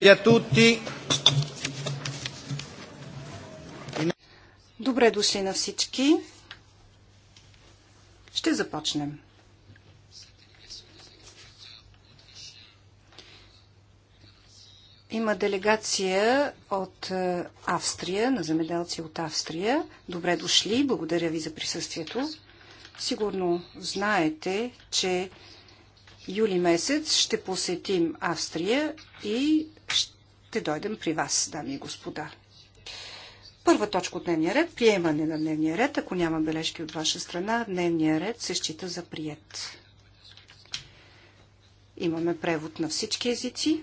E Добре дошли на всички. Ще започнем. Има делегация от е, Австрия, на земеделци от Австрия. Добре дошли, благодаря ви за присъствието. Сигурно знаете, че юли месец ще посетим Австрия и ще дойдем при вас, дами и господа. Първа точка от дневния ред – приемане на дневния ред. Ако няма бележки от ваша страна, дневния ред се счита за прият. Имаме превод на всички езици.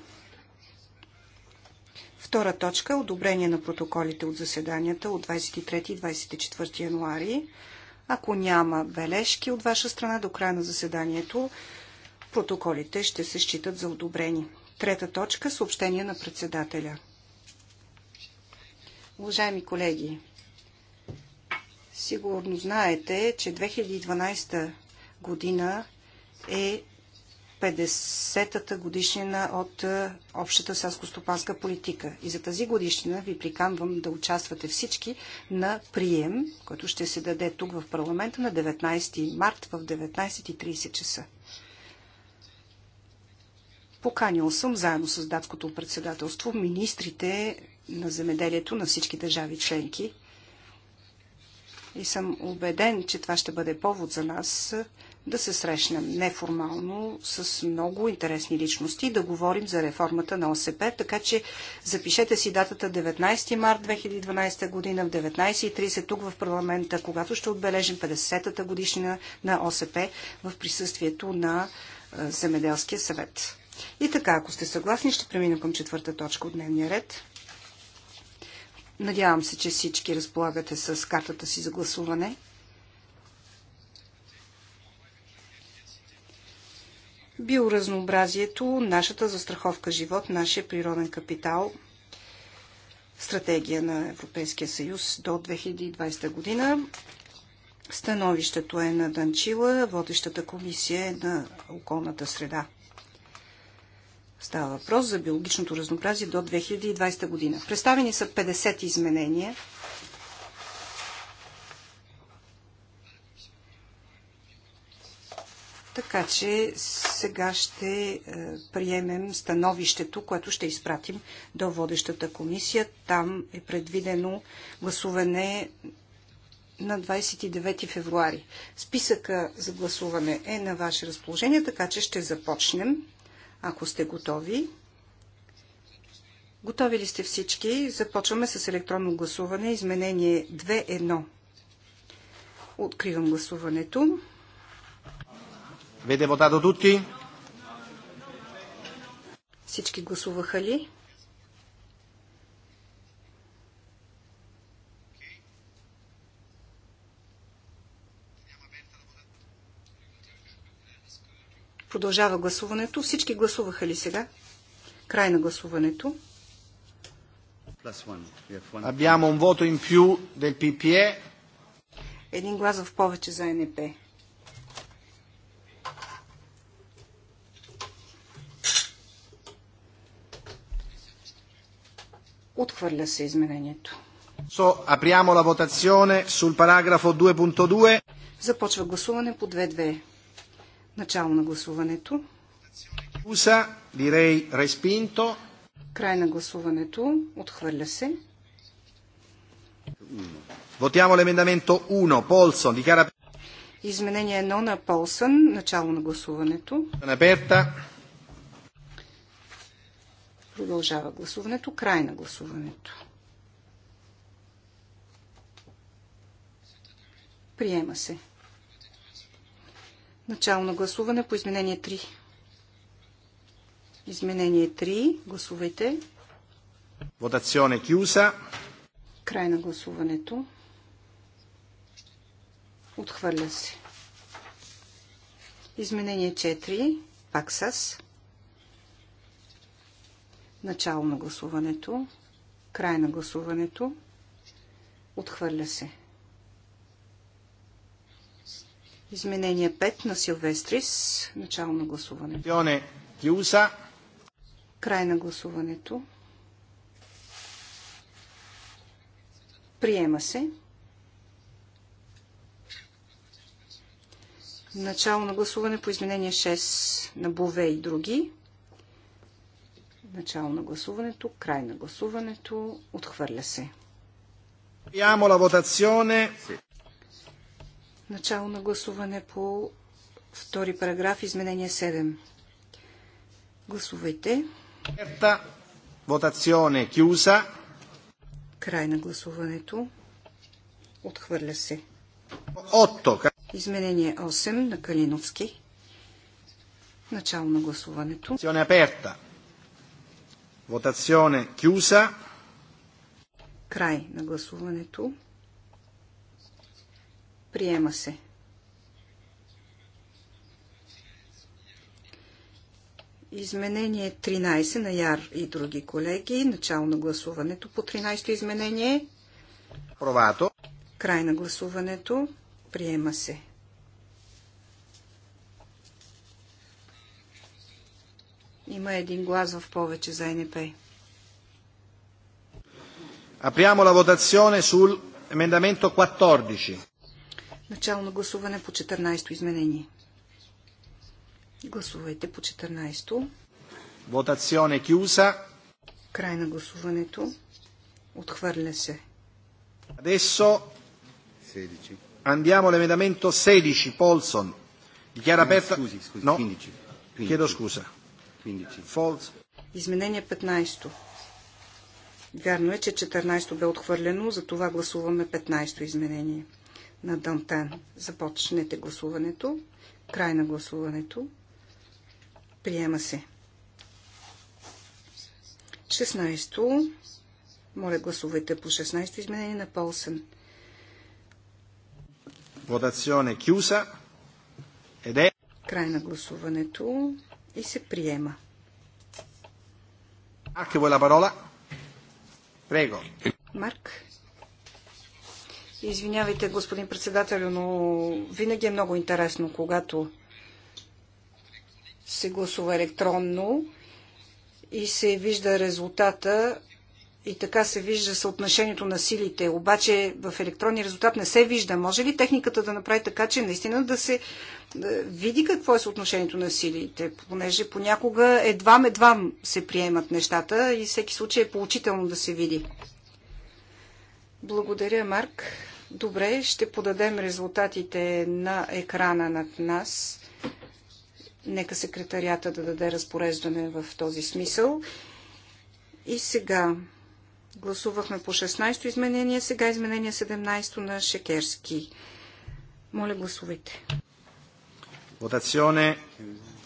Втора точка – одобрение на протоколите от заседанията от 23 и 24 януари. Ако няма бележки от ваша страна до края на заседанието, протоколите ще се считат за одобрени. Трета точка – съобщение на председателя. Уважаеми колеги, сигурно знаете, че 2012 година е 50-та годишнина от общата селско-стопанска политика. И за тази годишнина ви приканвам да участвате всички на прием, който ще се даде тук в парламента на 19 март в 19.30 часа. Поканил съм заедно с датското председателство министрите на земеделието на всички държави членки. И съм убеден, че това ще бъде повод за нас да се срещнем неформално с много интересни личности и да говорим за реформата на ОСП. Така че запишете си датата 19 март 2012 година в 19.30 тук в парламента, когато ще отбележим 50-та годишнина на ОСП в присъствието на Земеделския съвет. И така, ако сте съгласни, ще преминем към четвърта точка от дневния ред. Надявам се, че всички разполагате с картата си за гласуване. Биоразнообразието, нашата застраховка живот, нашия природен капитал, стратегия на Европейския съюз до 2020 година. Становището е на Данчила, водещата комисия е на околната среда. Става въпрос за биологичното разнообразие до 2020 година. Представени са 50 изменения. Така че сега ще е, приемем становището, което ще изпратим до водещата комисия. Там е предвидено гласуване на 29 февруари. Списъка за гласуване е на ваше разположение, така че ще започнем. Ако сте готови, готови ли сте всички? Започваме с електронно гласуване. Изменение 2.1. Откривам гласуването. Веде до тутти. Всички гласуваха ли? Продължава гласуването. Всички гласуваха ли сега? Край на гласуването. Abbiamo un voto in più del PPE. Един глас в повече за НП. Отхвърля се изменението. So, apriamo la votazione sul paragrafo 2.2. Започва гласуване по 2.2. Начало на гласуването. Уса, дирей, респинто. Край на гласуването. Отхвърля се. Votiamo l'emendamento 1. Полсон, dichiara... Изменение 1 на Полсън. Начало на гласуването. Наперта. Продължава гласуването. Край на гласуването. Приема се. Начало на гласуване по изменение 3. Изменение 3. Гласувайте. Водационе кюса. Край на гласуването. Отхвърля се. Изменение 4. Пак с. Начало на гласуването. Край на гласуването. Отхвърля се. Изменение 5 на Силвестрис. Начало на гласуването. Край на гласуването. Приема се. Начало на гласуване по изменение 6 на Бове и други. Начало на гласуването, край на гласуването, отхвърля се. Ямо на Начало на гласуване по втори параграф, изменение 7. Гласувайте. Вотационе кюса. Край на гласуването. Отхвърля се. Отто. Изменение 8 на Калиновски. Начало на гласуването. Votazione aperta. Край на гласуването. Приема се. Изменение 13 на Яр и други колеги. Начало на гласуването по 13-то изменение. Провато. Край на гласуването. Приема се. Има един глас в повече за НП. Apriamo la votazione sul emendamento 14. Начално гласуване по 14-то изменение. Гласувайте по 14-то. Вотационе chiusa. Край на гласуването. Отхвърля се. Adesso andiamo all'emendamento 16, Polson. Dichiara aperta... Scusi, scusi, no. 15. 15. Chiedo scusa. 15. False. Изменение 15. то Вярно е, че 14 то бе отхвърлено, затова гласуваме 15 то изменение на Дантен. Започнете гласуването. Край на гласуването. Приема се. 16. то Моля гласувайте по 16 то изменение на Полсен. Водационе Кюса. Еде. Край на гласуването и се приема. А, che vuoi la parola? Марк. Извинявайте, господин председател, но винаги е много интересно, когато се гласува електронно и се вижда резултата и така се вижда съотношението на силите. Обаче в електронния резултат не се вижда. Може ли техниката да направи така, че наистина да се да види какво е съотношението на силите? Понеже понякога едва едва се приемат нещата и всеки случай е поучително да се види. Благодаря, Марк. Добре, ще подадем резултатите на екрана над нас. Нека секретарията да даде разпореждане в този смисъл. И сега гласувахме по 16-то изменение, сега изменение 17-то на Шекерски. Моля, гласувайте. Votazione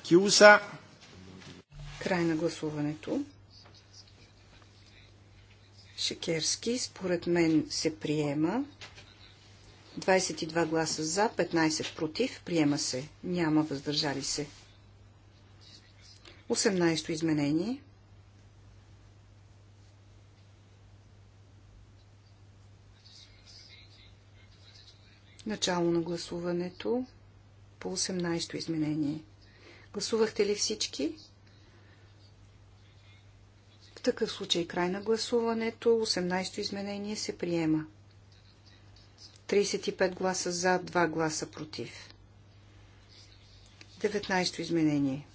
chiusa. Край на гласуването. Шекерски, според мен, се приема. 22 гласа за, 15 против, приема се. Няма въздържали се. 18 изменение. Начало на гласуването по 18-то изменение. Гласувахте ли всички? В такъв случай край на гласуването. 18-то изменение се приема. 35 гласа за, 2 гласа против. 19-то изменение.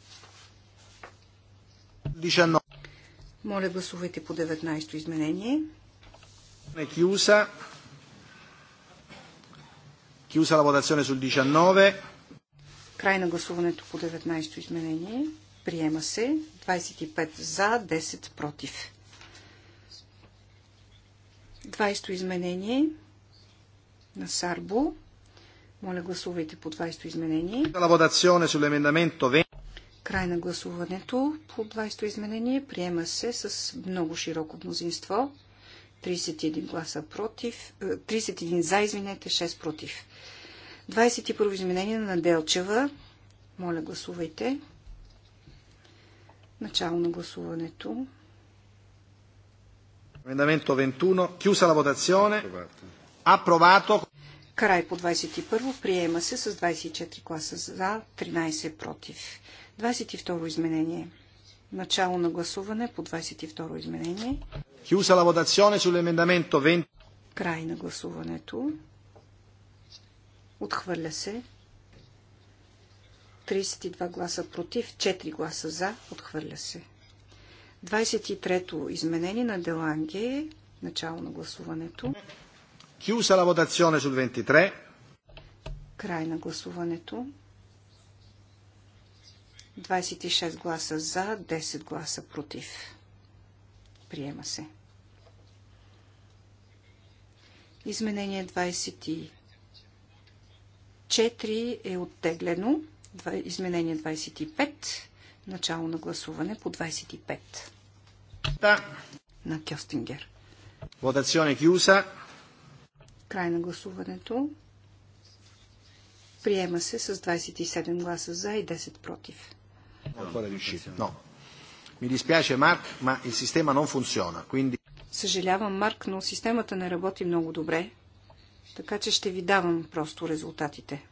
Моля гласувайте по 19-то изменение. Chiusa. Chiusa la votazione sul 19. Край на гласуването по 19-то изменение. Приема се 25 за, 10 против. 20-то изменение на Сарбо. Моля гласувайте по 20-то изменение. Край на гласуването по 20-то изменение приема се с много широко мнозинство. 31 гласа против, 31 е, за, извинете, 6 против. 21 изменение на Делчева. Моля гласувайте. Начало на гласуването. Емендаменто 21. Кюса на votazione. Апровато. Край по 21. Приема се с 24 класа за, 13 против. 22 изменение. Начало на гласуване по 22 изменение. Chiusa la votazione sull'emendamento 20. Край на гласуването. Отхвърля се 32 гласа против, 4 гласа за, отхвърля се. 23-то изменение на Деланге, начало на гласуването. Кюса la водационе sul 23. Край на гласуването. 26 гласа за, 10 гласа против. Приема се. Изменение 24 е оттеглено. Изменение 25. Начало на гласуване по 25. Да. На Кьостингер. Водационе Кюса. Край на гласуването. Приема се с 27 гласа за и 10 против. Ми диспиаче, Марк, ма и система не функциона. quindi... Съжалявам, Марк, но системата не работи много добре, така че ще ви давам просто резултатите.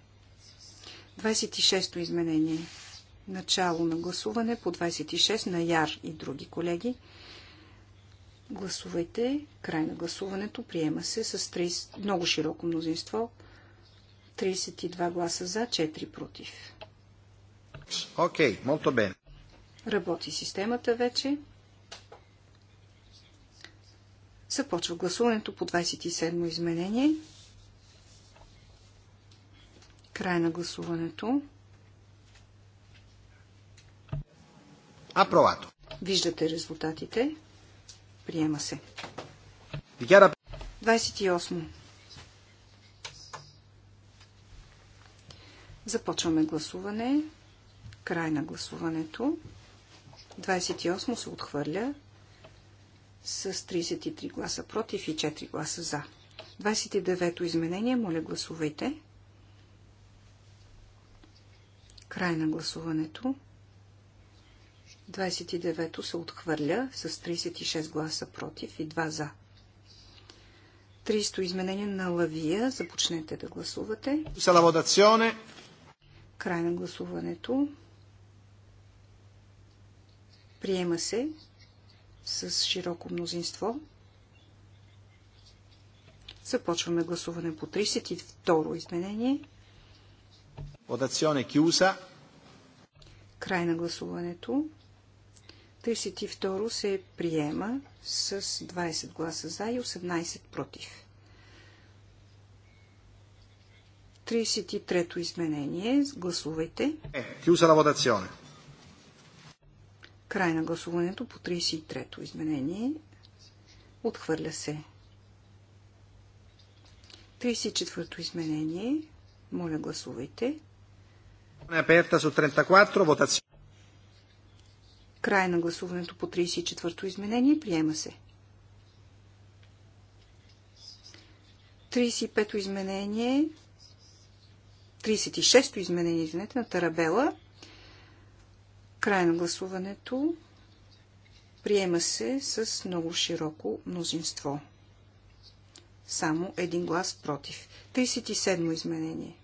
26-то изменение. Начало на гласуване по 26 на Яр и други колеги. Гласувайте. Край на гласуването. Приема се с 30, много широко мнозинство. 32 гласа за, 4 против. Окей, okay, молто bene. Работи системата вече. Започва гласуването по 27 изменение. Край на гласуването. Апровато. Виждате резултатите. Приема се. 28. Започваме гласуване. Край на гласуването. 28 се отхвърля с 33 гласа против и 4 гласа за. 29-то изменение, моля гласувайте. Край на гласуването. 29-то се отхвърля с 36 гласа против и 2 за. 300 изменение на лавия. Започнете да гласувате. Салаводационе. Край на гласуването. Приема се с широко мнозинство. Започваме гласуване по 32 изменение. Votazione chiusa. Край на гласуването. 32 се приема с 20 гласа за и 18 против. 33-то изменение. Гласувайте. Е, chiusa la votazione. Край на гласуването по 33-то изменение. Отхвърля се. 34-то изменение. Моля, гласувайте. Край на гласуването по 34-то изменение. Приема се. 35-то изменение. 36-то изменение, извинете, на Тарабела. Край на гласуването. Приема се с много широко мнозинство. Само един глас против. 37-мо изменение.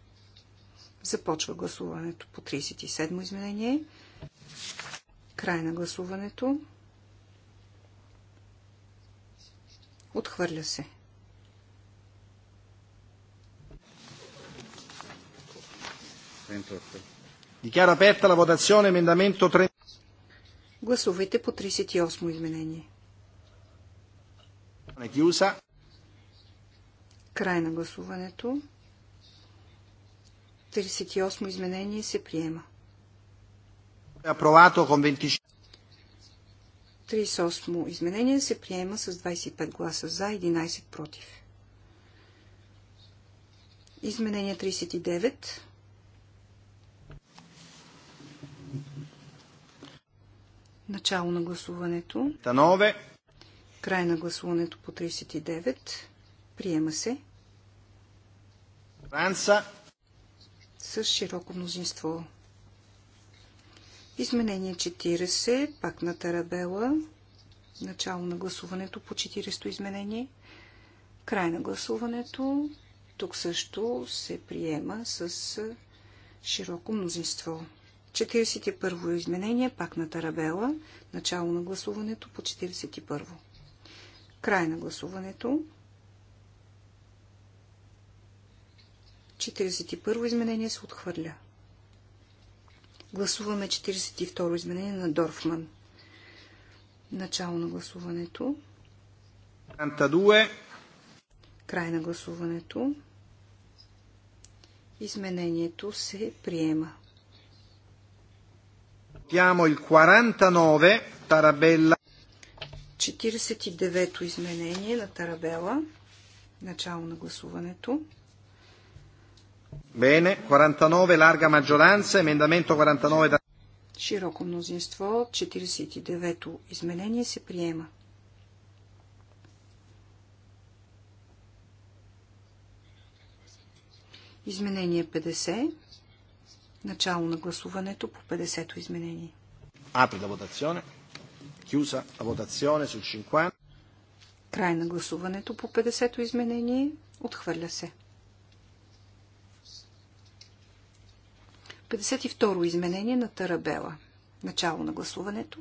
Започва гласуването по 37 изменение. Край на гласуването. Отхвърля се. Дикара aperta la votazione emendamento 30. Гласувайте по 38 изменение. Край на гласуването. 38 изменение се приема. 38 изменение се приема с 25 гласа за, 11 против. Изменение 39. Начало на гласуването. Танове. Край на гласуването по 39. Приема се. Франца с широко мнозинство. Изменение 40, пак на Тарабела, начало на гласуването по 40-то изменение, край на гласуването, тук също се приема с широко мнозинство. 41-во изменение, пак на Тарабела, начало на гласуването по 41-во. Край на гласуването. 41 изменение се отхвърля. Гласуваме 42 изменение на Дорфман. Начало на гласуването. 42. Край на гласуването. Изменението се приема. Тямо il 49 тарабела. 49-то изменение на Тарабела. Начало на гласуването. Bene, 49 larga maggioranza, emendamento 49 da... Широко мнозинство, 49-то изменение се приема. Изменение 50. Начало на гласуването по 50-то изменение. Апри да водационе. Chiusa да водационе с 50. Край на гласуването по 50-то изменение. Отхвърля се. 52-ро изменение на Тарабела. Начало на гласуването.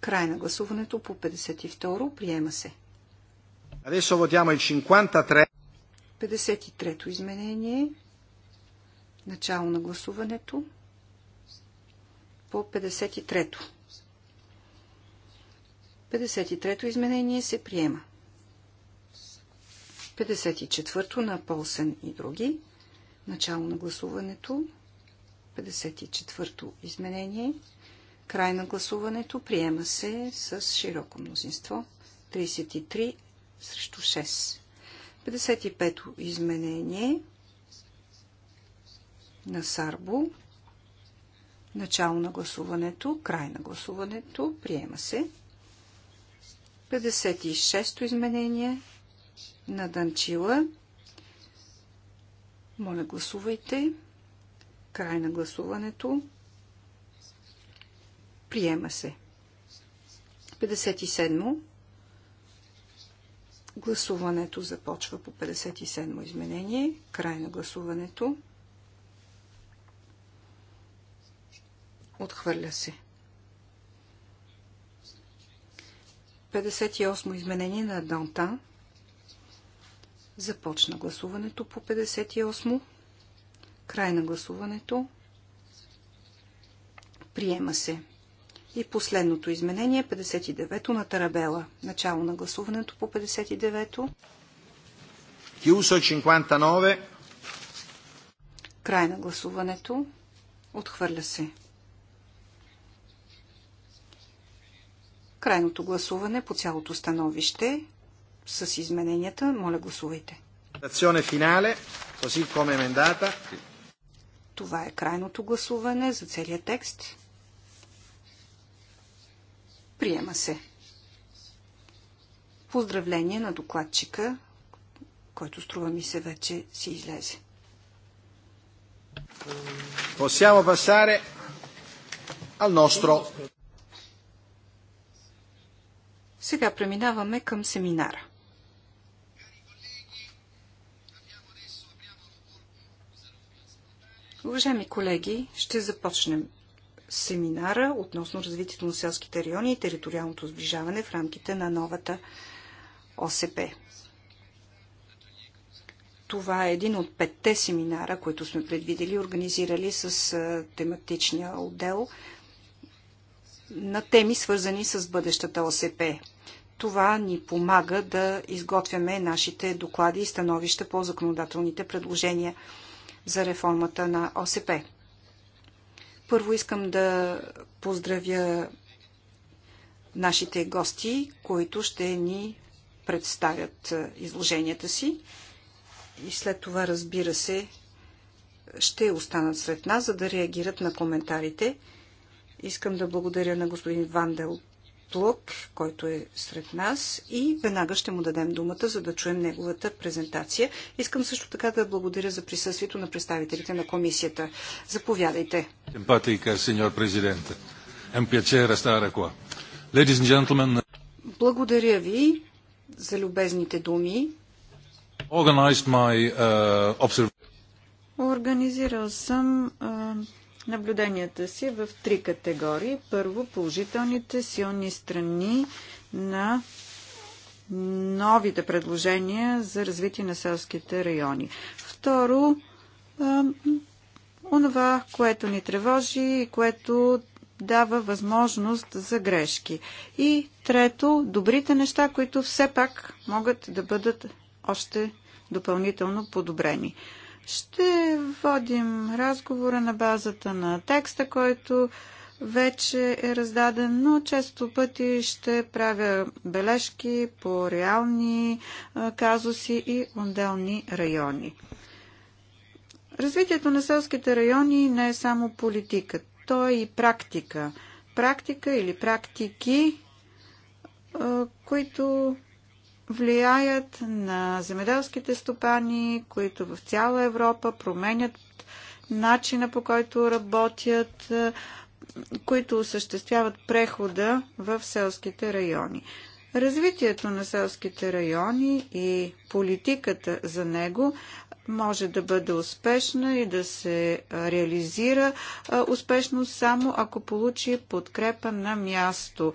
Край на гласуването по 52-ро. Приема се. Adesso votiamo il 53. 53-то изменение. Начало на гласуването. По 53-то. 53-то изменение се приема. 54-то на Полсен и други. Начало на гласуването. 54-то изменение. Край на гласуването. Приема се с широко мнозинство. 33 срещу 6. 55-то изменение на Сарбо. Начало на гласуването, край на гласуването, приема се. 56-то изменение на Данчила. Моля, гласувайте. Край на гласуването. Приема се. 57. Гласуването започва по 57 изменение. Край на гласуването. Отхвърля се. 58 изменение на Данта. Започна гласуването по 58. Край на гласуването. Приема се. И последното изменение 59-то на Тарабела. Начало на гласуването по 59-то. Кюсо 59. Край на гласуването. Отхвърля се. Крайното гласуване по цялото становище с измененията. Моля, гласувайте. финале, così come emendata. Това е крайното гласуване за целия текст. Приема се. Поздравление на докладчика, който струва ми се вече си излезе. Possiamo passare al nostro. Сега преминаваме към семинара. Уважаеми колеги, ще започнем семинара относно развитието на селските райони и териториалното сближаване в рамките на новата ОСП. Това е един от петте семинара, които сме предвидели и организирали с тематичния отдел на теми, свързани с бъдещата ОСП. Това ни помага да изготвяме нашите доклади и становища по законодателните предложения – за реформата на ОСП. Първо искам да поздравя нашите гости, които ще ни представят е, изложенията си. И след това, разбира се, ще останат сред нас, за да реагират на коментарите. Искам да благодаря на господин Вандел Плък, който е сред нас и веднага ще му дадем думата, за да чуем неговата презентация. Искам също така да благодаря за присъствието на представителите на комисията. Заповядайте. сеньор президент. Е благодаря ви за любезните думи. Uh, Организирал съм uh, наблюденията си в три категории. Първо, положителните силни страни на новите предложения за развитие на селските райони. Второ, онова, което ни тревожи и което дава възможност за грешки. И трето, добрите неща, които все пак могат да бъдат още допълнително подобрени. Ще водим разговора на базата на текста, който вече е раздаден, но често пъти ще правя бележки по реални казуси и отделни райони. Развитието на селските райони не е само политика, то е и практика. Практика или практики, които влияят на земеделските стопани, които в цяла Европа променят начина по който работят, които осъществяват прехода в селските райони. Развитието на селските райони и политиката за него може да бъде успешна и да се реализира успешно само ако получи подкрепа на място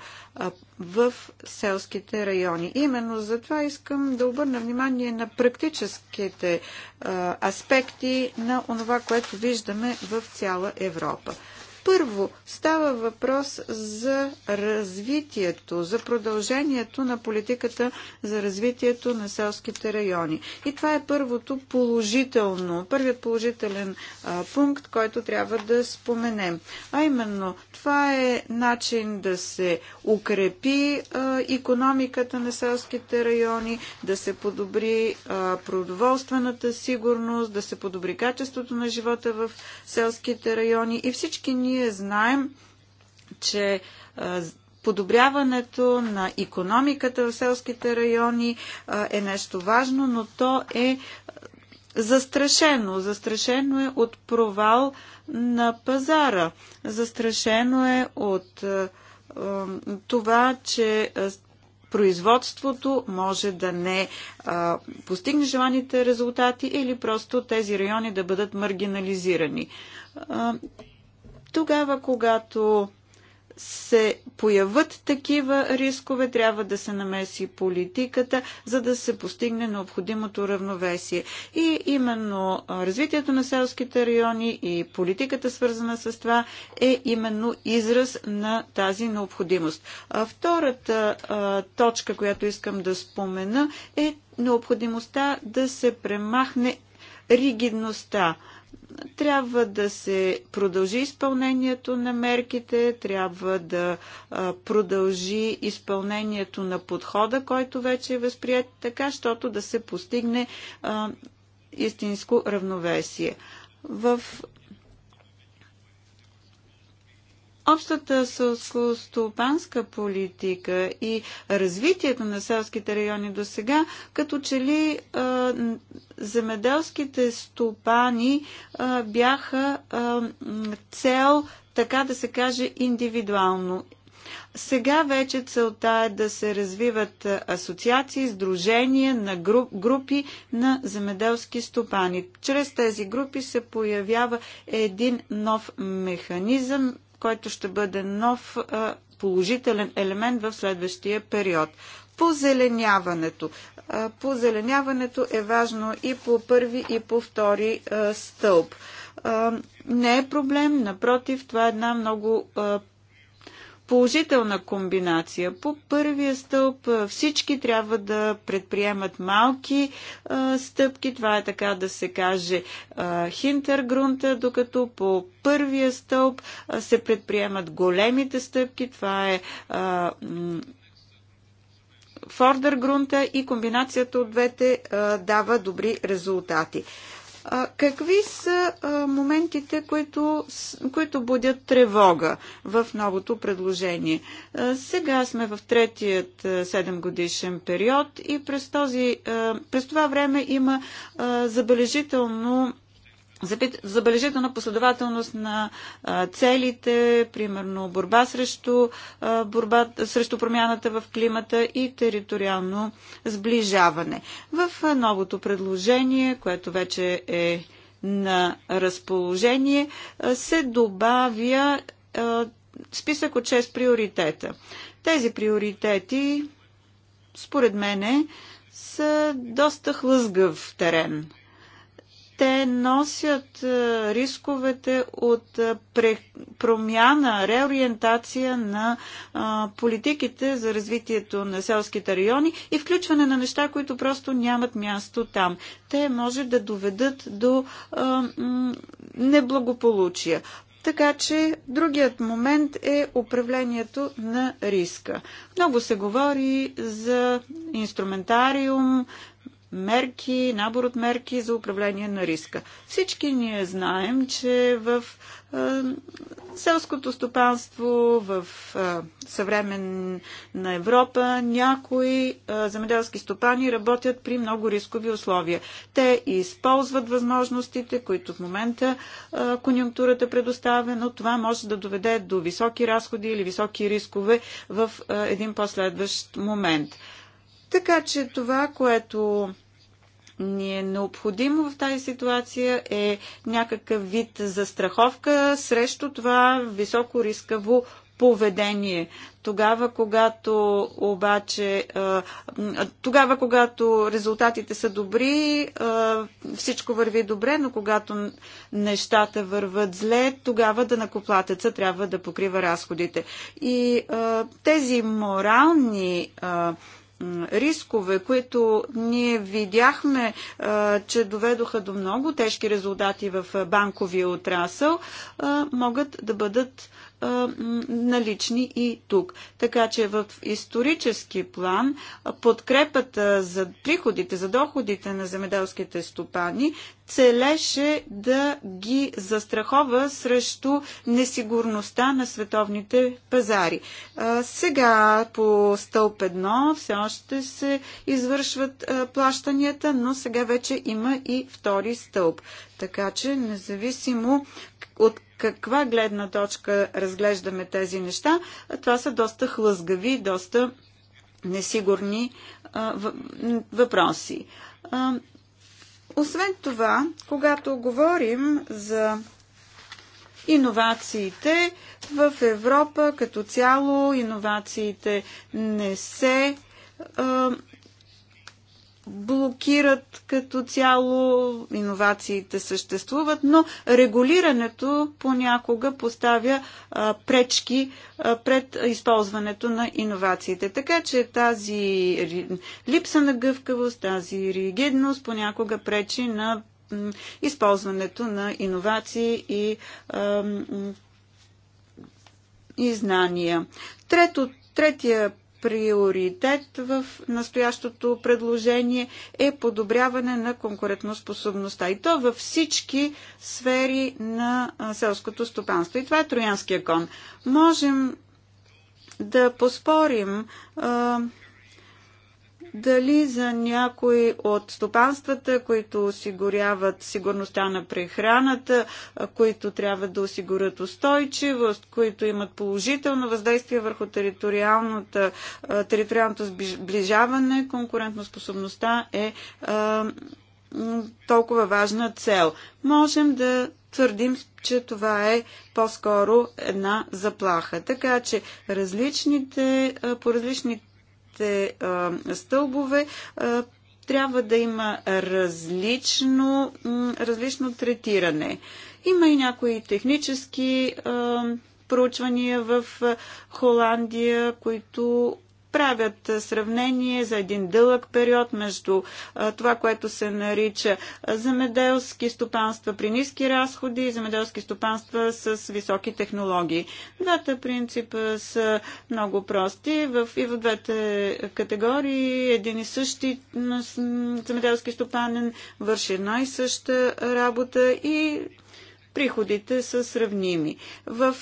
в селските райони. Именно затова искам да обърна внимание на практическите аспекти на това, което виждаме в цяла Европа. Първо, става въпрос за развитието, за продължението на политиката за развитието на селските райони. И това е първото положително, първият положителен а, пункт, който трябва да споменем. А именно, това е начин да се укрепи а, економиката на селските райони, да се подобри а, продоволствената сигурност, да се подобри качеството на живота в селските райони и всички ние ние знаем, че подобряването на економиката в селските райони е нещо важно, но то е застрашено. Застрашено е от провал на пазара. Застрашено е от това, че производството може да не а, постигне желаните резултати или просто тези райони да бъдат маргинализирани. А, тогава, когато се появат такива рискове, трябва да се намеси политиката, за да се постигне необходимото равновесие. И именно развитието на селските райони и политиката свързана с това е именно израз на тази необходимост. А втората а, точка, която искам да спомена е необходимостта да се премахне ригидността трябва да се продължи изпълнението на мерките, трябва да продължи изпълнението на подхода, който вече е възприят, така, щото да се постигне истинско равновесие. В Общата стопанска политика и развитието на селските райони до сега, като че ли е, земеделските стопани е, бяха е, цел, така да се каже, индивидуално. Сега вече целта е да се развиват асоциации, сдружения на груп, групи на земеделски стопани. Чрез тези групи се появява един нов механизъм който ще бъде нов положителен елемент в следващия период. Позеленяването. Позеленяването е важно и по първи и по втори стълб. Не е проблем, напротив, това е една много положителна комбинация. По първия стълб всички трябва да предприемат малки а, стъпки, това е така да се каже а, хинтергрунта, докато по първия стълб а, се предприемат големите стъпки, това е а, фордергрунта и комбинацията от двете а, дава добри резултати. Какви са моментите, които, които будят тревога в новото предложение? Сега сме в третият седемгодишен годишен период и през, този, през това време има забележително забележителна последователност на целите, примерно борба срещу, борба срещу промяната в климата и териториално сближаване. В новото предложение, което вече е на разположение, се добавя списък от 6 приоритета. Тези приоритети, според мене, са доста хлъзгав терен те носят е, рисковете от е, промяна, реориентация на политиките за развитието на селските райони и включване на неща, които просто нямат място там. Те може да доведат до неблагополучия. Така че другият момент е управлението на риска. Много се говори за инструментариум, мерки, набор от мерки за управление на риска. Всички ние знаем, че в селското стопанство, в съвременна Европа, някои земеделски стопани работят при много рискови условия. Те използват възможностите, които в момента конъюнктурата предоставя, но това може да доведе до високи разходи или високи рискове в един последващ момент. Така че това, което ни е необходимо в тази ситуация е някакъв вид застраховка срещу това високо рискаво поведение. Тогава, когато обаче, тогава, когато резултатите са добри, всичко върви добре, но когато нещата върват зле, тогава да накоплатеца трябва да покрива разходите. И тези морални рискове, които ние видяхме, че доведоха до много тежки резултати в банковия отрасъл, могат да бъдат налични и тук. Така че в исторически план подкрепата за приходите, за доходите на земеделските стопани целеше да ги застрахова срещу несигурността на световните пазари. Сега по стълб 1 все още се извършват плащанията, но сега вече има и втори стълб. Така че независимо от каква гледна точка разглеждаме тези неща, това са доста хлъзгави, доста несигурни въпроси. Освен това, когато говорим за иновациите в Европа като цяло, иновациите не се блокират като цяло, иновациите съществуват, но регулирането понякога поставя а, пречки а, пред използването на иновациите. Така че тази липса на гъвкавост, тази ригидност понякога пречи на използването на иновации и, и знания. Трето, третия приоритет в настоящото предложение е подобряване на конкурентоспособността. И то във всички сфери на селското стопанство. И това е Троянския кон. Можем да поспорим дали за някои от стопанствата, които осигуряват сигурността на прехраната, които трябва да осигурят устойчивост, които имат положително въздействие върху териториалното сближаване, конкурентоспособността е толкова важна цел. Можем да твърдим, че това е по-скоро една заплаха. Така че различните, по различни отделните стълбове трябва да има различно, различно третиране. Има и някои технически проучвания в Холандия, които правят сравнение за един дълъг период между това, което се нарича земеделски стопанства при ниски разходи и земеделски стопанства с високи технологии. Двата принципа са много прости. В, и в двете категории един и същи земеделски стопанен върши една и съща работа и приходите са сравними. В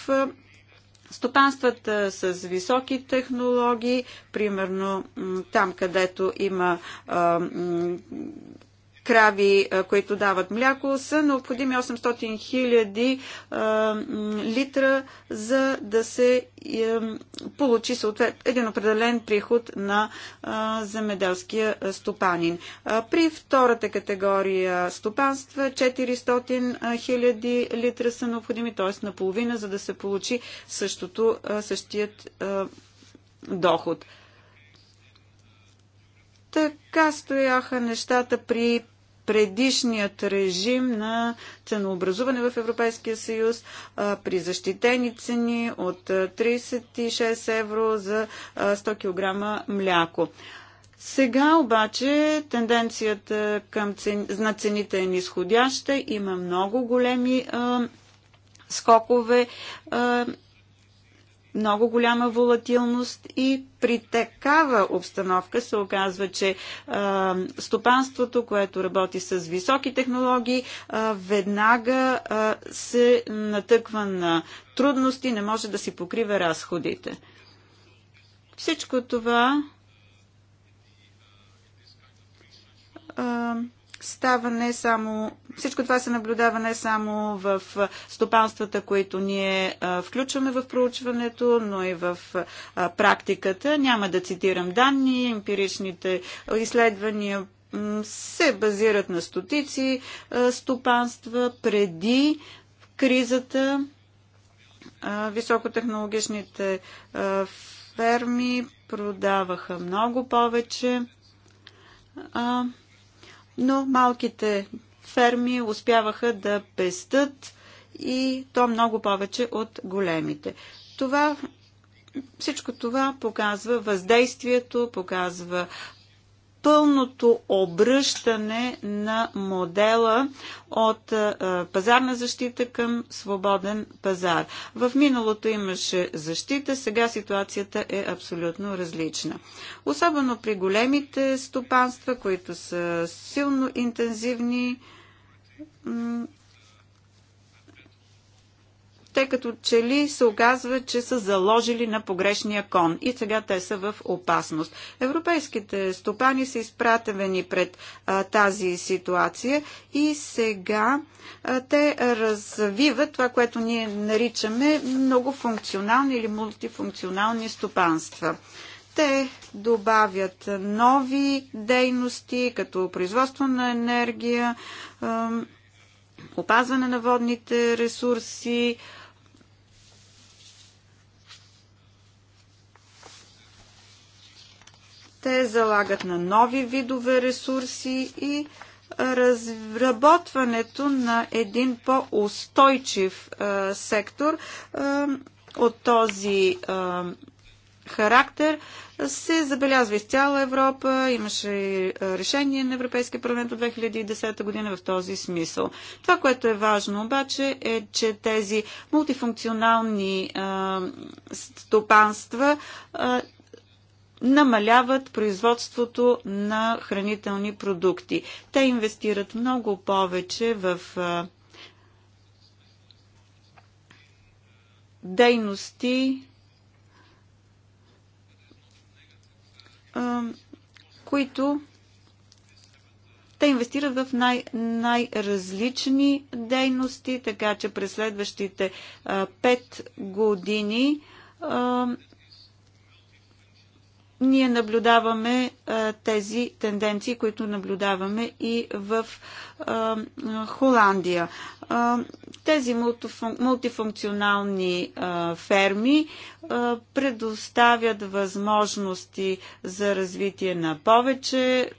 Стопанствата с високи технологии, примерно там, където има крави, които дават мляко, са необходими 800 хиляди литра, за да се получи съответ, един определен приход на земеделския стопанин. При втората категория стопанства 400 хиляди литра са необходими, т.е. наполовина, за да се получи същото, същият доход. Така стояха нещата при предишният режим на ценообразуване в Европейския съюз при защитени цени от 36 евро за 100 кг мляко. Сега обаче тенденцията към цен... на цените е нисходяща. Има много големи а, скокове а, много голяма волатилност и при такава обстановка се оказва, че а, стопанството, което работи с високи технологии, а, веднага а, се натъква на трудности, не може да си покрива разходите. Всичко това става не само, всичко това се наблюдава не само в стопанствата, които ние включваме в проучването, но и в практиката. Няма да цитирам данни, емпиричните изследвания се базират на стотици стопанства преди кризата. Високотехнологичните ферми продаваха много повече но малките ферми успяваха да пестат и то много повече от големите. Това, всичко това показва въздействието, показва пълното обръщане на модела от е, пазарна защита към свободен пазар. В миналото имаше защита, сега ситуацията е абсолютно различна. Особено при големите стопанства, които са силно интензивни те като че ли се оказва, че са заложили на погрешния кон и сега те са в опасност. Европейските стопани са изпратени пред а, тази ситуация и сега а, те развиват това, което ние наричаме многофункционални или мултифункционални стопанства. Те добавят нови дейности, като производство на енергия, опазване на водните ресурси, Те залагат на нови видове ресурси и разработването на един по-устойчив сектор а, от този а, характер се забелязва из цяла Европа. Имаше решение на Европейския парламент от 2010 година в този смисъл. Това, което е важно обаче е, че тези мултифункционални а, стопанства а, намаляват производството на хранителни продукти. Те инвестират много повече в дейности, които те инвестират в най- най-различни дейности, така че през следващите 5 години ние наблюдаваме а, тези тенденции, които наблюдаваме и в а, Холандия. А, тези мултифункционални а, ферми а, предоставят възможности за развитие на повече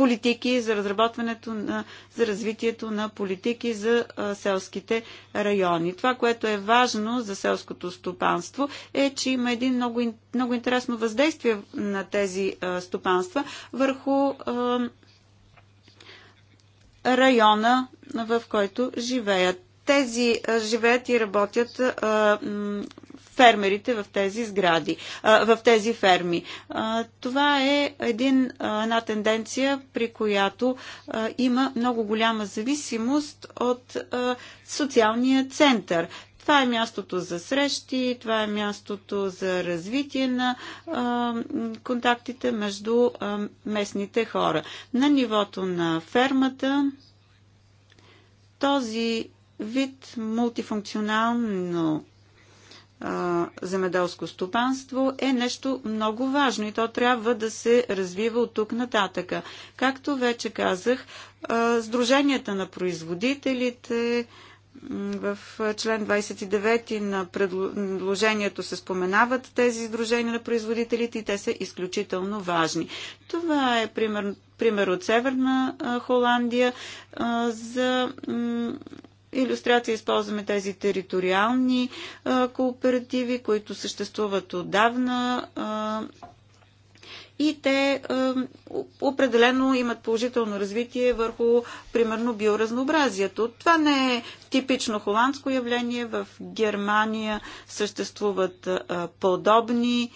политики, за разработването на, за развитието на политики за селските райони. Това, което е важно за селското стопанство е, че има един много, много интересно въздействие на тези стопанства върху района, в който живеят. Тези живеят и работят фермерите в тези сгради, в тези ферми. Това е един, една тенденция, при която има много голяма зависимост от социалния център. Това е мястото за срещи, това е мястото за развитие на а, контактите между а, местните хора. На нивото на фермата този вид мултифункционално земеделско стопанство е нещо много важно и то трябва да се развива от тук нататъка. Както вече казах, Сдруженията на производителите в член 29 на предложението се споменават тези сдружения на производителите и те са изключително важни. Това е пример, пример от Северна Холандия за иллюстрация използваме тези териториални а, кооперативи, които съществуват отдавна. А, и те е, определено имат положително развитие върху, примерно, биоразнообразието. Това не е типично холандско явление. В Германия съществуват подобни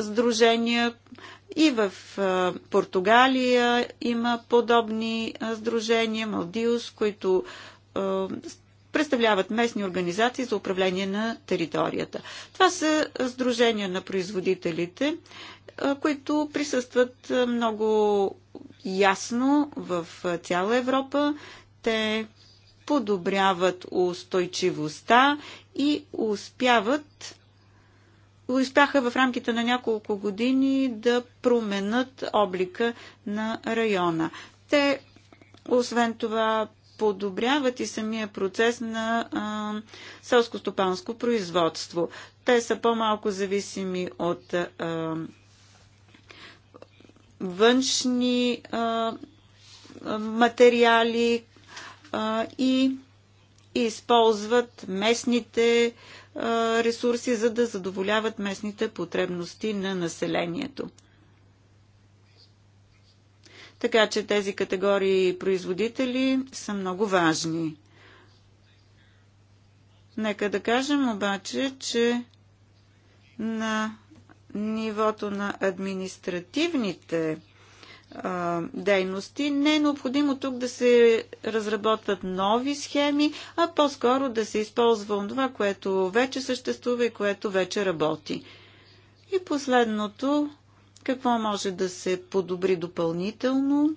сдружения. И в Португалия има подобни сдружения, Малдиус, които представляват местни организации за управление на територията. Това са сдружения на производителите, които присъстват много ясно в цяла Европа. Те подобряват устойчивостта и успяват успяха в рамките на няколко години да променят облика на района. Те, освен това, подобряват и самия процес на а, селско-стопанско производство. Те са по-малко зависими от а, външни а, материали а, и, и използват местните а, ресурси, за да задоволяват местните потребности на населението. Така че тези категории производители са много важни. Нека да кажем обаче, че на нивото на административните дейности. Не е необходимо тук да се разработват нови схеми, а по-скоро да се използва това, което вече съществува и което вече работи. И последното, какво може да се подобри допълнително?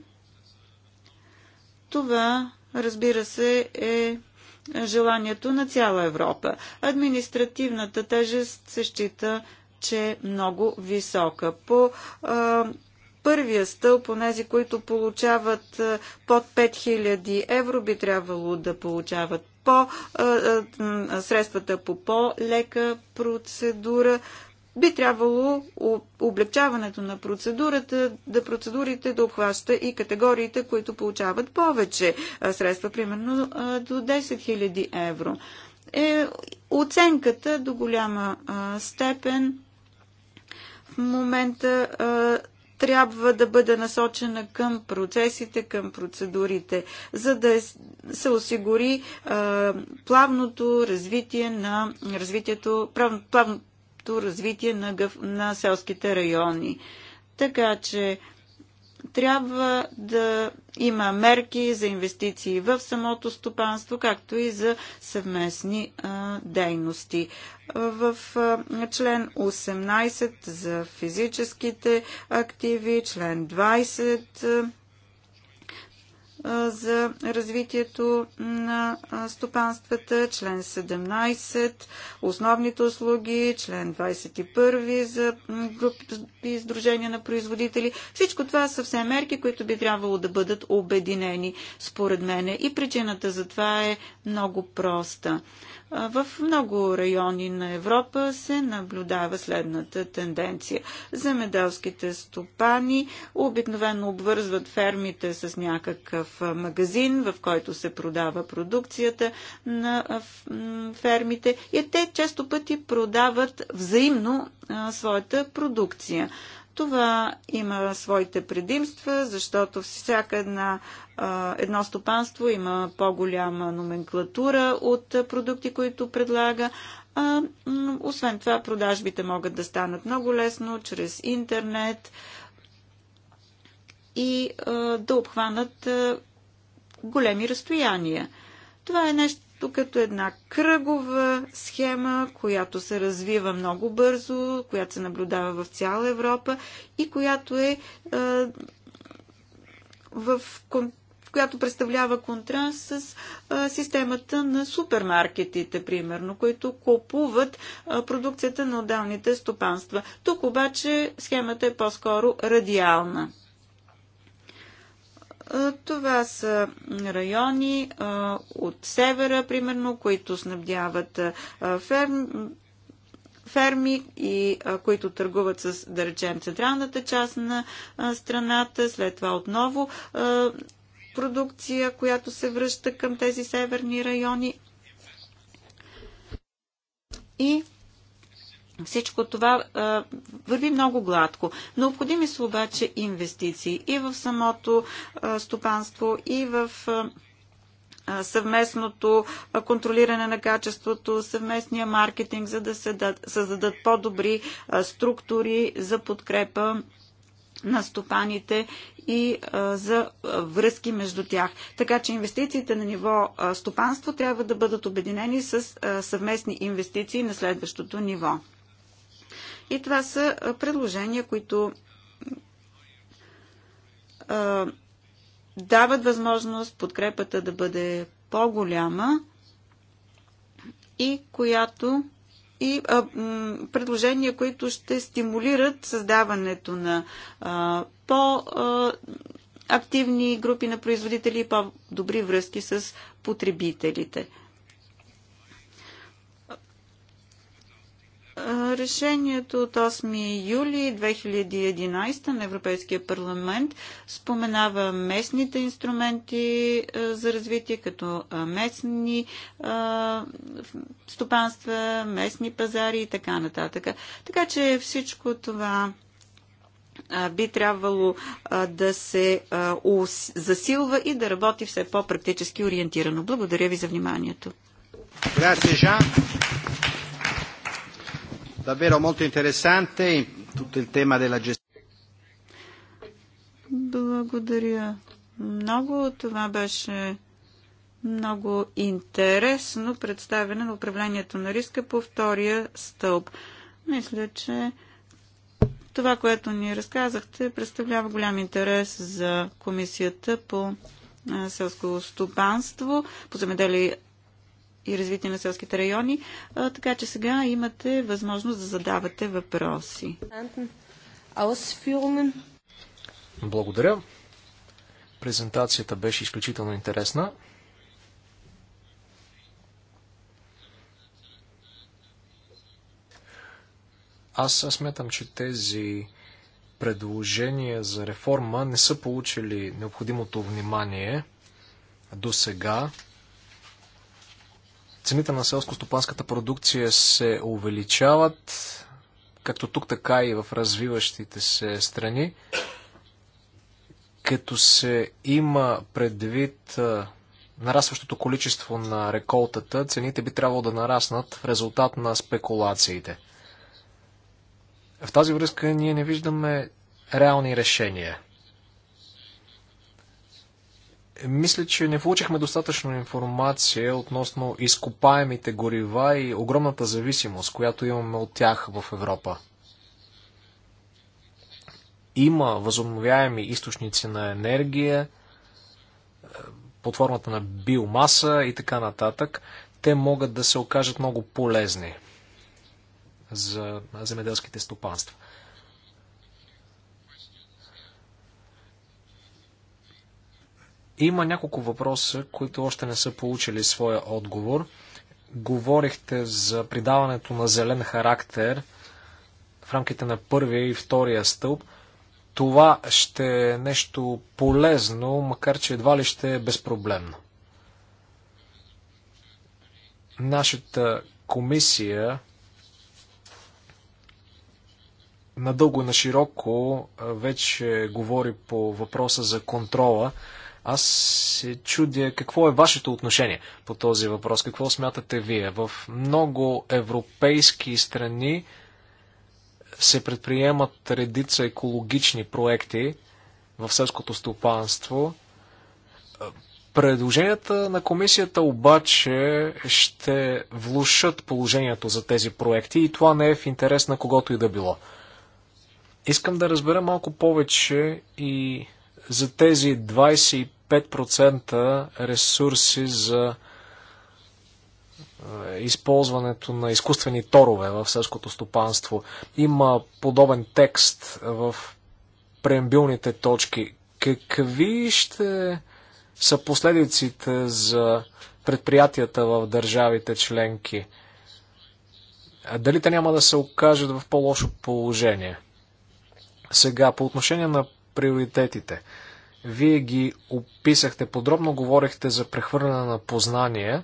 Това, разбира се, е желанието на цяла Европа. Административната тежест се счита, че е много висока. По а, първия стълб, онези, които получават е, под 5000 евро, би трябвало да получават по е, е, средствата по по-лека процедура. Би трябвало облегчаването на процедурата, да процедурите да обхваща и категориите, които получават повече средства, примерно до 10 000 евро. Е, оценката до голяма степен в момента трябва да бъде насочена към процесите, към процедурите, за да е се осигури а, плавното развитие на развитието, плавно, плавното развитие на, на селските райони. Така че трябва да има мерки за инвестиции в самото стопанство, както и за съвместни а, дейности. В а, член 18 за физическите активи, член 20 за развитието на стопанствата, член 17, основните услуги, член 21 за групи издружения на производители. Всичко това са все мерки, които би трябвало да бъдат обединени, според мене. И причината за това е много проста. В много райони на Европа се наблюдава следната тенденция. Земеделските стопани обикновено обвързват фермите с някакъв магазин, в който се продава продукцията на фермите и те често пъти продават взаимно своята продукция. Това има своите предимства, защото всяка една, едно стопанство има по-голяма номенклатура от продукти, които предлага. А, освен това, продажбите могат да станат много лесно чрез интернет и а, да обхванат а, големи разстояния. Това е нещо, като една кръгова схема, която се развива много бързо, която се наблюдава в цяла Европа и която е, е в която представлява контраст с а, системата на супермаркетите, примерно, които купуват а, продукцията на отдалните стопанства. Тук обаче схемата е по-скоро радиална. Това са райони от севера, примерно, които снабдяват ферм, ферми и а, които търгуват с, да речем, централната част на а, страната, след това отново а, продукция, която се връща към тези северни райони. И всичко това а, върви много гладко. Необходими са обаче инвестиции и в самото а, стопанство, и в. А, съвместното контролиране на качеството, съвместния маркетинг, за да се създадат по-добри структури за подкрепа на стопаните и за връзки между тях. Така че инвестициите на ниво стопанство трябва да бъдат обединени с съвместни инвестиции на следващото ниво. И това са предложения, които а, дават възможност подкрепата да бъде по-голяма и която и а, предложения, които ще стимулират създаването на а, по а, активни групи на производители и по-добри връзки с потребителите. решението от 8 юли 2011 на Европейския парламент споменава местните инструменти за развитие, като местни стопанства, местни пазари и така нататък. Така че всичко това би трябвало да се засилва и да работи все по-практически ориентирано. Благодаря ви за вниманието. Grazie Jean. Davvero molto interessante tutto il tema della gestione. Благодаря много. Това беше много интересно представяне на управлението на риска по втория стълб. Мисля, че това, което ни разказахте, представлява голям интерес за комисията по селско стопанство, по земеделие и развитие на селските райони, така че сега имате възможност да задавате въпроси. Благодаря. Презентацията беше изключително интересна. Аз сметам, че тези предложения за реформа не са получили необходимото внимание до сега цените на селско-стопанската продукция се увеличават, както тук, така и в развиващите се страни. Като се има предвид нарастващото количество на реколтата, цените би трябвало да нараснат в резултат на спекулациите. В тази връзка ние не виждаме реални решения. Мисля, че не получихме достатъчно информация относно изкопаемите горива и огромната зависимост, която имаме от тях в Европа. Има възобновяеми източници на енергия е, под формата на биомаса и така нататък. Те могат да се окажат много полезни за земеделските стопанства. Има няколко въпроса, които още не са получили своя отговор. Говорихте за придаването на зелен характер в рамките на първия и втория стълб. Това ще е нещо полезно, макар че едва ли ще е безпроблемно. Нашата комисия надълго и на широко вече говори по въпроса за контрола. Аз се чудя какво е вашето отношение по този въпрос. Какво смятате вие? В много европейски страни се предприемат редица екологични проекти в селското стопанство. Предложенията на комисията обаче ще влушат положението за тези проекти и това не е в интерес на когото и да било. Искам да разбера малко повече и за тези 25 5% ресурси за използването на изкуствени торове в селското стопанство. Има подобен текст в преембилните точки. Какви ще са последиците за предприятията в държавите членки? Дали те няма да се окажат в по-лошо положение? Сега, по отношение на приоритетите – вие ги описахте подробно, говорихте за прехвърляне на познание.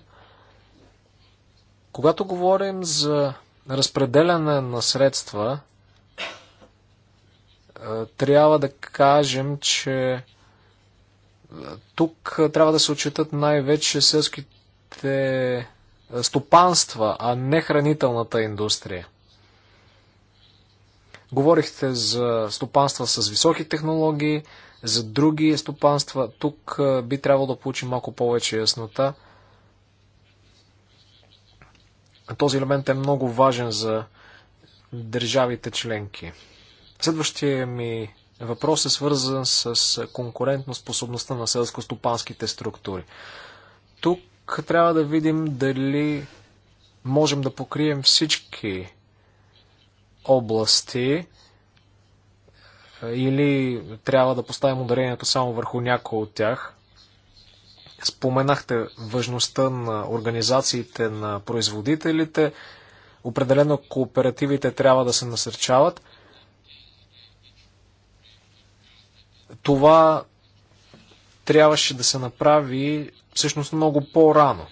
Когато говорим за разпределяне на средства, е, трябва да кажем, че е, тук е, трябва да се отчитат най-вече селските стопанства, а не хранителната индустрия. Говорихте за стопанства с високи технологии, за други стопанства. Тук би трябвало да получим малко повече яснота. Този елемент е много важен за държавите членки. Следващия ми въпрос е свързан с конкурентно способността на селско-стопанските структури. Тук трябва да видим дали можем да покрием всички области или трябва да поставим ударението само върху някои от тях. Споменахте важността на организациите на производителите. Определено кооперативите трябва да се насърчават. Това трябваше да се направи всъщност много по-рано.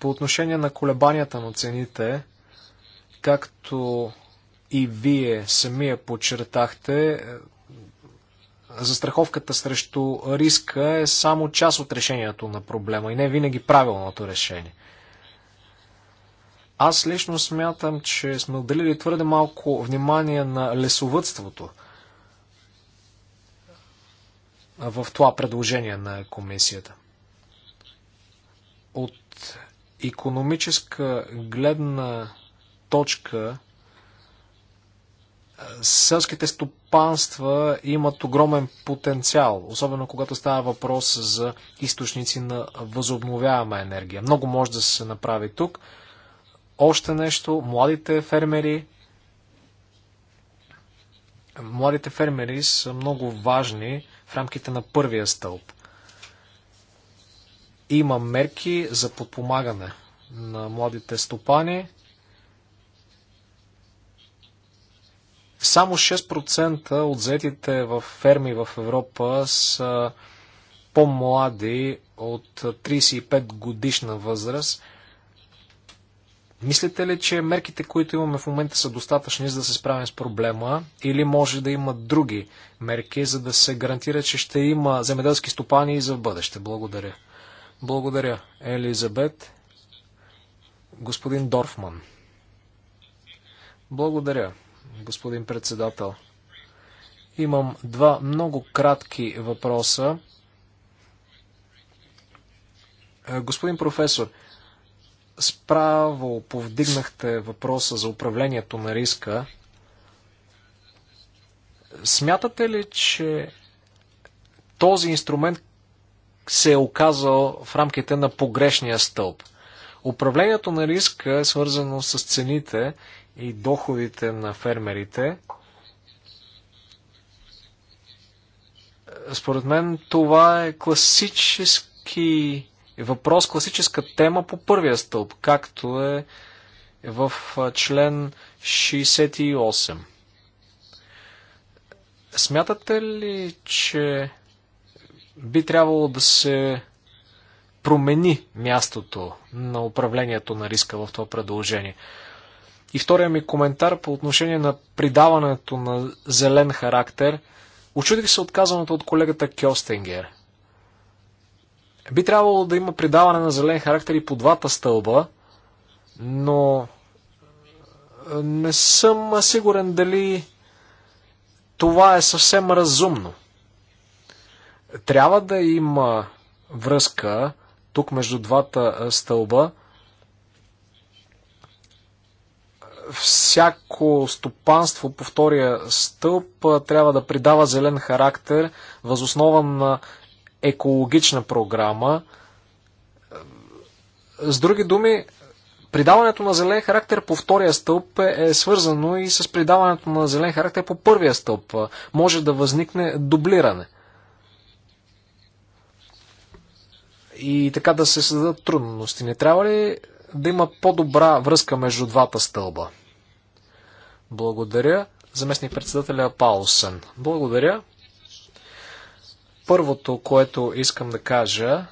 По отношение на колебанията на цените, както и вие самия подчертахте, е, застраховката срещу риска е само част от решението на проблема и не е винаги правилното решение. Аз лично смятам, че сме отделили твърде малко внимание на лесовътството в това предложение на комисията. От економическа гледна точка селските стопанства имат огромен потенциал, особено когато става въпрос за източници на възобновяема енергия. Много може да се направи тук. Още нещо, младите фермери. Младите фермери са много важни в рамките на първия стълб. Има мерки за подпомагане на младите стопани Само 6% от заетите в ферми в Европа са по-млади от 35 годишна възраст. Мислите ли, че мерките, които имаме в момента са достатъчни за да се справим с проблема или може да има други мерки, за да се гарантира, че ще има земеделски стопани и за бъдеще? Благодаря. Благодаря, Елизабет. Господин Дорфман. Благодаря господин председател. Имам два много кратки въпроса. Е, господин професор, справо повдигнахте въпроса за управлението на риска. Смятате ли, че този инструмент се е оказал в рамките на погрешния стълб? Управлението на риска е свързано с цените и доходите на фермерите. Според мен това е класически въпрос, класическа тема по първия стълб, както е в член 68. Смятате ли, че би трябвало да се промени мястото на управлението на риска в това предложение? И втория ми коментар по отношение на придаването на зелен характер. Очудих се отказаното от колегата Кьостенгер. Би трябвало да има придаване на зелен характер и по двата стълба, но е, не съм сигурен дали това е съвсем разумно. Трябва да има връзка тук между двата е, стълба, всяко стопанство по втория стълб трябва да придава зелен характер възоснова на екологична програма. С други думи, придаването на зелен характер по втория стълб е, е свързано и с придаването на зелен характер по първия стълб. Може да възникне дублиране. И така да се създадат трудности. Не трябва ли да има по-добра връзка между двата стълба. Благодаря. Заместник председателя Паулсен. Благодаря. Първото, което искам да кажа,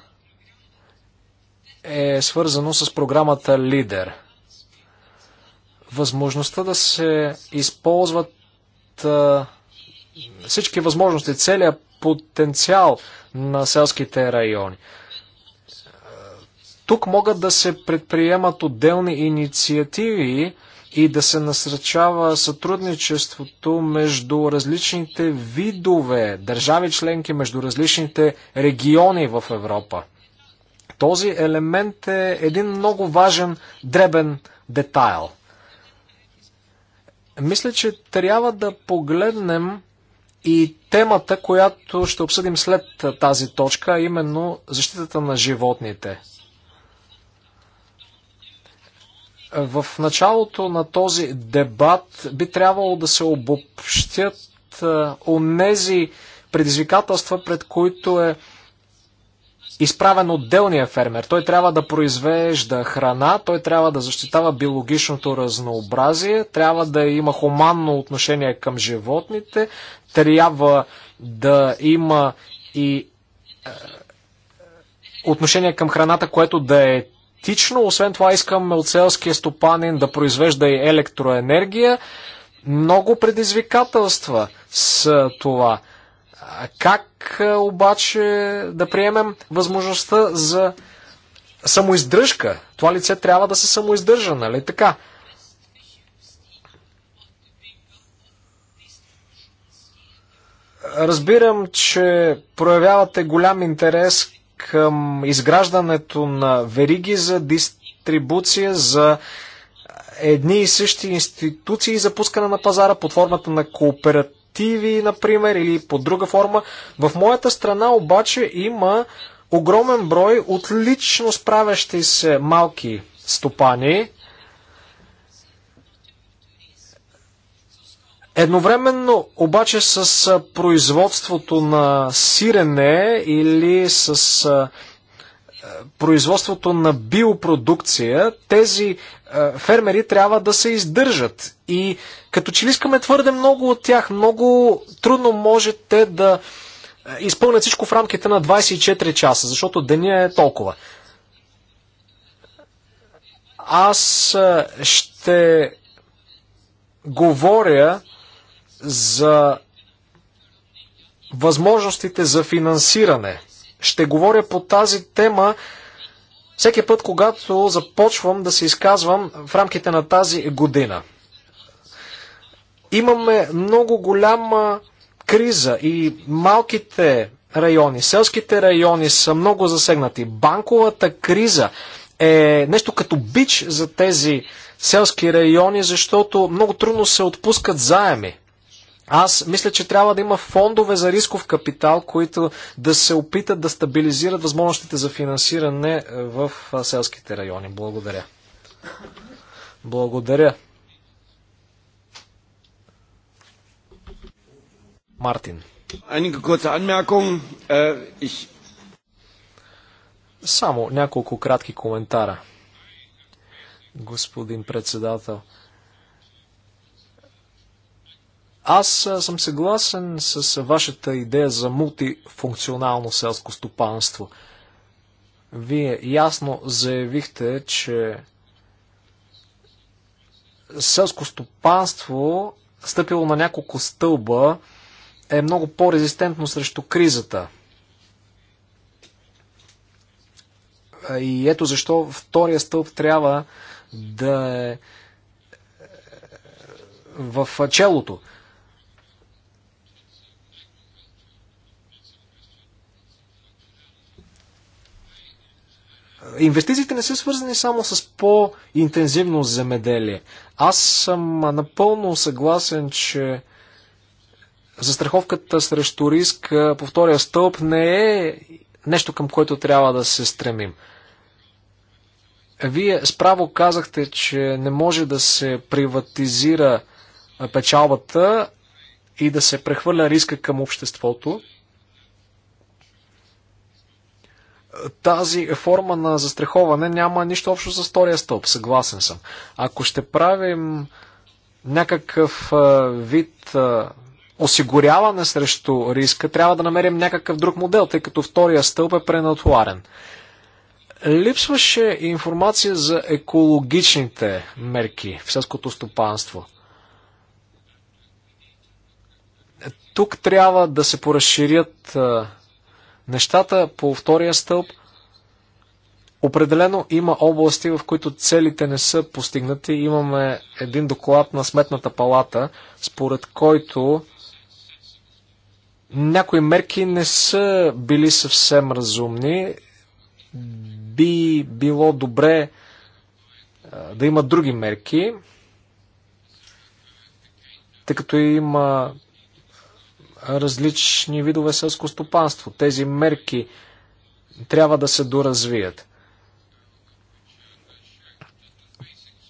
е свързано с програмата Лидер. Възможността да се използват всички възможности, целият потенциал на селските райони. Тук могат да се предприемат отделни инициативи и да се насръчава сътрудничеството между различните видове държави членки, между различните региони в Европа. Този елемент е един много важен дребен детайл. Мисля, че трябва да погледнем и темата, която ще обсъдим след тази точка, а именно защитата на животните. В началото на този дебат би трябвало да се обобщят онези предизвикателства, пред които е изправен отделния фермер. Той трябва да произвежда храна, той трябва да защитава биологичното разнообразие, трябва да има хуманно отношение към животните, трябва да има и отношение към храната, което да е критично. Освен това искаме от селския стопанин да произвежда и електроенергия. Много предизвикателства с това. Как е, обаче да приемем възможността за самоиздръжка? Това лице трябва да се самоиздържа, нали така? разбирам, че проявявате голям интерес към изграждането на вериги за дистрибуция, за едни и същи институции за пускане на пазара под формата на кооперативи, например, или под друга форма. В моята страна обаче има огромен брой отлично справящи се малки стопани, Едновременно обаче с производството на сирене или с производството на биопродукция, тези фермери трябва да се издържат. И като че ли искаме твърде много от тях, много трудно можете да изпълнят всичко в рамките на 24 часа, защото деня е толкова. Аз ще говоря за възможностите за финансиране. Ще говоря по тази тема всеки път, когато започвам да се изказвам в рамките на тази година. Имаме много голяма криза и малките райони, селските райони са много засегнати. Банковата криза е нещо като бич за тези селски райони, защото много трудно се отпускат заеми. Аз мисля, че трябва да има фондове за рисков капитал, които да се опитат да стабилизират възможностите за финансиране е, в селските райони. Благодаря. Благодаря. Мартин. Äh, Само няколко кратки коментара. Господин председател. Аз съм съгласен с вашата идея за мултифункционално селско стопанство. Вие ясно заявихте, че селско стопанство, стъпило на няколко стълба, е много по-резистентно срещу кризата. И ето защо втория стълб трябва да е, е в челото Инвестициите не са свързани само с по-интензивно земеделие. Аз съм напълно съгласен, че застраховката срещу риск по втория стълб не е нещо към което трябва да се стремим. Вие справо казахте, че не може да се приватизира печалбата и да се прехвърля риска към обществото. тази форма на застраховане няма нищо общо с втория стълб, съгласен съм. Ако ще правим някакъв вид осигуряване срещу риска, трябва да намерим някакъв друг модел, тъй като втория стълб е пренатоварен. Липсваше информация за екологичните мерки в селското стопанство. Тук трябва да се поразширят нещата по втория стълб. Определено има области, в които целите не са постигнати. Имаме един доклад на Сметната палата, според който някои мерки не са били съвсем разумни. Би било добре да има други мерки, тъй като има различни видове селско стопанство. Тези мерки трябва да се доразвият.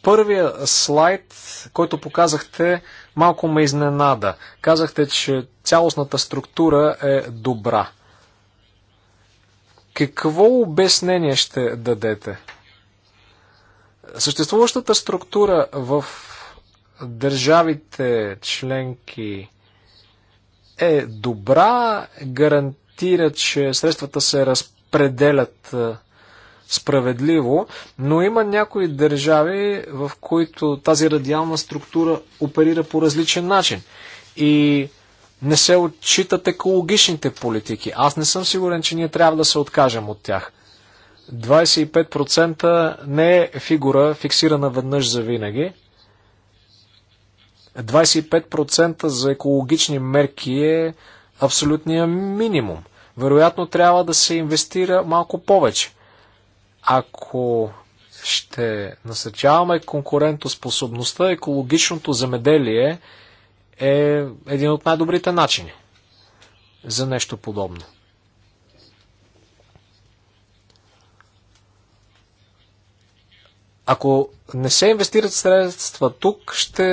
Първия слайд, който показахте, малко ме изненада. Казахте, че цялостната структура е добра. Какво обяснение ще дадете? Съществуващата структура в държавите членки е добра, гарантира, че средствата се разпределят е, справедливо, но има някои държави, в които тази радиална структура оперира по различен начин и не се отчитат екологичните политики. Аз не съм сигурен, че ние трябва да се откажем от тях. 25% не е фигура фиксирана веднъж за винаги. 25% за екологични мерки е абсолютния минимум. Вероятно трябва да се инвестира малко повече. Ако ще насърчаваме конкурентоспособността, екологичното земеделие е един от най-добрите начини за нещо подобно. Ако не се инвестират средства тук, ще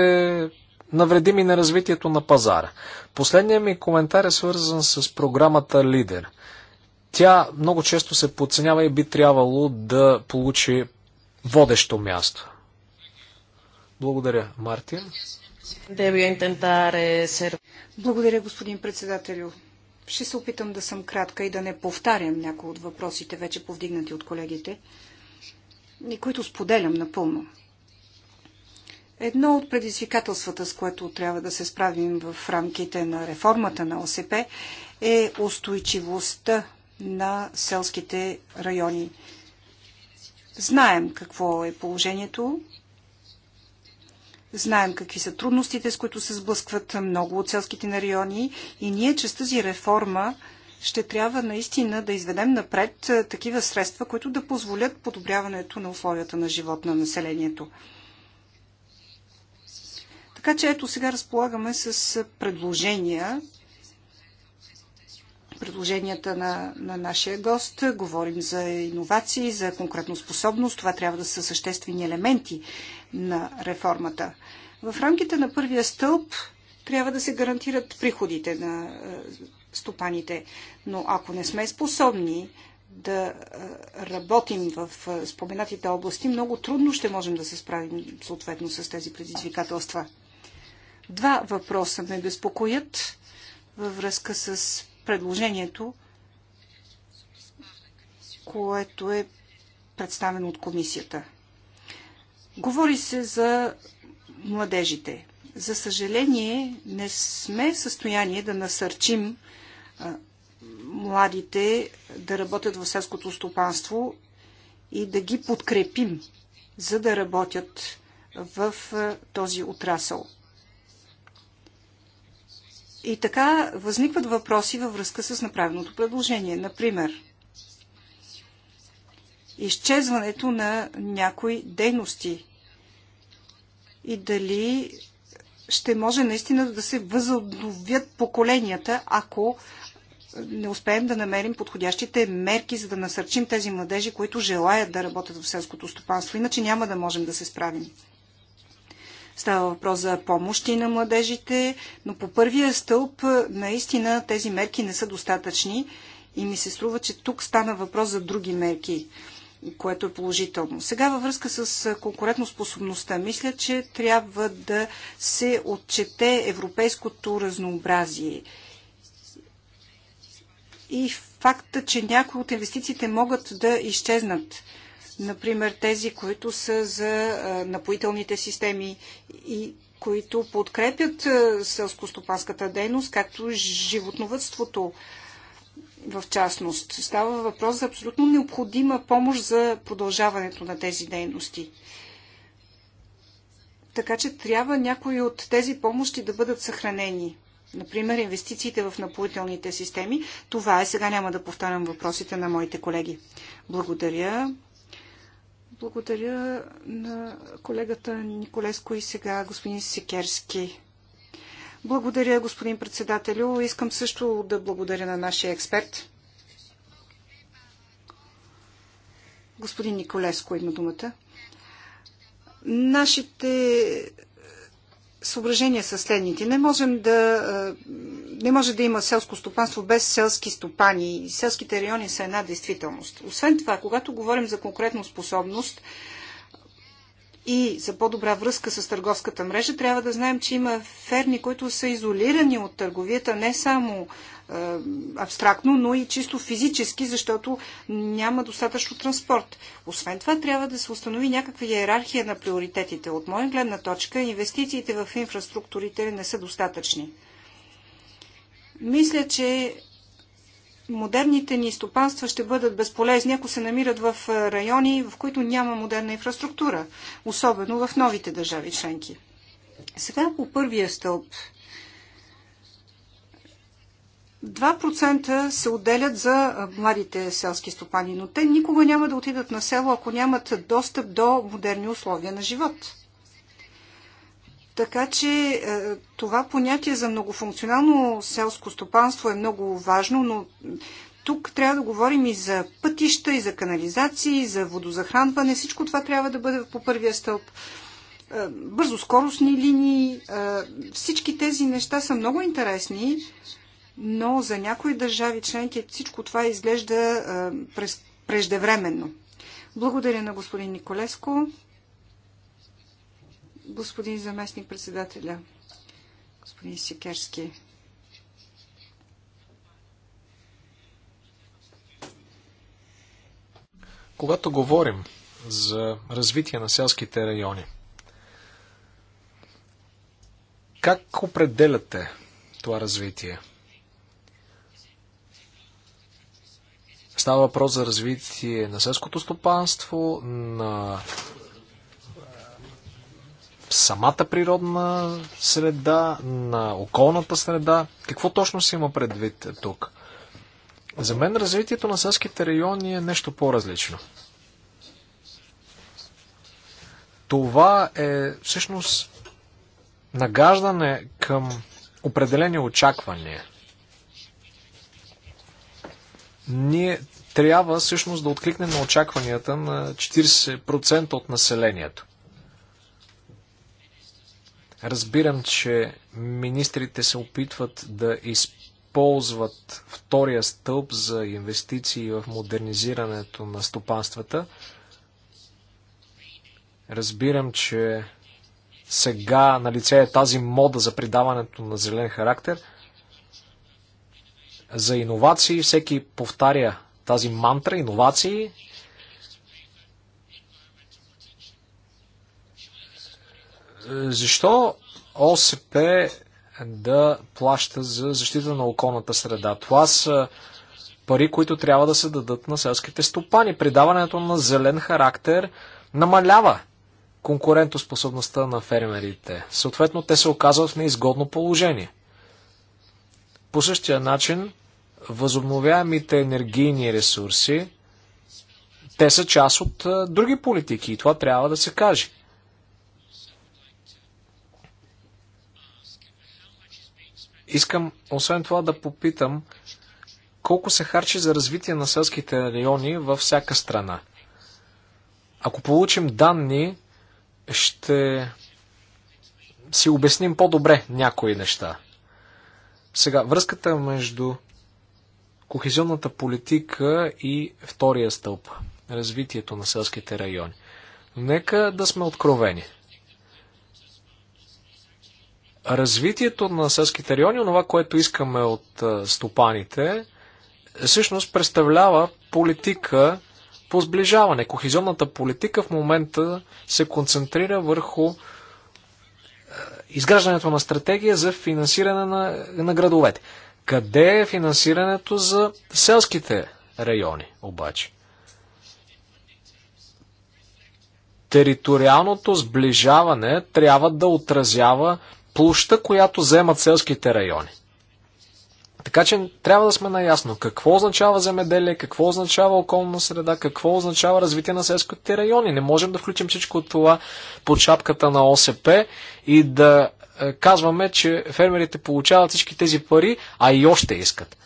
Навреди ми на развитието на пазара. Последният ми коментар е свързан с програмата Лидер. Тя много често се подценява и би трябвало да получи водещо място. Благодаря, Мартин. Eh, Благодаря, господин председателю. Ще се опитам да съм кратка и да не повтарям някои от въпросите, вече повдигнати от колегите, и които споделям напълно. Едно от предизвикателствата, с което трябва да се справим в рамките на реформата на ОСП, е устойчивостта на селските райони. Знаем какво е положението, знаем какви са трудностите, с които се сблъскват много от селските на райони и ние чрез тази реформа ще трябва наистина да изведем напред такива средства, които да позволят подобряването на условията на живот на населението. Така че ето сега разполагаме с предложения. Предложенията на, на нашия гост. Говорим за иновации, за конкретно способност. Това трябва да са съществени елементи на реформата. В рамките на първия стълб трябва да се гарантират приходите на е, стопаните. Но ако не сме способни да е, работим в е, споменатите области, много трудно ще можем да се справим съответно с тези предизвикателства. Два въпроса ме безпокоят във връзка с предложението, което е представено от комисията. Говори се за младежите. За съжаление, не сме в състояние да насърчим младите да работят в селското стопанство и да ги подкрепим, за да работят в този отрасъл. И така възникват въпроси във връзка с направеното предложение. Например, изчезването на някои дейности и дали ще може наистина да се възобновят поколенията, ако не успеем да намерим подходящите мерки, за да насърчим тези младежи, които желаят да работят в селското стопанство. Иначе няма да можем да се справим. Става въпрос за помощи на младежите, но по първия стълб наистина тези мерки не са достатъчни и ми се струва, че тук стана въпрос за други мерки, което е положително. Сега във връзка с конкурентоспособността, мисля, че трябва да се отчете европейското разнообразие. И факта, че някои от инвестициите могат да изчезнат Например, тези, които са за напоителните системи и които подкрепят сълскостопанската дейност, както животновътството в частност. Става въпрос за абсолютно необходима помощ за продължаването на тези дейности. Така че трябва някои от тези помощи да бъдат съхранени. Например, инвестициите в напоителните системи. Това е. Сега няма да повтарям въпросите на моите колеги. Благодаря. Благодаря на колегата Николеско и сега господин Секерски. Благодаря, господин председателю. Искам също да благодаря на нашия експерт. Господин Николеско има думата. Нашите съображения са следните. Не, можем да, не може да има селско стопанство без селски стопани. Селските райони са една действителност. Освен това, когато говорим за конкретно способност и за по-добра връзка с търговската мрежа, трябва да знаем, че има ферми, които са изолирани от търговията не само е, абстрактно, но и чисто физически, защото няма достатъчно транспорт. Освен това, трябва да се установи някаква иерархия на приоритетите. От моя гледна точка, инвестициите в инфраструктурите не са достатъчни. Мисля, че модерните ни стопанства ще бъдат безполезни, ако се намират в е, райони, в които няма модерна инфраструктура, особено в новите държави членки. Сега по първия стълб – 2% се отделят за младите селски стопани, но те никога няма да отидат на село, ако нямат достъп до модерни условия на живот. Така че това понятие за многофункционално селско стопанство е много важно, но тук трябва да говорим и за пътища, и за канализации, и за водозахранване. Всичко това трябва да бъде по първия стълб. Бързоскоростни линии. Всички тези неща са много интересни но за някои държави членки всичко това изглежда е, преждевременно. Благодаря на господин Николеско, господин заместник председателя, господин Сикерски. Когато говорим за развитие на селските райони, как определяте това развитие? Става въпрос за развитие на селското стопанство, на самата природна среда, на околната среда. Какво точно се има предвид тук? За мен развитието на селските райони е нещо по-различно. Това е всъщност нагаждане към определени очаквания. Ние трябва всъщност да откликнем на очакванията на 40% от населението. Разбирам, че министрите се опитват да използват втория стълб за инвестиции в модернизирането на стопанствата. Разбирам, че сега на лице е тази мода за придаването на зелен характер – за иновации. Всеки повтаря тази мантра иновации. Защо ОСП да плаща за защита на околната среда? Това са пари, които трябва да се дадат на селските стопани. Придаването на зелен характер намалява конкурентоспособността на фермерите. Съответно, те се оказват в неизгодно положение. По същия начин, възобновяемите енергийни ресурси, те са част от други политики и това трябва да се каже. Искам, освен това, да попитам колко се харчи за развитие на селските райони във всяка страна. Ако получим данни, ще си обясним по-добре някои неща. Сега, връзката между кохезионната политика и втория стълб развитието на селските райони. Нека да сме откровени. Развитието на селските райони, това, което искаме от стопаните, всъщност представлява политика по сближаване. Кохезионната политика в момента се концентрира върху изграждането на стратегия за финансиране на, на градовете. Къде е финансирането за селските райони обаче? Териториалното сближаване трябва да отразява площа, която вземат селските райони. Така че трябва да сме наясно какво означава земеделие, какво означава околна среда, какво означава развитие на селските райони. Не можем да включим всичко това под шапката на ОСП и да е, казваме, че фермерите получават всички тези пари, а и още искат.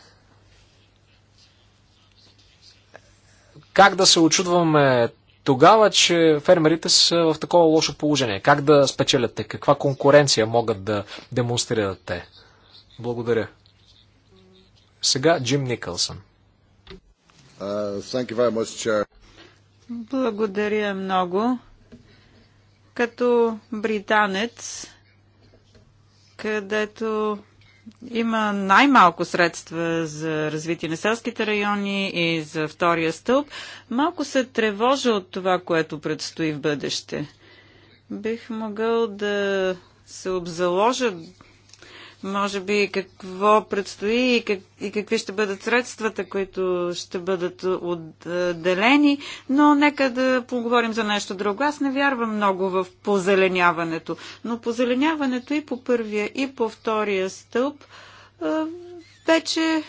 Как да се очудваме тогава, че фермерите са в такова лошо положение? Как да спечелят те? Каква конкуренция могат да демонстрират те? Благодаря. Сега Джим Никълсън. Благодаря много. Като британец, където има най-малко средства за развитие на селските райони и за втория стълб, малко се тревожа от това, което предстои в бъдеще. Бих могъл да се обзаложа може би какво предстои и, как, и какви ще бъдат средствата, които ще бъдат отделени, но нека да поговорим за нещо друго. Аз не вярвам много в позеленяването, но позеленяването и по първия, и по втория стълб вече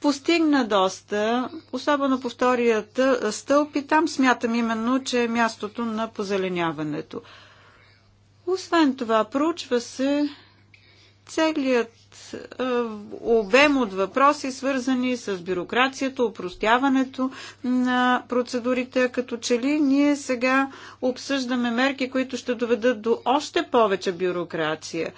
постигна доста, особено по втория стълб и там смятам именно, че е мястото на позеленяването. Освен това, проучва се целият обем от въпроси, свързани с бюрокрацията, упростяването на процедурите, като че ли ние сега обсъждаме мерки, които ще доведат до още повече бюрокрация,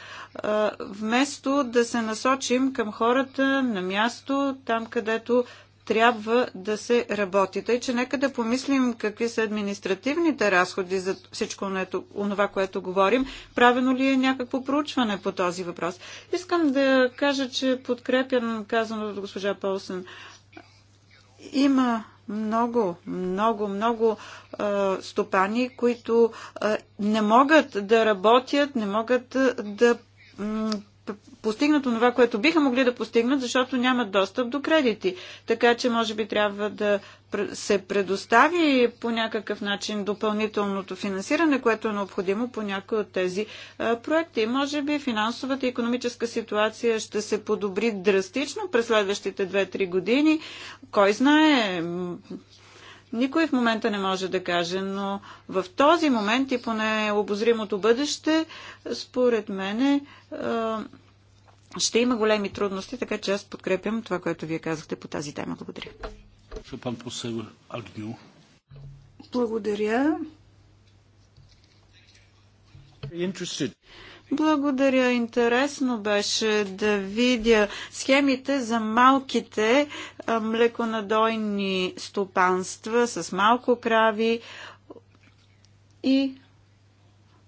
вместо да се насочим към хората на място, там където трябва да се работи. Тъй, че нека да помислим какви са административните разходи за всичко това, което говорим. Правено ли е някакво проучване по този въпрос? Искам да кажа, че подкрепям казаното от госпожа Полсен. Има много, много, много а, стопани, които а, не могат да работят, не могат да постигнат това, което биха могли да постигнат, защото нямат достъп до кредити. Така че може би трябва да се предостави по някакъв начин допълнителното финансиране, което е необходимо по някои от тези проекти. Може би финансовата и економическа ситуация ще се подобри драстично през следващите 2-3 години. Кой знае, никой в момента не може да каже, но в този момент и поне обозримото бъдеще, според мен, е, ще има големи трудности, така че аз подкрепям това, което вие казахте по тази тема. Благодаря. Благодаря. Благодаря. Интересно беше да видя схемите за малките млеконадойни стопанства с малко крави и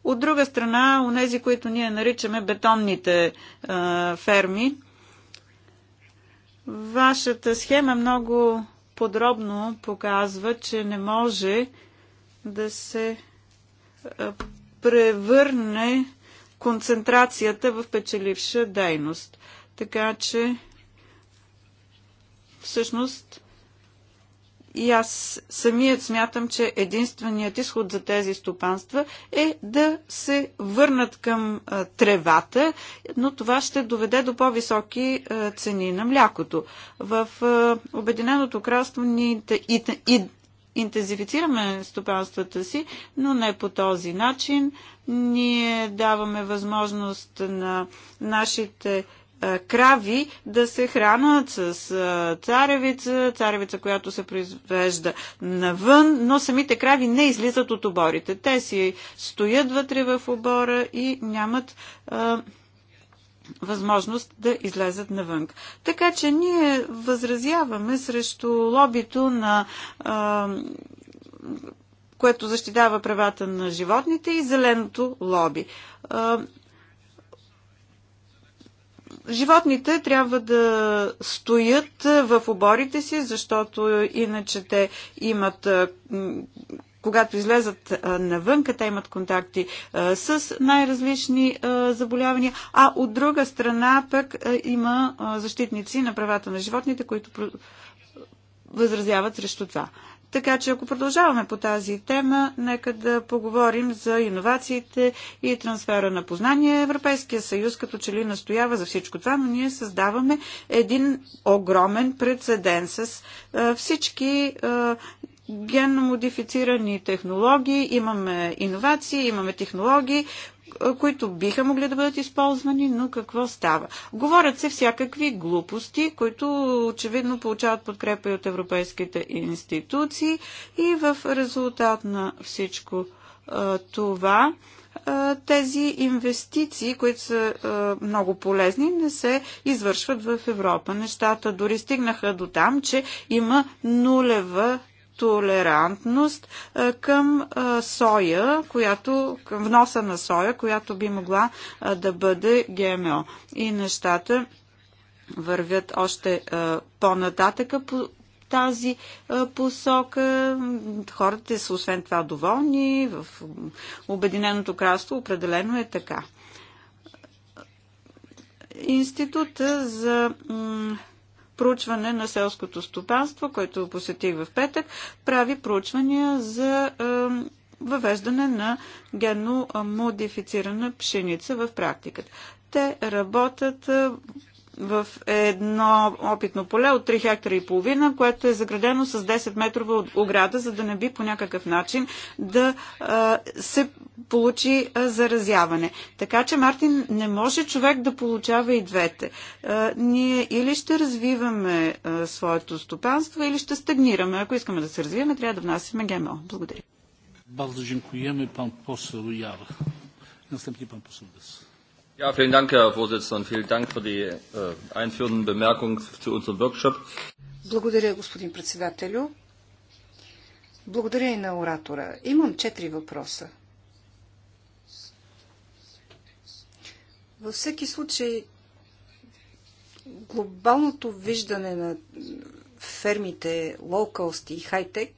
от друга страна, у нези, които ние наричаме бетонните а, е, ферми, вашата схема много подробно показва, че не може да се а, е, превърне концентрацията в печеливша дейност. Така че, всъщност, и аз самият смятам, че единственият изход за тези стопанства е да се върнат към а, тревата, но това ще доведе до по-високи цени на млякото. В а, Обединеното кралство ни и, и, интензифицираме стопанствата си, но не по този начин. Ние даваме възможност на нашите крави да се хранат с царевица, царевица, която се произвежда навън, но самите крави не излизат от оборите. Те си стоят вътре в обора и нямат възможност да излезат навън. Така че ние възразяваме срещу лобито на което защитава правата на животните и зеленото лоби. Животните трябва да стоят в оборите си, защото иначе те имат когато излезат навън, те имат контакти с най-различни заболявания, а от друга страна пък има защитници на правата на животните, които възразяват срещу това. Така че ако продължаваме по тази тема, нека да поговорим за иновациите и трансфера на познание. Европейския съюз като че ли настоява за всичко това, но ние създаваме един огромен прецедент с е, всички е, генно модифицирани технологии, имаме иновации, имаме технологии, които биха могли да бъдат използвани, но какво става? Говорят се всякакви глупости, които очевидно получават подкрепа и от европейските институции и в резултат на всичко това тези инвестиции, които са много полезни, не се извършват в Европа. Нещата дори стигнаха до там, че има нулева толерантност към соя, която, към вноса на соя, която би могла да бъде ГМО. И нещата вървят още по-нататъка по тази посока. Хората са освен това доволни. В Обединеното кралство определено е така. Института за проучване на селското стопанство, което е посетих в петък, прави проучвания за е, въвеждане на генно модифицирана пшеница в практиката. Те работят е, в едно опитно поле от 3 хектара и половина, което е заградено с 10 метрова ограда, за да не би по някакъв начин да се получи заразяване. Така че, Мартин, не може човек да получава и двете. Ние или ще развиваме своето стопанство, или ще стагнираме. Ако искаме да се развиваме, трябва да внасяме ГМО. Благодаря. Bardzo dziękujemy. Pan poseł Jar. Następnie pan poseł Des. Ja, vielen Dank, Herr Vorsitzender, und vielen Dank für die äh, einführenden Bemerkungen zu unserem Workshop. Благодаря, господин председателю. Благодаря и на оратора. Имам четири въпроса. Във всеки случай, глобалното виждане на фермите, локалсти и хай-тек,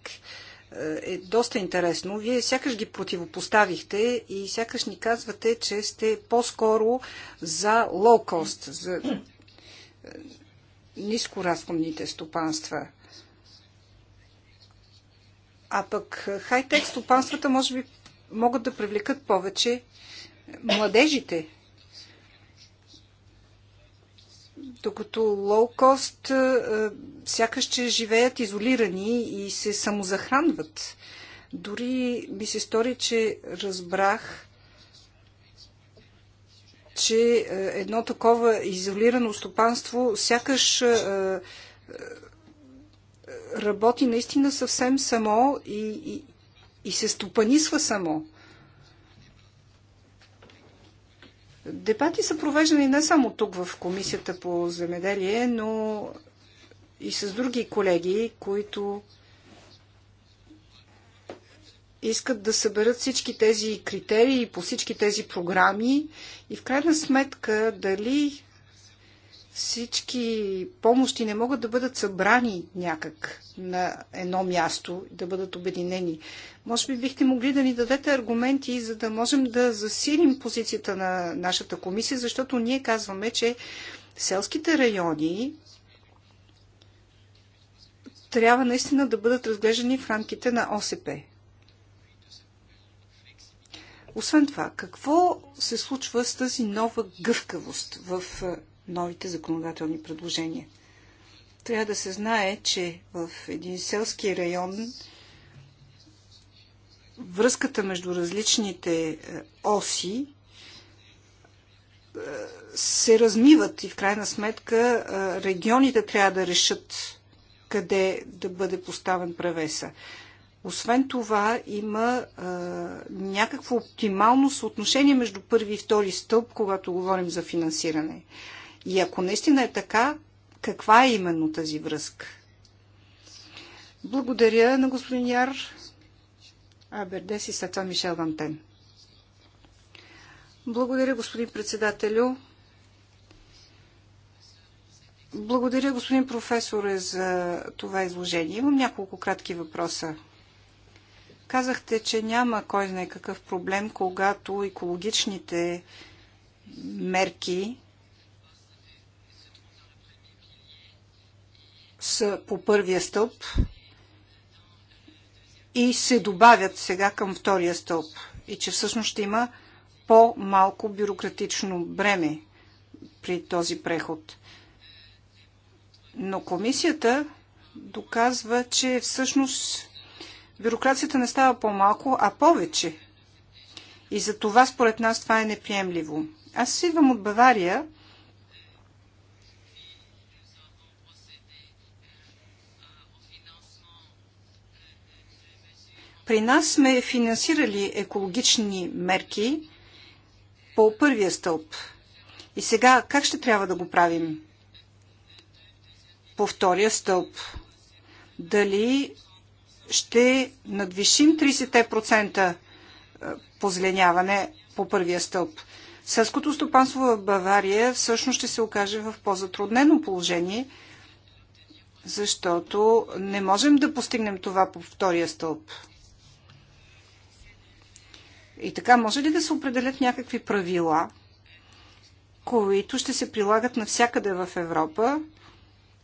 е, е доста интересно. Вие сякаш ги противопоставихте и сякаш ни казвате, че сте по-скоро за лоукост, за е, нискоразходните стопанства. А пък е, хай-тек стопанствата може би могат да привлекат повече младежите докато лоукост е, сякаш, че живеят изолирани и се самозахранват. Дори ми се стори, че разбрах, че е, едно такова изолирано стопанство сякаш е, работи наистина съвсем само и, и, и се стопанисва само. Дебати са провеждани не само тук в Комисията по земеделие, но и с други колеги, които искат да съберат всички тези критерии по всички тези програми и в крайна сметка дали всички помощи не могат да бъдат събрани някак на едно място, да бъдат обединени. Може би бихте могли да ни дадете аргументи, за да можем да засилим позицията на нашата комисия, защото ние казваме, че селските райони трябва наистина да бъдат разглеждани в рамките на ОСП. Освен това, какво се случва с тази нова гъвкавост в новите законодателни предложения. Трябва да се знае, че в един селски район връзката между различните е, оси е, се размиват и в крайна сметка е, регионите трябва да решат къде да бъде поставен превеса. Освен това, има а, някакво оптимално съотношение между първи и втори стълб, когато говорим за финансиране. И ако наистина е така, каква е именно тази връзка? Благодаря на господин Яр Абердес и Сатва Мишел Вантен. Благодаря, господин председателю. Благодаря, господин професоре, за това изложение. Имам няколко кратки въпроса. Казахте, че няма кой знае какъв проблем, когато екологичните мерки са по първия стълб и се добавят сега към втория стълб. И че всъщност ще има по-малко бюрократично бреме при този преход. Но комисията доказва, че всъщност бюрокрацията не става по-малко, а повече. И за това, според нас, това е неприемливо. Аз идвам от Бавария, При нас сме финансирали екологични мерки по първия стълб. И сега как ще трябва да го правим? По втория стълб. Дали ще надвишим 30% е, позеленяване по първия стълб? Селското стопанство в Бавария всъщност ще се окаже в по-затруднено положение, защото не можем да постигнем това по втория стълб. И така, може ли да се определят някакви правила, които ще се прилагат навсякъде в Европа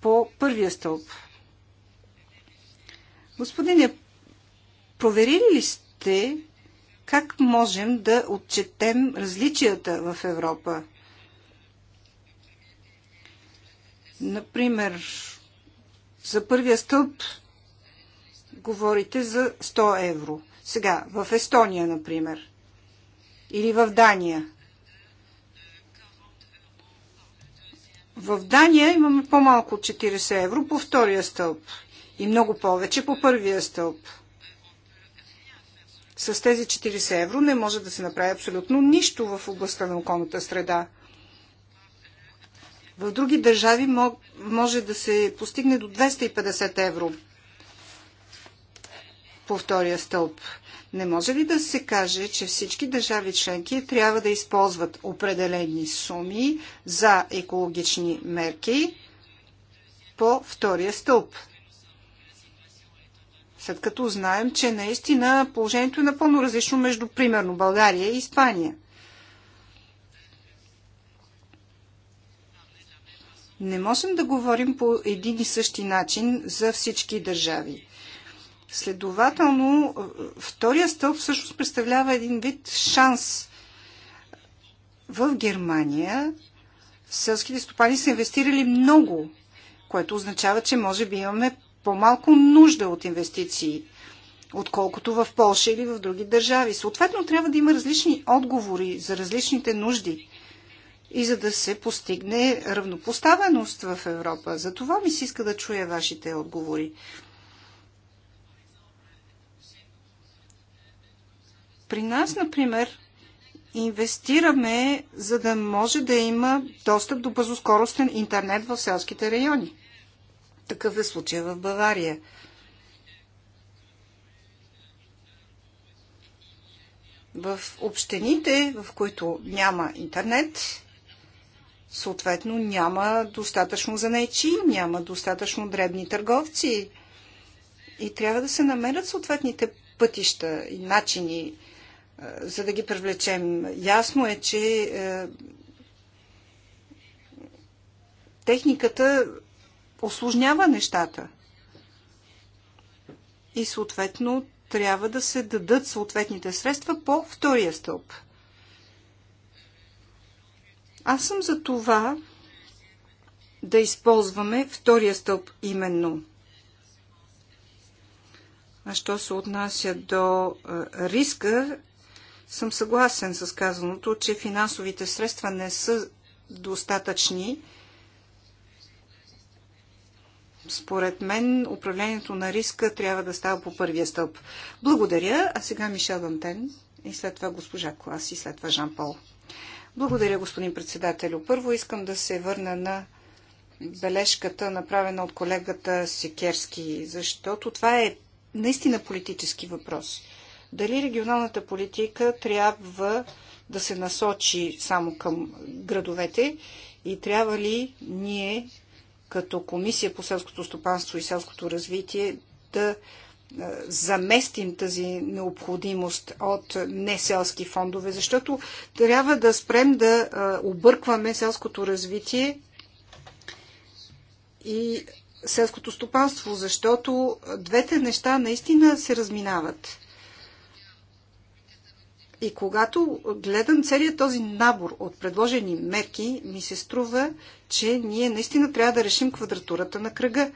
по първия стълб? Господине, проверили ли сте как можем да отчетем различията в Европа? Например, за първия стълб говорите за 100 евро. Сега, в Естония, например, или в Дания. В Дания имаме по-малко от 40 евро по втория стълб и много повече по първия стълб. С тези 40 евро не може да се направи абсолютно нищо в областта на околната среда. В други държави може да се постигне до 250 евро по втория стълб. Не може ли да се каже, че всички държави членки трябва да използват определени суми за екологични мерки по втория стълб? След като знаем, че наистина положението е напълно различно между, примерно, България и Испания. Не можем да говорим по един и същи начин за всички държави. Следователно, е, втория стълб всъщност представлява един вид шанс. В Германия селските стопани са инвестирали много, което означава, че може би имаме по-малко нужда от инвестиции, отколкото в Польша или в други държави. Съответно, трябва да има различни отговори за различните нужди и за да се постигне равнопоставеност в Европа. За това ми се иска да чуя вашите отговори. При нас, например, инвестираме, за да може да има достъп до бързоскоростен интернет в селските райони. Такъв е случай в Бавария. В общините, в които няма интернет, съответно няма достатъчно занайчи, няма достатъчно дребни търговци. И трябва да се намерят съответните пътища и начини е, за да ги привлечем. Ясно е, че е, техниката осложнява нещата. И съответно трябва да се дадат съответните средства по втория стълб. Аз съм за това да използваме втория стълб именно. А що се отнася до е, риска, съм съгласен с казаното, че финансовите средства не са достатъчни. Според мен управлението на риска трябва да става по първия стълб. Благодаря, а сега Мишел Дантен и след това госпожа Клас и след това Жан Пол. Благодаря, господин председателю. Първо искам да се върна на бележката, направена от колегата Секерски, защото това е наистина политически въпрос дали регионалната политика трябва да се насочи само към градовете и трябва ли ние като Комисия по селското стопанство и селското развитие да е, заместим тази необходимост от неселски фондове, защото трябва да спрем да е, объркваме селското развитие и селското стопанство, защото двете неща наистина се разминават. И когато гледам целият този набор от предложени мерки, ми се струва, че ние наистина трябва да решим квадратурата на кръга.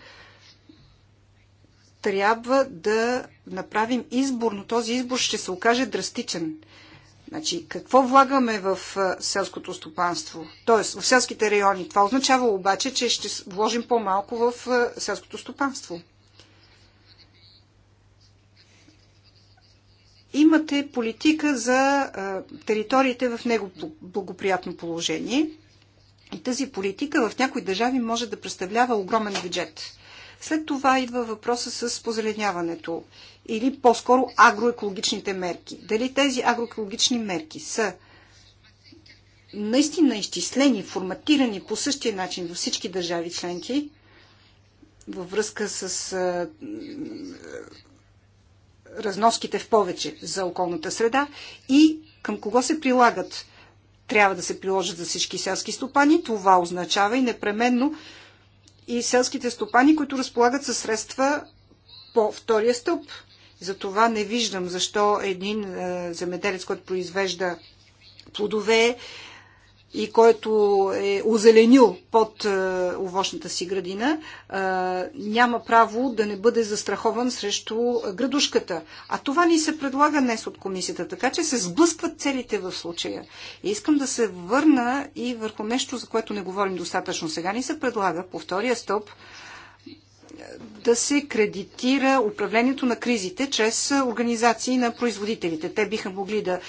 Трябва да направим избор, но този избор ще се окаже драстичен. Значи, какво влагаме в селското стопанство? Тоест, в селските райони. Това означава обаче, че ще вложим по-малко в селското стопанство. имате политика за териториите в него благоприятно положение. И тази политика в някои държави може да представлява огромен бюджет. След това идва въпроса с позеленяването или по-скоро агроекологичните мерки. Дали тези агроекологични мерки са наистина изчислени, форматирани по същия начин във всички държави членки, във връзка с разноските в повече за околната среда и към кого се прилагат. Трябва да се приложат за всички селски стопани. Това означава и непременно и селските стопани, които разполагат със средства по втория стълб. това не виждам защо един е, земеделец, който произвежда плодове, и който е озеленил под е, овощната си градина, е, няма право да не бъде застрахован срещу градушката. А това ни се предлага днес от комисията, така че се сблъскват целите в случая. И искам да се върна и върху нещо, за което не говорим достатъчно. Сега ни се предлага по втория стоп да се кредитира управлението на кризите чрез е, организации на производителите. Те биха могли да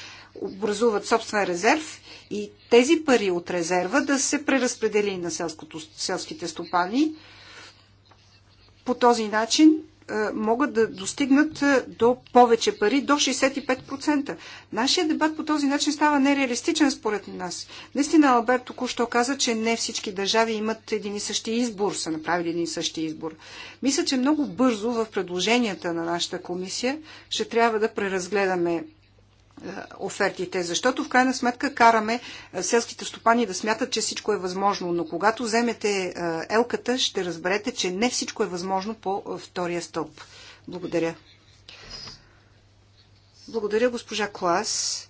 образуват собствен резерв и тези пари от резерва да се преразпредели на селското, селските стопани. По този начин е, могат да достигнат е, до повече пари, до 65%. Нашия дебат по този начин става нереалистичен според нас. Наистина Алберт току-що каза, че не всички държави имат един и същи избор, са направили един и същи избор. Мисля, че много бързо в предложенията на нашата комисия ще трябва да преразгледаме е, офертите, защото в крайна сметка караме е, селските стопани да смятат, че всичко е възможно. Но когато вземете е, елката, ще разберете, че не всичко е възможно по втория стълб. Благодаря. Благодаря госпожа Клас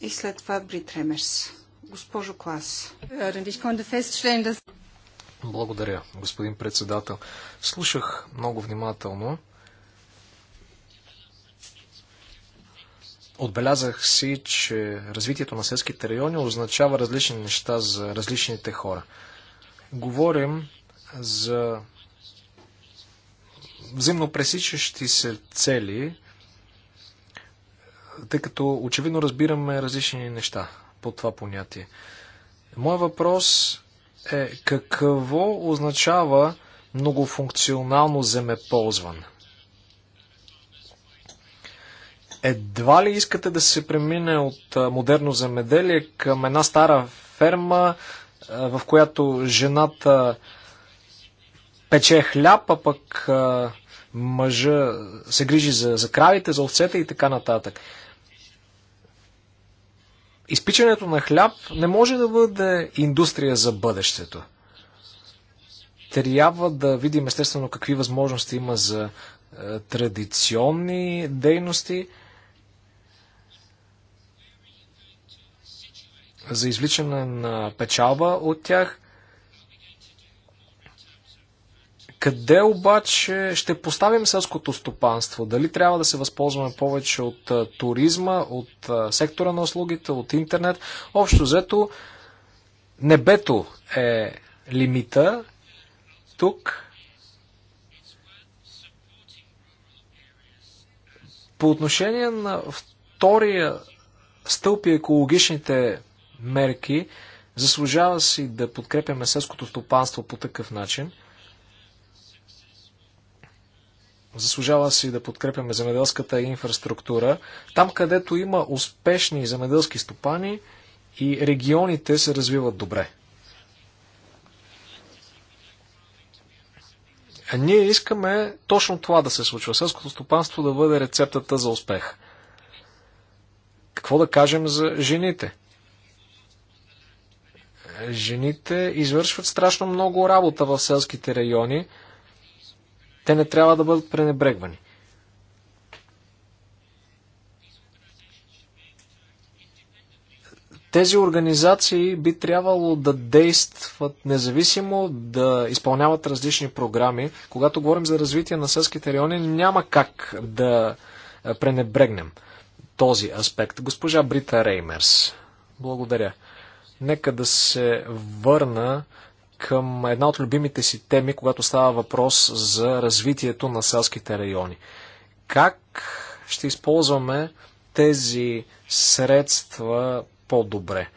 и след това Брит Ремерс. Госпожо Клас. Благодаря, господин председател. Слушах много внимателно Отбелязах си, че развитието на селските райони означава различни неща за различните хора. Говорим за взаимно пресичащи се цели, тъй като очевидно разбираме различни неща по това понятие. Моят въпрос е какво означава многофункционално земеползване? Едва ли искате да се премине от модерно земеделие към една стара ферма, в която жената пече хляб, а пък мъжа се грижи за, за кравите, за овцете и така нататък. Изпичането на хляб не може да бъде индустрия за бъдещето. Трябва да видим естествено какви възможности има за е, традиционни дейности. за извличане на печалба от тях. Къде обаче ще поставим селското стопанство? Дали трябва да се възползваме повече от туризма, от сектора на услугите, от интернет? Общо взето, небето е лимита тук. По отношение на втория стълб и екологичните мерки. Заслужава си да подкрепяме селското стопанство по такъв начин. Заслужава си да подкрепяме земеделската инфраструктура. Там, където има успешни земеделски стопани и регионите се развиват добре. А ние искаме точно това да се случва. Селското стопанство да бъде рецептата за успех. Какво да кажем за жените? Жените извършват страшно много работа в селските райони. Те не трябва да бъдат пренебрегвани. тези организации би трябвало да действат независимо, да изпълняват различни програми. Когато говорим за развитие на селските райони, няма как да пренебрегнем този аспект. Госпожа Брита Реймерс, благодаря. Нека да се върна към една от любимите си теми, когато става въпрос за развитието на селските райони. Как ще използваме тези средства по-добре?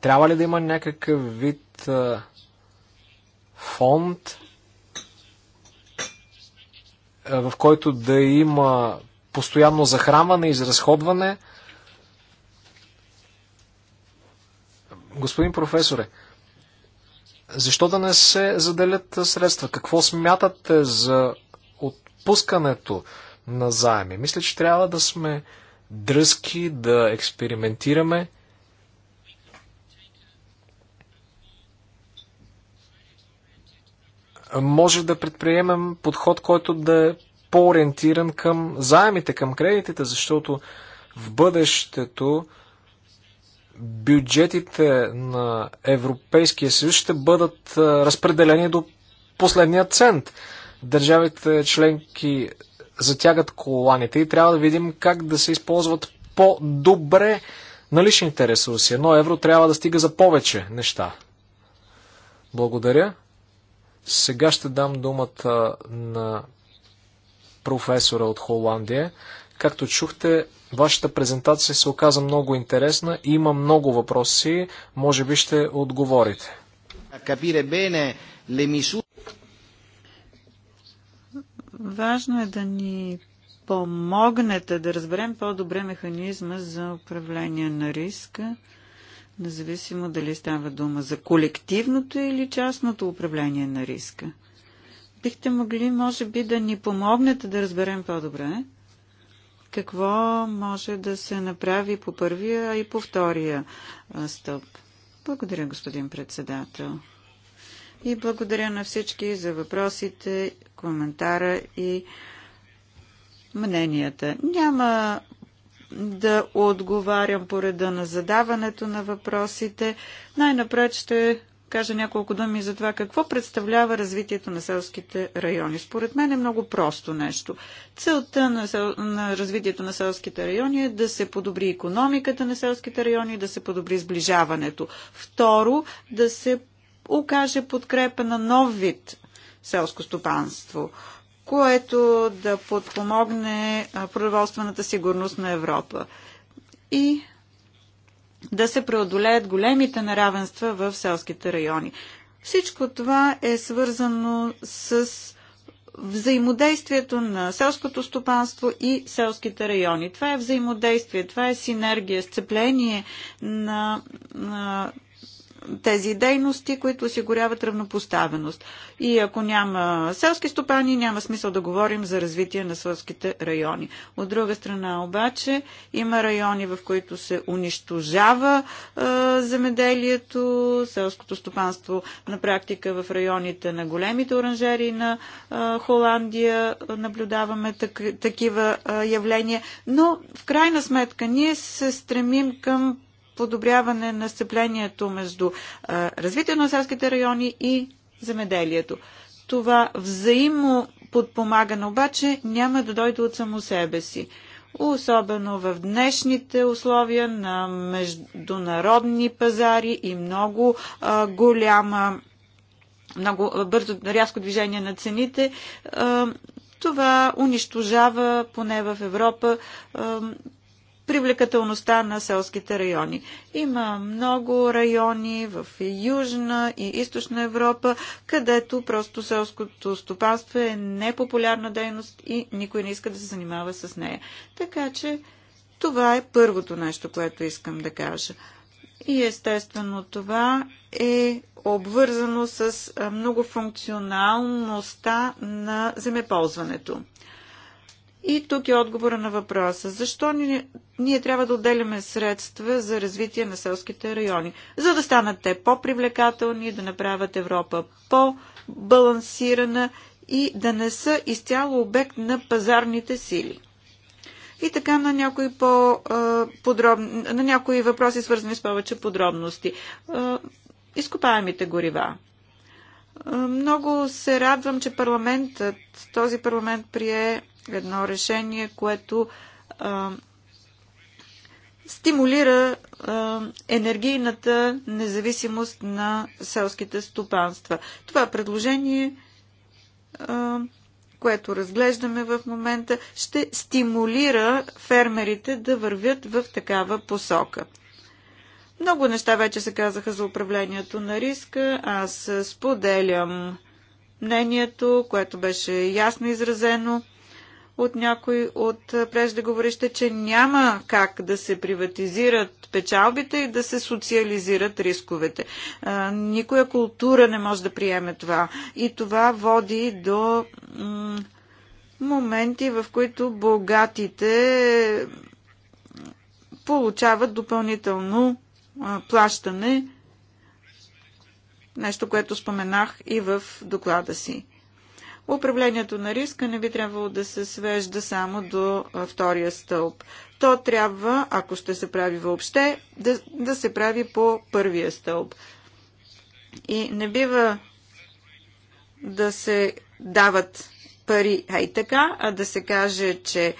Трябва ли да има някакъв вид фонд, в който да има постоянно захранване и изразходване – Господин професоре, защо да не се заделят средства? Какво смятате за отпускането на заеми? Мисля, че трябва да сме дръзки, да експериментираме. Може да предприемем подход, който да е по-ориентиран към заемите, към кредитите, защото в бъдещето бюджетите на Европейския съюз ще бъдат разпределени до последния цент. Държавите членки затягат коланите и трябва да видим как да се използват по-добре наличните ресурси. Едно евро трябва да стига за повече неща. Благодаря. Сега ще дам думата на професора от Холандия. Както чухте, Вашата презентация се оказа много интересна. и Има много въпроси. Може би ще отговорите. Важно е да ни помогнете да разберем по-добре механизма за управление на риска, независимо дали става дума за колективното или частното управление на риска. Бихте могли, може би, да ни помогнете да разберем по-добре какво може да се направи по първия, а и по втория стълб. Благодаря, господин председател. И благодаря на всички за въпросите, коментара и мненията. Няма да отговарям по реда на задаването на въпросите. Най-напред ще кажа няколко думи за това какво представлява развитието на селските райони. Според мен е много просто нещо. Целта на, сел... на развитието на селските райони е да се подобри економиката на селските райони, да се подобри сближаването. Второ, да се окаже подкрепа на нов вид селско стопанство което да подпомогне продоволствената сигурност на Европа. И да се преодолеят големите неравенства в селските райони. Всичко това е свързано с взаимодействието на селското стопанство и селските райони. Това е взаимодействие, това е синергия, сцепление на, на тези дейности, които осигуряват равнопоставеност. И ако няма селски стопани, няма смисъл да говорим за развитие на селските райони. От друга страна обаче има райони, в които се унищожава е, земеделието, селското стопанство на практика в районите на големите оранжери на е, Холандия наблюдаваме так, такива е, явления. Но в крайна сметка ние се стремим към подобряване на сцеплението между развитие на селските райони и земеделието. Това взаимо подпомагане обаче няма да дойде от само себе си. Особено в днешните условия на международни пазари и много а, голяма, много бързо, рязко движение на цените, а, това унищожава, поне в Европа, а, привлекателността на селските райони. Има много райони в Южна и Източна Европа, където просто селското стопанство е непопулярна дейност и никой не иска да се занимава с нея. Така че това е първото нещо, което искам да кажа. И естествено това е обвързано с многофункционалността на земеползването. И тук е отговора на въпроса. Защо ни, ние трябва да отделяме средства за развитие на селските райони? За да станат те по-привлекателни, да направят Европа по-балансирана и да не са изцяло обект на пазарните сили. И така на някои, по, на някои въпроси, свързани с повече подробности. Изкопаемите горива. Много се радвам, че парламентът, този парламент прие едно решение, което а, стимулира а, енергийната независимост на селските стопанства. Това предложение, а, което разглеждаме в момента, ще стимулира фермерите да вървят в такава посока. Много неща вече се казаха за управлението на риска. Аз споделям мнението, което беше ясно изразено от някой от преждеговорище, че няма как да се приватизират печалбите и да се социализират рисковете. Никоя култура не може да приеме това. И това води до моменти, в които богатите получават допълнително плащане, нещо, което споменах и в доклада си. Управлението на риска не би трябвало да се свежда само до втория стълб. То трябва, ако ще се прави въобще, да, да се прави по първия стълб. И не бива да се дават пари, а и така, а да се каже, че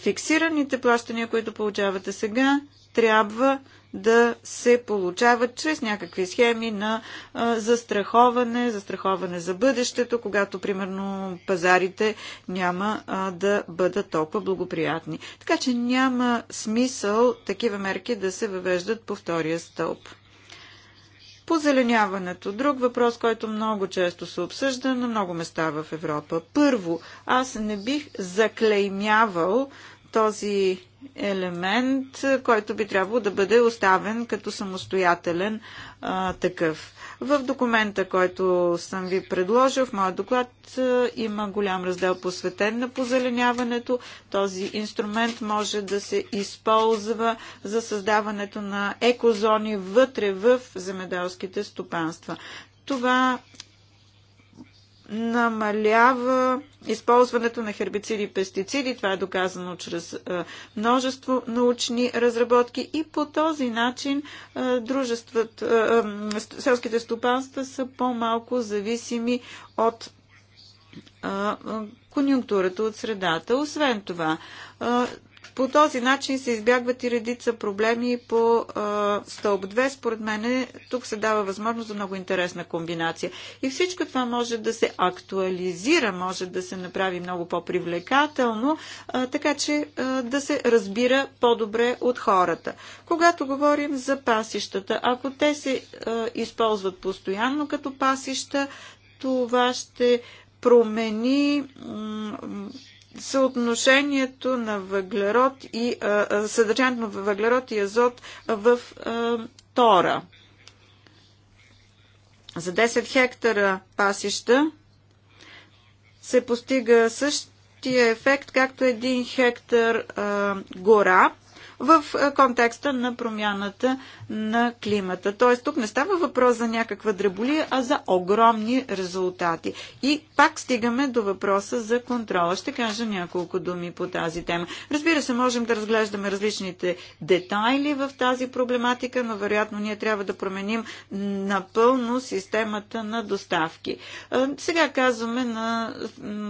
фиксираните плащания, които получавате сега, трябва да се получават чрез някакви схеми на застраховане, застраховане за бъдещето, когато, примерно, пазарите няма да бъдат толкова благоприятни. Така че няма смисъл такива мерки да се въвеждат по втория стълб. Позеленяването. Друг въпрос, който много често се обсъжда на много места в Европа. Първо, аз не бих заклеймявал този елемент, който би трябвало да бъде оставен като самостоятелен а, такъв. В документа, който съм ви предложил, в моят доклад а, има голям раздел посветен на позеленяването. Този инструмент може да се използва за създаването на екозони вътре в земеделските стопанства. Това намалява използването на хербициди и пестициди. Това е доказано чрез е, множество научни разработки и по този начин е, е, селските стопанства са по-малко зависими от конюнктурата от средата. Освен това, по този начин се избягват и редица проблеми по а, стълб 2. Според мен тук се дава възможност за много интересна комбинация. И всичко това може да се актуализира, може да се направи много по-привлекателно, така че а, да се разбира по-добре от хората. Когато говорим за пасищата, ако те се а, използват постоянно като пасища, това ще промени съотношението на въглерод и съдържанието на въглерод и азот в а, тора. За 10 хектара пасища се постига същия ефект, както един хектар а, гора – в контекста на промяната на климата. Т.е. тук не става въпрос за някаква дреболия, а за огромни резултати. И пак стигаме до въпроса за контрола. Ще кажа няколко думи по тази тема. Разбира се, можем да разглеждаме различните детайли в тази проблематика, но вероятно ние трябва да променим напълно системата на доставки. Сега казваме на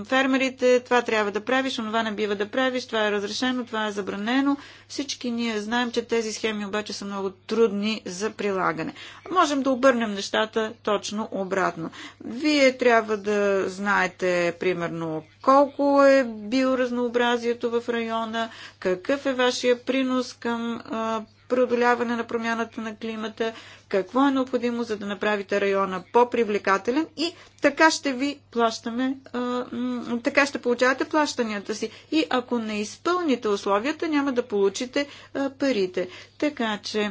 фермерите, това трябва да правиш, онова не бива да правиш, това е разрешено, това е забранено. Всички ние знаем, че тези схеми обаче са много трудни за прилагане. Можем да обърнем нещата точно обратно. Вие трябва да знаете, примерно, колко е биоразнообразието в района, какъв е вашия принос към а, преодоляване на промяната на климата, какво е необходимо, за да направите района по-привлекателен и така ще ви плащаме, а, така ще получавате плащанията си. И ако не изпълните условията, няма да получите а, парите. Така че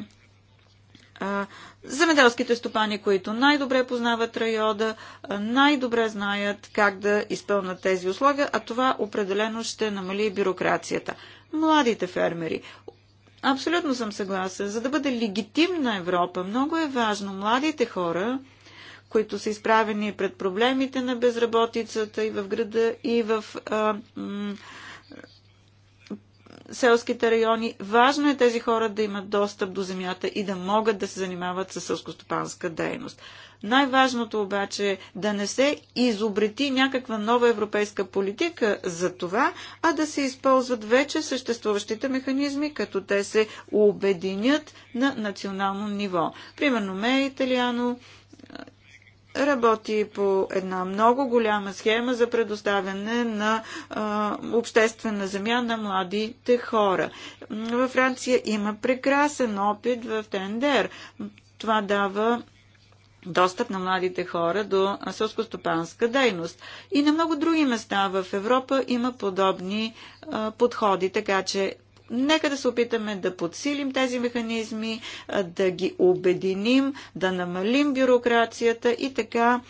земеделските стопани, които най-добре познават райода, най-добре знаят как да изпълнат тези условия, а това определено ще намали бюрокрацията. Младите фермери. Абсолютно съм съгласен. За да бъде легитимна Европа, много е важно младите хора, които са изправени пред проблемите на безработицата и в града, и в а, селските райони. Важно е тези хора да имат достъп до земята и да могат да се занимават със сълскостопанска дейност. Най-важното обаче е да не се изобрети някаква нова европейска политика за това, а да се използват вече съществуващите механизми, като те се обединят на национално ниво. Примерно Мея е Италиано работи по една много голяма схема за предоставяне на обществена земя на младите хора. Във Франция има прекрасен опит в Тендер. Това дава достъп на младите хора до сълскостопанска дейност. И на много други места в Европа има подобни подходи, така че Нека да се опитаме да подсилим тези механизми, да ги обединим, да намалим бюрокрацията и така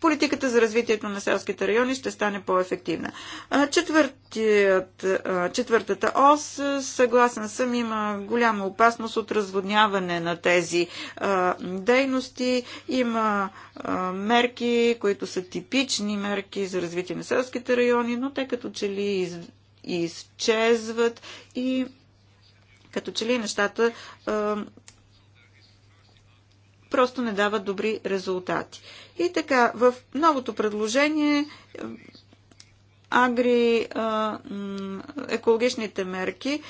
политиката за развитието на селските райони ще стане по-ефективна. Четвъртата ос, съгласен съм, има голяма опасност от разводняване на тези дейности. Има мерки, които са типични мерки за развитие на селските райони, но те като че ли изчезват и като че ли нещата а, просто не дават добри резултати. И така, в новото предложение агри а, екологичните мерки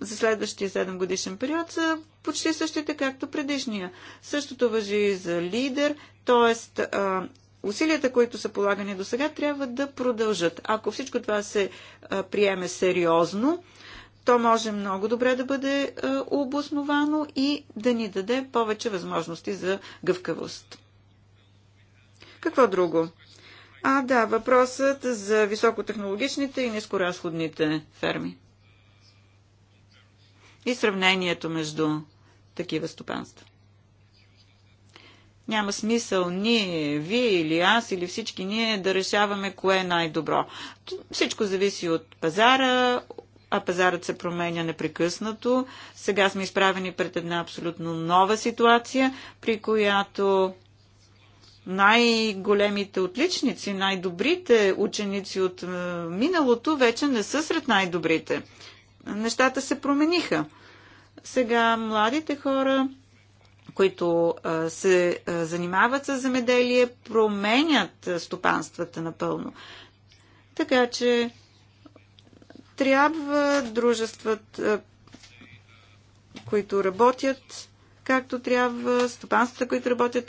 за следващия 7 годишен период са почти същите, както предишния. Същото въжи и за лидер, т.е усилията, които са полагани до сега, трябва да продължат. Ако всичко това се приеме сериозно, то може много добре да бъде обосновано и да ни даде повече възможности за гъвкавост. Какво друго? А, да, въпросът за високотехнологичните и нискоразходните ферми. И сравнението между такива стопанства. Няма смисъл ние, вие или аз или всички ние да решаваме кое е най-добро. Всичко зависи от пазара, а пазарът се променя непрекъснато. Сега сме изправени пред една абсолютно нова ситуация, при която най-големите отличници, най-добрите ученици от е, миналото вече не са сред най-добрите. Нещата се промениха. Сега младите хора които се занимават с земеделие, променят стопанствата напълно. Така че трябва дружествата, които работят както трябва, стопанствата, които работят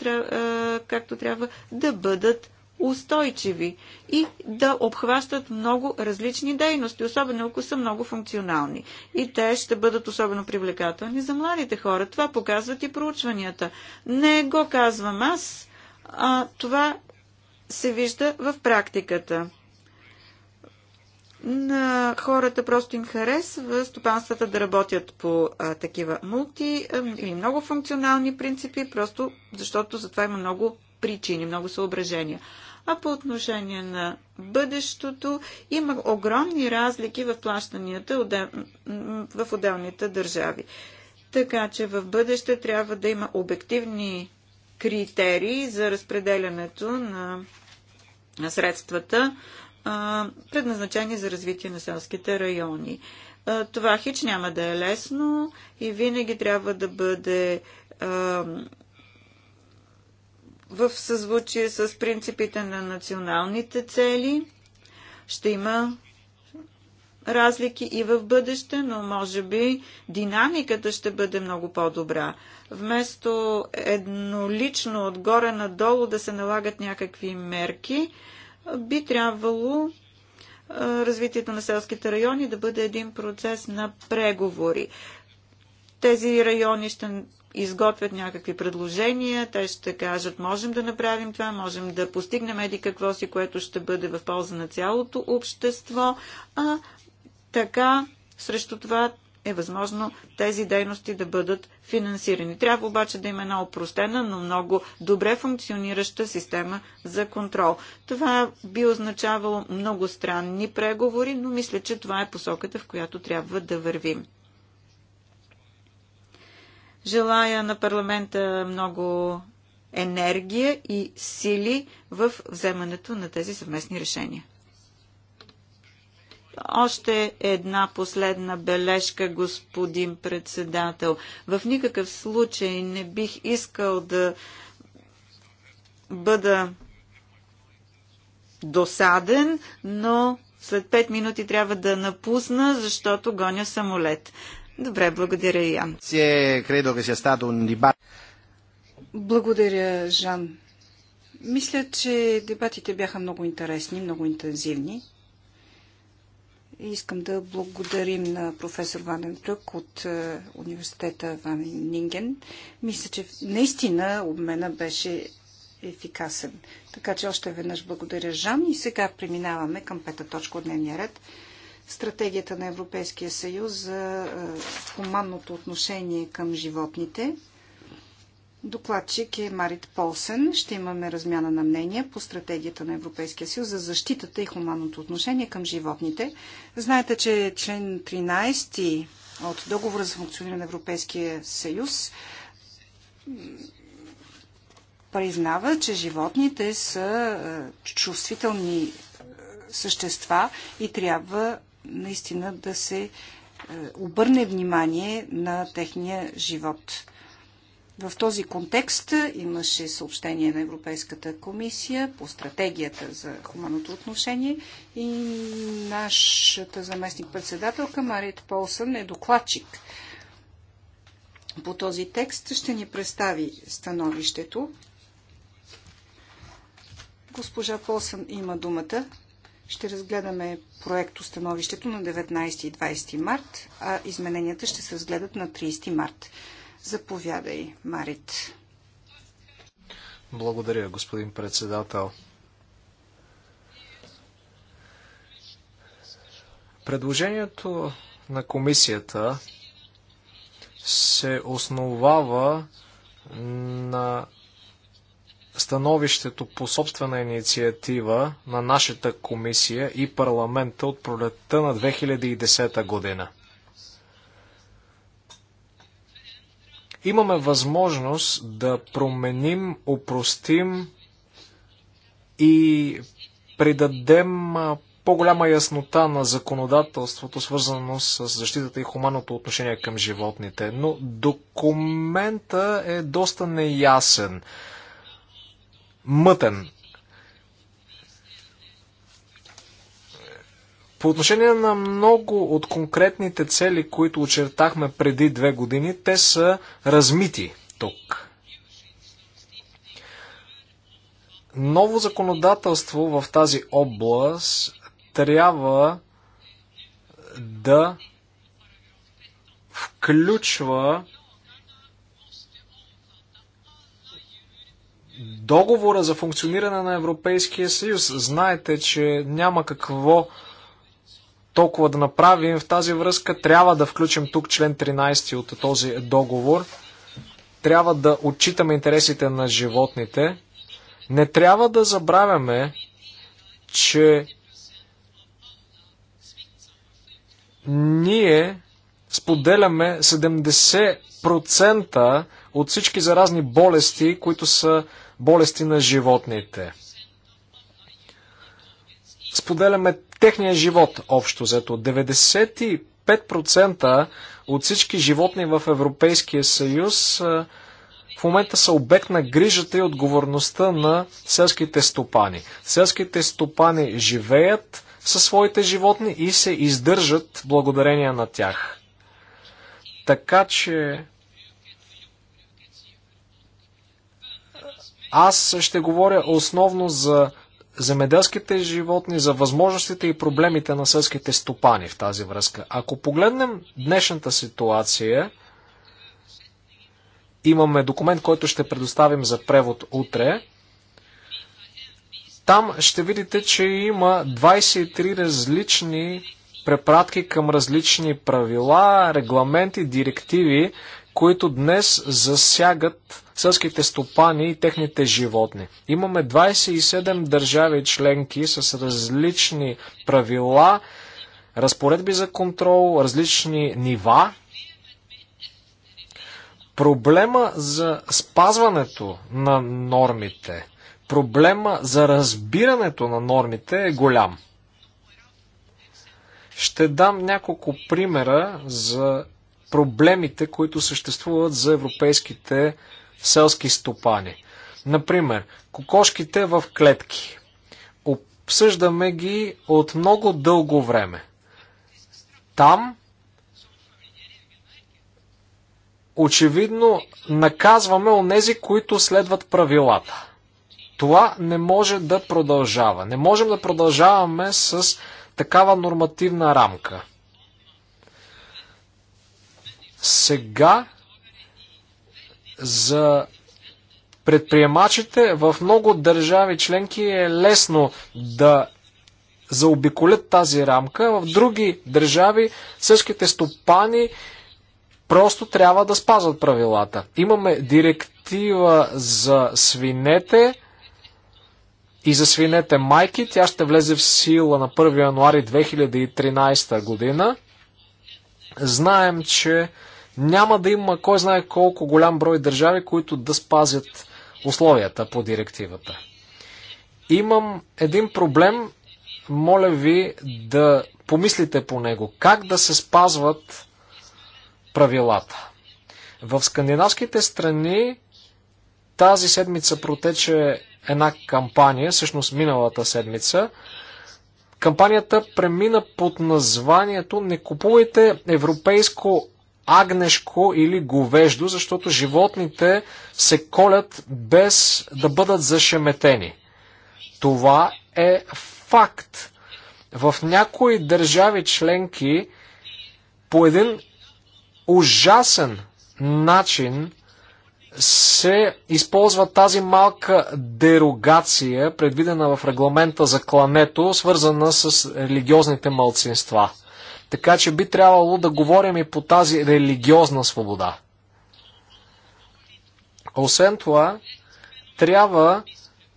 както трябва, да бъдат устойчиви и да обхващат много различни дейности, особено ако са много функционални. И те ще бъдат особено привлекателни за младите хора. Това показват и проучванията. Не го казвам аз, а това се вижда в практиката. На хората просто им харесва стопанствата да работят по а, такива мулти а, или много функционални принципи, просто защото за това има много причини, много съображения а по отношение на бъдещето има огромни разлики в плащанията в отделните държави. Така че в бъдеще трябва да има обективни критерии за разпределянето на средствата, предназначени за развитие на селските райони. Това хич няма да е лесно и винаги трябва да бъде в съзвучие с принципите на националните цели. Ще има разлики и в бъдеще, но може би динамиката ще бъде много по-добра. Вместо еднолично отгоре надолу да се налагат някакви мерки, би трябвало развитието на селските райони да бъде един процес на преговори. Тези райони ще изготвят някакви предложения, те ще кажат, можем да направим това, можем да постигнем еди какво си, което ще бъде в полза на цялото общество, а така срещу това е възможно тези дейности да бъдат финансирани. Трябва обаче да има една опростена, но много добре функционираща система за контрол. Това би означавало много странни преговори, но мисля, че това е посоката, в която трябва да вървим. Желая на парламента много енергия и сили в вземането на тези съвместни решения. Още една последна бележка, господин председател. В никакъв случай не бих искал да бъда досаден, но след 5 минути трябва да напусна, защото гоня самолет. Добре, благодаря и Ян. Е, благодаря, Жан. Мисля, че дебатите бяха много интересни, много интензивни. Искам да благодарим на професор Ванен Трюк от е, университета Ван Нинген. Мисля, че наистина обмена беше ефикасен. Така че още веднъж благодаря Жан и сега преминаваме към пета точка от дневния ред – стратегията на Европейския съюз за е, хуманното отношение към животните. Докладчик е Марит Полсен. Ще имаме размяна на мнения по стратегията на Европейския съюз за защитата и хуманното отношение към животните. Знаете, че член 13 от договора за функциониране на Европейския съюз признава, че животните са е, чувствителни е, същества и трябва наистина да се е, обърне внимание на техния живот. В този контекст имаше съобщение на Европейската комисия по стратегията за хуманното отношение и нашата заместник-председателка Марит Полсън е докладчик по този текст. Ще ни представи становището. Госпожа Полсън има думата. Ще разгледаме проекто становището на 19 и 20 март, а измененията ще се разгледат на 30 март. Заповядай, Марит. Благодаря, господин председател. Предложението на комисията се основава на становището по собствена инициатива на нашата комисия и парламента от пролетта на 2010 година. Имаме възможност да променим, упростим и придадем по-голяма яснота на законодателството, свързано с защитата и хуманното отношение към животните. Но документа е доста неясен мътен. По отношение на много от конкретните цели, които очертахме преди две години, те са размити тук. Ново законодателство в тази област трябва да включва договора за функциониране на Европейския съюз. Знаете, че няма какво толкова да направим в тази връзка. Трябва да включим тук член 13 от този договор. Трябва да отчитаме интересите на животните. Не трябва да забравяме, че ние споделяме 70% от всички заразни болести, които са болести на животните. Споделяме техния живот общо взето. 95% от всички животни в Европейския съюз в момента са обект на грижата и отговорността на селските стопани. Селските стопани живеят със своите животни и се издържат благодарение на тях. Така че Аз ще говоря основно за земеделските животни, за възможностите и проблемите на селските стопани в тази връзка. Ако погледнем днешната ситуация, имаме документ, който ще предоставим за превод утре. Там ще видите, че има 23 различни препратки към различни правила, регламенти, директиви, които днес засягат селските стопани и техните животни. Имаме 27 държави членки с различни правила, разпоредби за контрол, различни нива. Проблема за спазването на нормите, проблема за разбирането на нормите е голям. Ще дам няколко примера за проблемите, които съществуват за европейските селски стопани. Например, кокошките в клетки. Обсъждаме ги от много дълго време. Там очевидно наказваме онези, които следват правилата. Това не може да продължава. Не можем да продължаваме с такава нормативна рамка. Сега за предприемачите в много държави членки е лесно да заобиколят тази рамка. В други държави същите стопани просто трябва да спазват правилата. Имаме директива за свинете и за свинете майки. Тя ще влезе в сила на 1 януари 2013 година. Знаем, че няма да има кой знае колко голям брой държави, които да спазят условията по директивата. Имам един проблем, моля ви да помислите по него. Как да се спазват правилата? В скандинавските страни тази седмица протече една кампания, всъщност миналата седмица, Кампанията премина под названието Не купувайте европейско агнешко или говеждо, защото животните се колят без да бъдат зашеметени. Това е факт. В някои държави членки по един ужасен начин се използва тази малка дерогация, предвидена в регламента за клането, свързана с религиозните малцинства. Така че би трябвало да говорим и по тази религиозна свобода. Освен това, трябва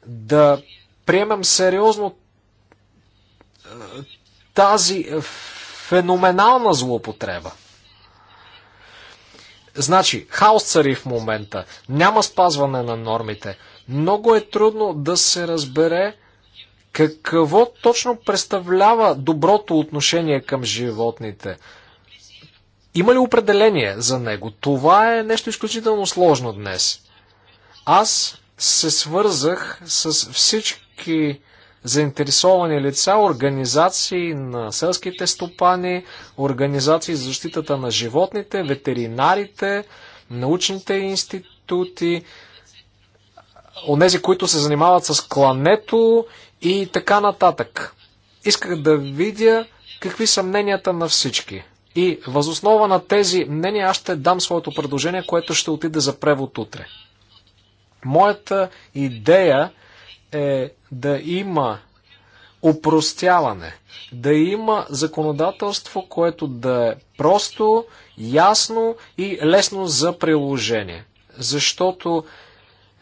да приемем сериозно е, тази феноменална злоупотреба. Значи, хаос цари в момента. Няма спазване на нормите. Много е трудно да се разбере какво точно представлява доброто отношение към животните. Има ли определение за него? Това е нещо изключително сложно днес. Аз се свързах с всички заинтересовани лица, организации на селските стопани, организации за защитата на животните, ветеринарите, научните институти, онези, които се занимават с клането и така нататък. Исках да видя какви са мненията на всички. И възоснова на тези мнения аз ще дам своето предложение, което ще отиде за превод утре. Моята идея е да има упростяване, да има законодателство, което да е просто, ясно и лесно за приложение. Защото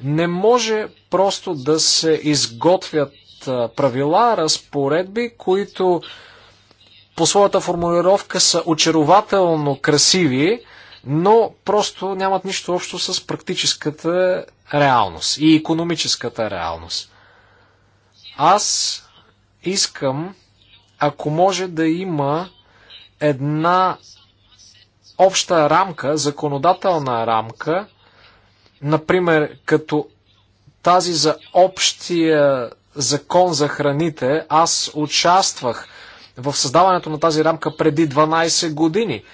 не може просто да се изготвят правила, разпоредби, които по своята формулировка са очарователно красиви, но просто нямат нищо общо с практическата реалност и економическата реалност. Аз искам, ако може да има една обща рамка, законодателна рамка, например, като тази за общия закон за храните, аз участвах в създаването на тази рамка преди 12 години.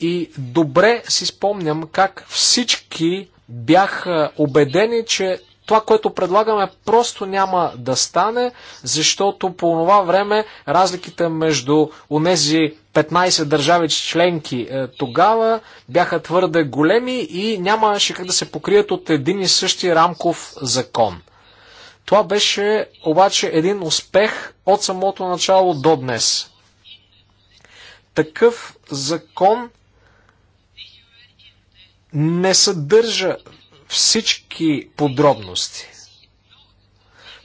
И добре си спомням как всички бяха убедени, че това, което предлагаме, просто няма да стане, защото по това време разликите между онези 15 държави членки е, тогава бяха твърде големи и нямаше как да се покрият от един и същи рамков закон. Това беше обаче един успех от самото начало до днес. Такъв закон не съдържа всички подробности.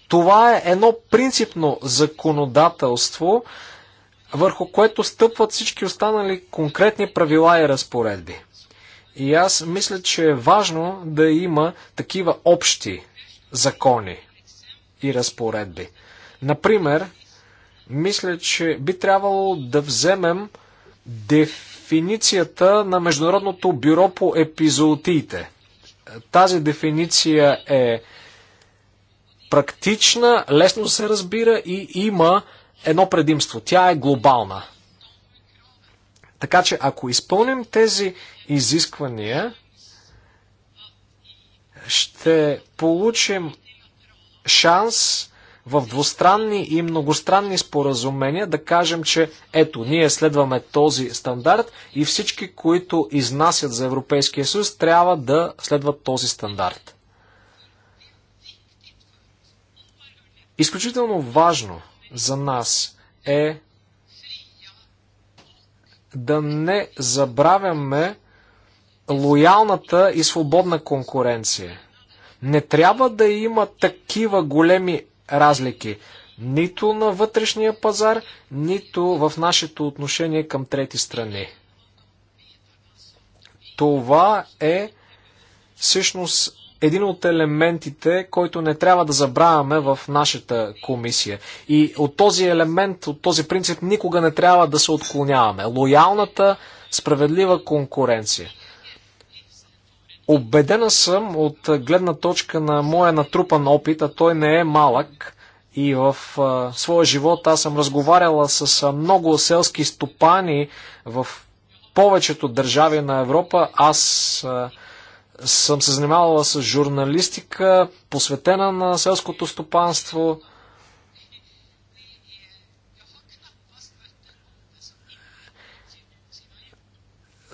Това е едно принципно законодателство, върху което стъпват всички останали конкретни правила и разпоредби. И аз мисля, че е важно да има такива общи закони и разпоредби. Например, мисля, че би трябвало да вземем дефиницията на Международното бюро по епизоотиите. Тази дефиниция е практична, лесно се разбира и има едно предимство. Тя е глобална. Така че ако изпълним тези изисквания, ще получим шанс в двустранни и многостранни споразумения да кажем, че ето, ние следваме този стандарт и всички, които изнасят за Европейския съюз, трябва да следват този стандарт. Изключително важно за нас е да не забравяме лоялната и свободна конкуренция. Не трябва да има такива големи разлики нито на вътрешния пазар, нито в нашето отношение към трети страни. Това е всъщност един от елементите, който не трябва да забравяме в нашата комисия. И от този елемент, от този принцип никога не трябва да се отклоняваме. Лоялната, справедлива конкуренция. Обедена съм от гледна точка на моя натрупан опит, а той не е малък. И в а, своя живот аз съм разговаряла с а, много селски стопани в повечето държави на Европа. Аз а, съм се занимавала с журналистика, посветена на селското стопанство.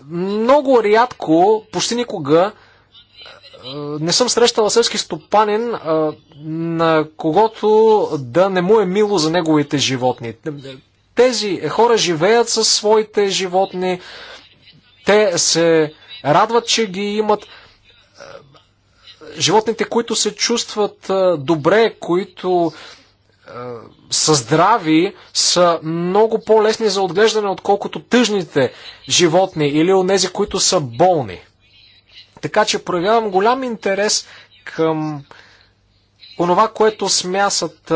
Много рядко, почти никога, е, не съм срещала селски стопанин, е, на когото да не му е мило за неговите животни. Тези хора живеят със своите животни, те се радват, че ги имат. Е, животните, които се чувстват добре, които са здрави, са много по-лесни за отглеждане, отколкото тъжните животни или от тези, които са болни. Така че проявявам голям интерес към онова, което смясат,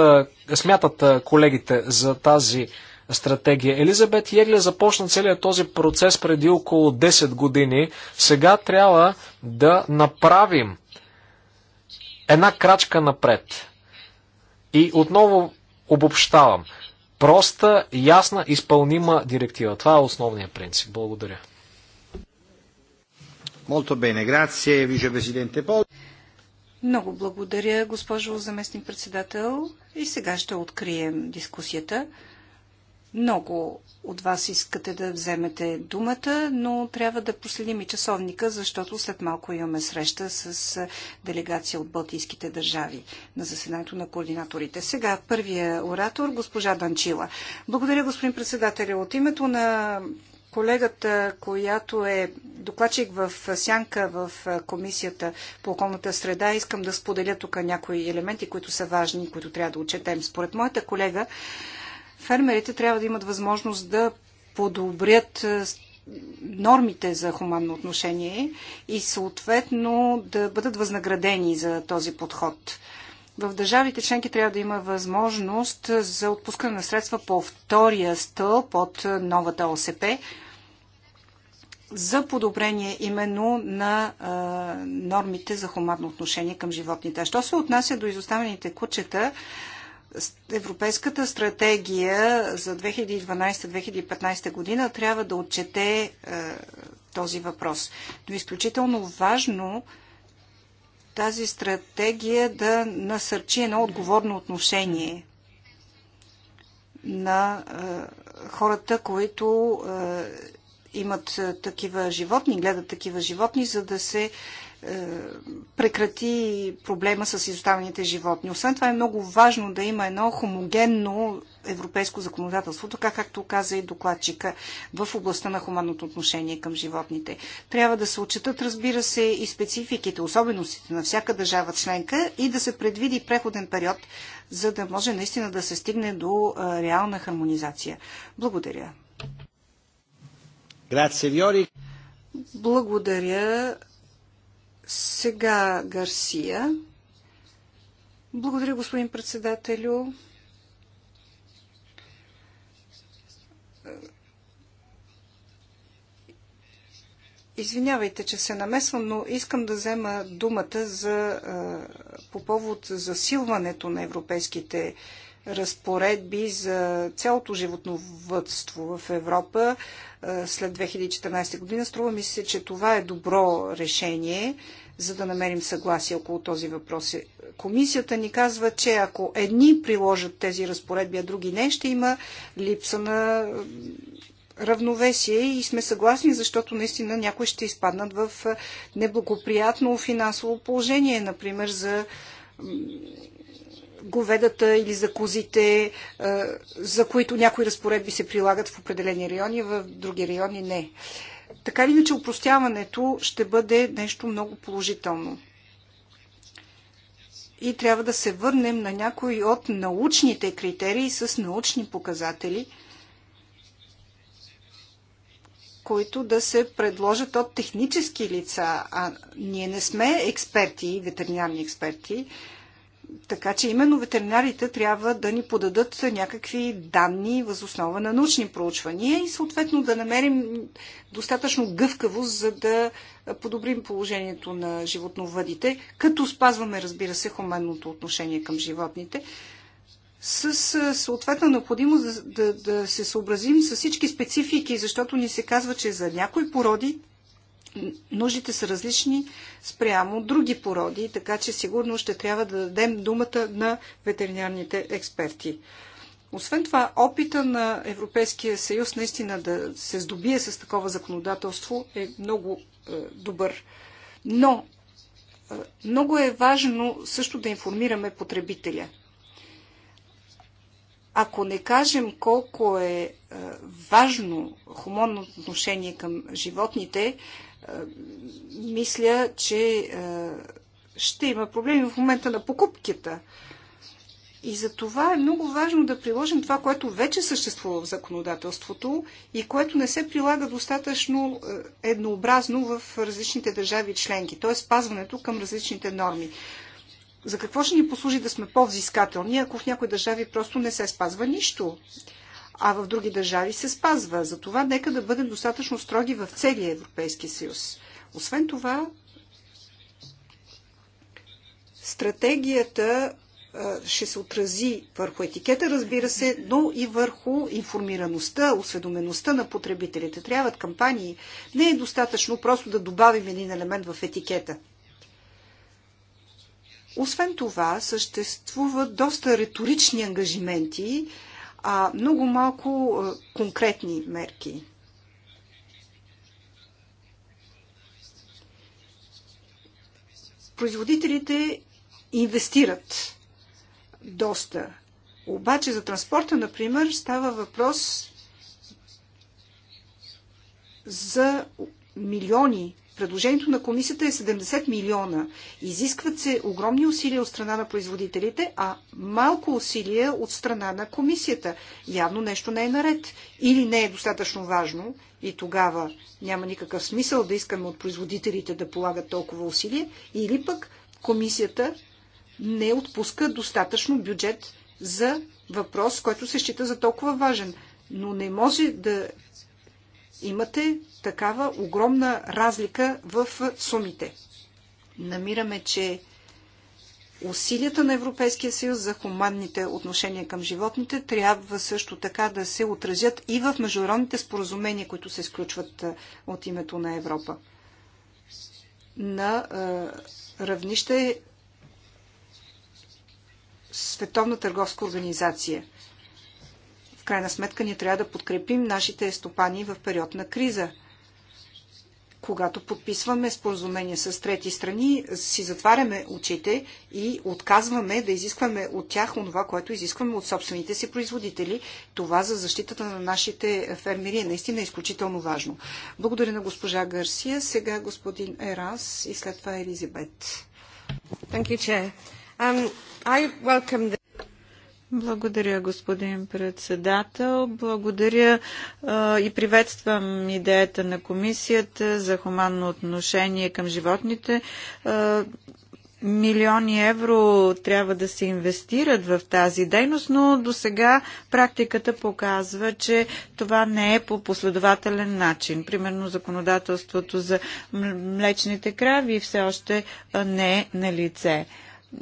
смятат колегите за тази стратегия. Елизабет Егле започна целият този процес преди около 10 години. Сега трябва да направим една крачка напред. И отново обобщавам. Проста, ясна, изпълнима директива. Това е основният принцип. Благодаря. Molto bene, grazie, Пол. Много благодаря, госпожо заместник председател. И сега ще открием дискусията. Много от вас искате да вземете думата, но трябва да проследим и часовника, защото след малко имаме среща с делегация от Балтийските държави на заседанието на координаторите. Сега първия оратор, госпожа Данчила. Благодаря, господин председател. От името на колегата, която е докладчик в сянка в Комисията по околната среда, искам да споделя тук някои елементи, които са важни, които трябва да отчетем. Според моята колега, фермерите трябва да имат възможност да подобрят нормите за хуманно отношение и съответно да бъдат възнаградени за този подход в държавите членки трябва да има възможност за отпускане на средства по втория стълб от новата ОСП за подобрение именно на а, нормите за хуманно отношение към животните. А що се отнася до изоставените кучета, Европейската стратегия за 2012-2015 година трябва да отчете а, този въпрос. Но изключително важно е тази стратегия да насърчи едно отговорно отношение на е, хората, които е, имат такива животни, гледат такива животни, за да се прекрати проблема с изоставените животни. Освен това е много важно да има едно хомогенно европейско законодателство, така както каза и докладчика в областта на хуманното отношение към животните. Трябва да се отчитат, разбира се, и спецификите, особеностите на всяка държава членка и да се предвиди преходен период, за да може наистина да се стигне до реална хармонизация. Благодаря. Грация, Виори. Благодаря. Сега Гарсия. Благодаря, господин председателю. Извинявайте, че се намесвам, но искам да взема думата за, по повод засилването на европейските разпоредби за цялото животновътство в Европа след 2014 година. Струва ми се, че това е добро решение, за да намерим съгласие около този въпрос комисията ни казва, че ако едни приложат тези разпоредби, а други не, ще има липса на равновесие и сме съгласни, защото наистина някои ще изпаднат в неблагоприятно финансово положение, например за говедата или за козите, за които някои разпоредби се прилагат в определени райони, в други райони не. Така или иначе, упростяването ще бъде нещо много положително и трябва да се върнем на някои от научните критерии с научни показатели, които да се предложат от технически лица. А ние не сме експерти, ветеринарни експерти, така че именно ветеринарите трябва да ни подадат някакви данни възоснова на научни проучвания и съответно да намерим достатъчно гъвкавост, за да подобрим положението на животновъдите, като спазваме, разбира се, хуманното отношение към животните с съответна необходимост да, да, да се съобразим с всички специфики, защото ни се казва, че за някои породи нуждите са различни спрямо други породи, така че сигурно ще трябва да дадем думата на ветеринарните експерти. Освен това, опита на Европейския съюз наистина да се здобие с такова законодателство е много е, добър. Но е, много е важно също да информираме потребителя. Ако не кажем колко е, е важно хуманно отношение към животните, мисля, че ще има проблеми в момента на покупките. И за това е много важно да приложим това, което вече съществува в законодателството и което не се прилага достатъчно еднообразно в различните държави членки, т.е. спазването към различните норми. За какво ще ни послужи да сме по-взискателни, ако в някои държави просто не се спазва нищо? а в други държави се спазва. Затова нека да бъдем достатъчно строги в целия Европейски съюз. Освен това, стратегията ще се отрази върху етикета, разбира се, но и върху информираността, осведомеността на потребителите. Трябват кампании. Не е достатъчно просто да добавим един елемент в етикета. Освен това, съществуват доста риторични ангажименти, а много малко конкретни мерки. Производителите инвестират доста. Обаче за транспорта, например, става въпрос за милиони Предложението на комисията е 70 милиона. Изискват се огромни усилия от страна на производителите, а малко усилия от страна на комисията. Явно нещо не е наред. Или не е достатъчно важно и тогава няма никакъв смисъл да искаме от производителите да полагат толкова усилия, или пък комисията не отпуска достатъчно бюджет за въпрос, който се счита за толкова важен. Но не може да имате такава огромна разлика в сумите. Намираме, че усилията на Европейския съюз за хуманните отношения към животните трябва също така да се отразят и в международните споразумения, които се изключват от името на Европа. На е, равнище Световна търговска организация – крайна сметка ние трябва да подкрепим нашите стопани в период на криза. Когато подписваме споразумение с трети страни, си затваряме очите и отказваме да изискваме от тях онова, което изискваме от собствените си производители. Това за защитата на нашите фермери е наистина изключително важно. Благодаря на госпожа Гарсия. Сега господин Еранс и след това Елизабет. Thank you, Chair. Um, I welcome the... Благодаря, господин председател. Благодаря а, и приветствам идеята на комисията за хуманно отношение към животните. А, милиони евро трябва да се инвестират в тази дейност, но до сега практиката показва, че това не е по последователен начин. Примерно законодателството за млечните крави все още не е на лице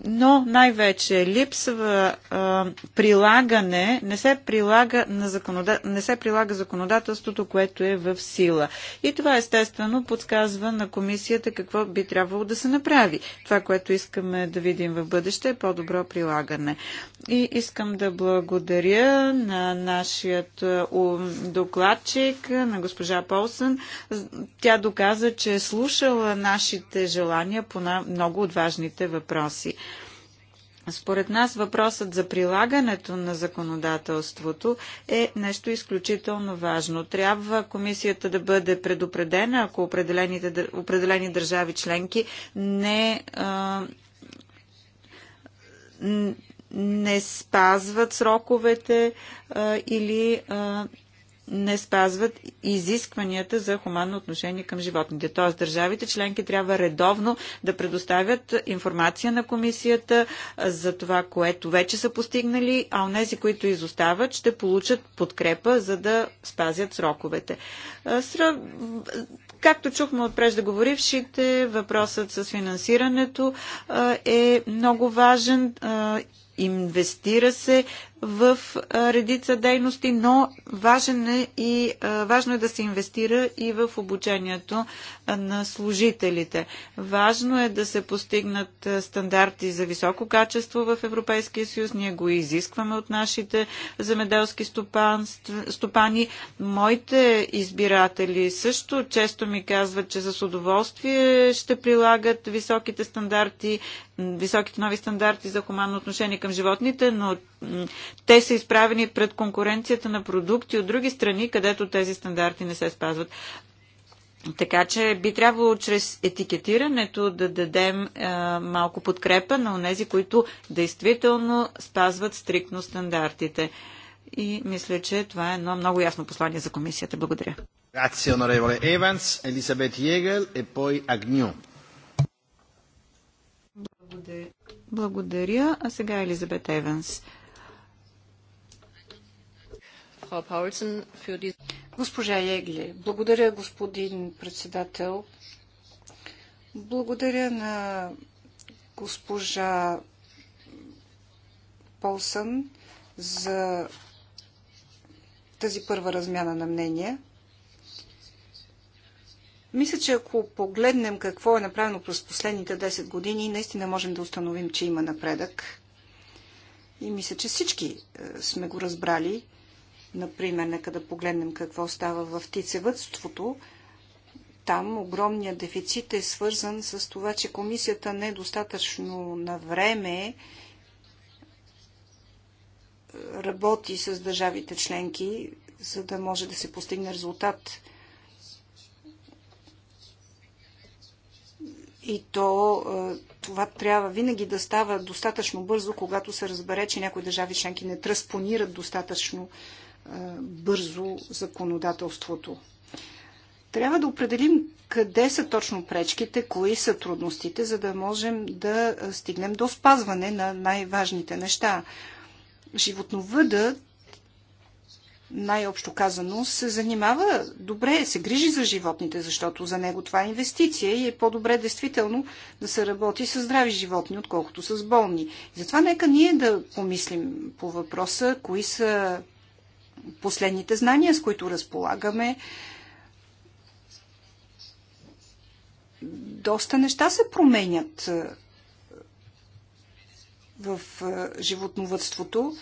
но най-вече липсва а, прилагане, не се прилага, на законода... не се прилага законодателството, което е в сила. И това естествено подсказва на комисията какво би трябвало да се направи. Това, което искаме да видим в бъдеще е по-добро прилагане. И искам да благодаря на нашият докладчик, на госпожа Полсън. Тя доказа, че е слушала нашите желания по много от важните въпроси. Според нас въпросът за прилагането на законодателството е нещо изключително важно. Трябва комисията да бъде предупредена, ако определени държави членки не, а, не спазват сроковете а, или а, не спазват изискванията за хуманно отношение към животните. Т.е. държавите членки трябва редовно да предоставят информация на комисията за това, което вече са постигнали, а онези, които изостават, ще получат подкрепа, за да спазят сроковете. Както чухме от преждеговорившите, въпросът с финансирането е много важен. Инвестира се в редица дейности, но важен е и, важно е да се инвестира и в обучението на служителите. Важно е да се постигнат стандарти за високо качество в Европейския съюз. Ние го изискваме от нашите земеделски стопани. Моите избиратели също често ми казват, че с удоволствие ще прилагат високите стандарти, високите нови стандарти за хуманно отношение към животните, но те са изправени пред конкуренцията на продукти от други страни, където тези стандарти не се спазват. Така че би трябвало чрез етикетирането да дадем е, малко подкрепа на онези, които действително спазват стриктно стандартите. И мисля, че това е едно много ясно послание за комисията. Благодаря. Grazie onorevole Evans, Elisabeth e poi Agnew. Благодаря. А сега Елизабет Еванс. Госпожа Егли, благодаря, господин председател. Благодаря на госпожа Полсън за тази първа размяна на мнения. Мисля, че ако погледнем какво е направено през последните 10 години, наистина можем да установим, че има напредък. И мисля, че всички е, сме го разбрали. Например, нека да погледнем какво става в птицевътството. Там огромният дефицит е свързан с това, че комисията недостатъчно е на време е, работи с държавите членки, за да може да се постигне резултат. И то е, това трябва винаги да става достатъчно бързо, когато се разбере, че някои държави членки не транспонират достатъчно бързо законодателството. Трябва да определим къде са точно пречките, кои са трудностите, за да можем да стигнем до спазване на най-важните неща. Животновъдът, най-общо казано, се занимава добре, се грижи за животните, защото за него това е инвестиция и е по-добре действително да се работи с здрави животни, отколкото с болни. И затова нека ние да помислим по въпроса, кои са последните знания, с които разполагаме. Доста неща се променят в животновътството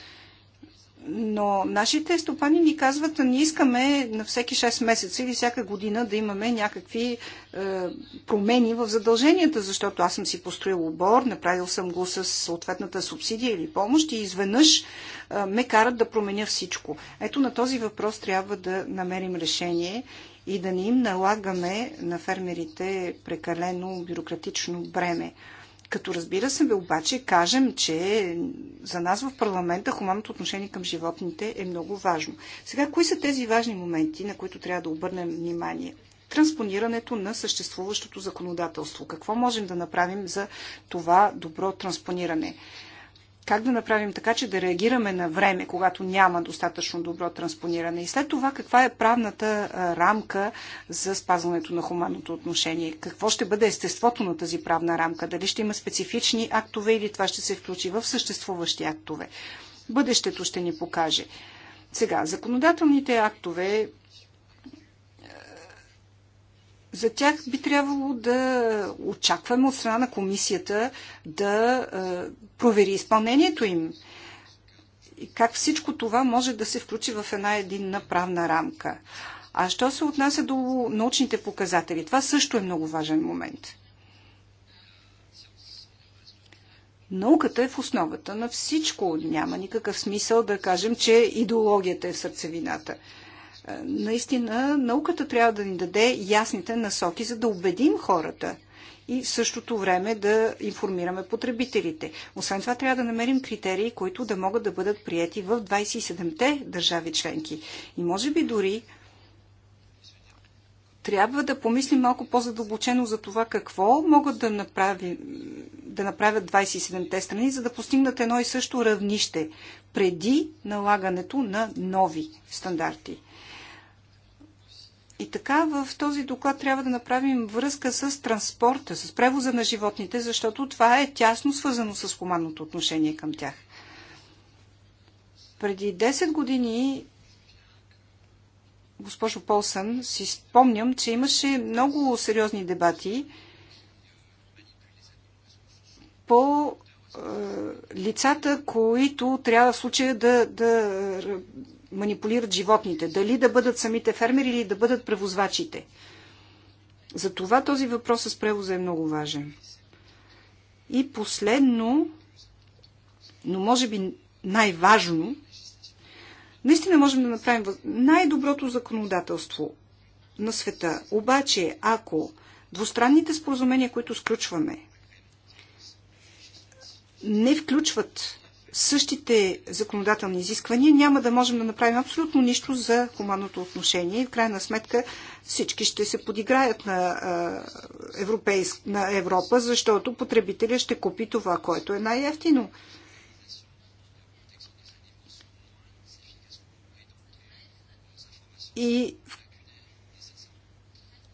но нашите стопани ни казват, ние искаме на всеки 6 месеца или всяка година да имаме някакви е, промени в задълженията, защото аз съм си построил обор, направил съм го с съответната субсидия или помощ и изведнъж е, ме карат да променя всичко. Ето на този въпрос трябва да намерим решение и да не им налагаме на фермерите прекалено бюрократично бреме. Като разбира се, бе, обаче кажем, че за нас в парламента хуманното отношение към животните е много важно. Сега, кои са тези важни моменти, на които трябва да обърнем внимание? транспонирането на съществуващото законодателство. Какво можем да направим за това добро транспониране? как да направим така, че да реагираме на време, когато няма достатъчно добро транспониране. И след това, каква е правната рамка за спазването на хуманното отношение? Какво ще бъде естеството на тази правна рамка? Дали ще има специфични актове или това ще се включи в съществуващи актове? Бъдещето ще ни покаже. Сега, законодателните актове за тях би трябвало да очакваме от страна на комисията да е, провери изпълнението им. И как всичко това може да се включи в една единна правна рамка. А що се отнася до научните показатели? Това също е много важен момент. Науката е в основата на всичко. Няма никакъв смисъл да кажем, че идеологията е в сърцевината. Е, наистина науката трябва да ни даде ясните насоки, за да убедим хората и в същото време да информираме потребителите. Освен това, трябва да намерим критерии, които да могат да бъдат прияти в 27-те държави членки. И може би дори трябва да помислим малко по-задълбочено за това какво могат да, направи, да направят 27-те страни, за да постигнат едно и също равнище преди налагането на нови стандарти. И така в този доклад трябва да направим връзка с транспорта, с превоза на животните, защото това е тясно свързано с хуманното отношение към тях. Преди 10 години, госпожо Полсън, си спомням, че имаше много сериозни дебати по е, лицата, които трябва в случая да, да манипулират животните. Дали да бъдат самите фермери или да бъдат превозвачите. Затова този въпрос с превоза е много важен. И последно, но може би най-важно, наистина можем да направим най-доброто законодателство на света. Обаче, ако двустранните споразумения, които сключваме, не включват същите законодателни изисквания, няма да можем да направим абсолютно нищо за хуманното отношение в крайна сметка всички ще се подиграят на, на Европа, защото потребителя ще купи това, което е най-ефтино. И в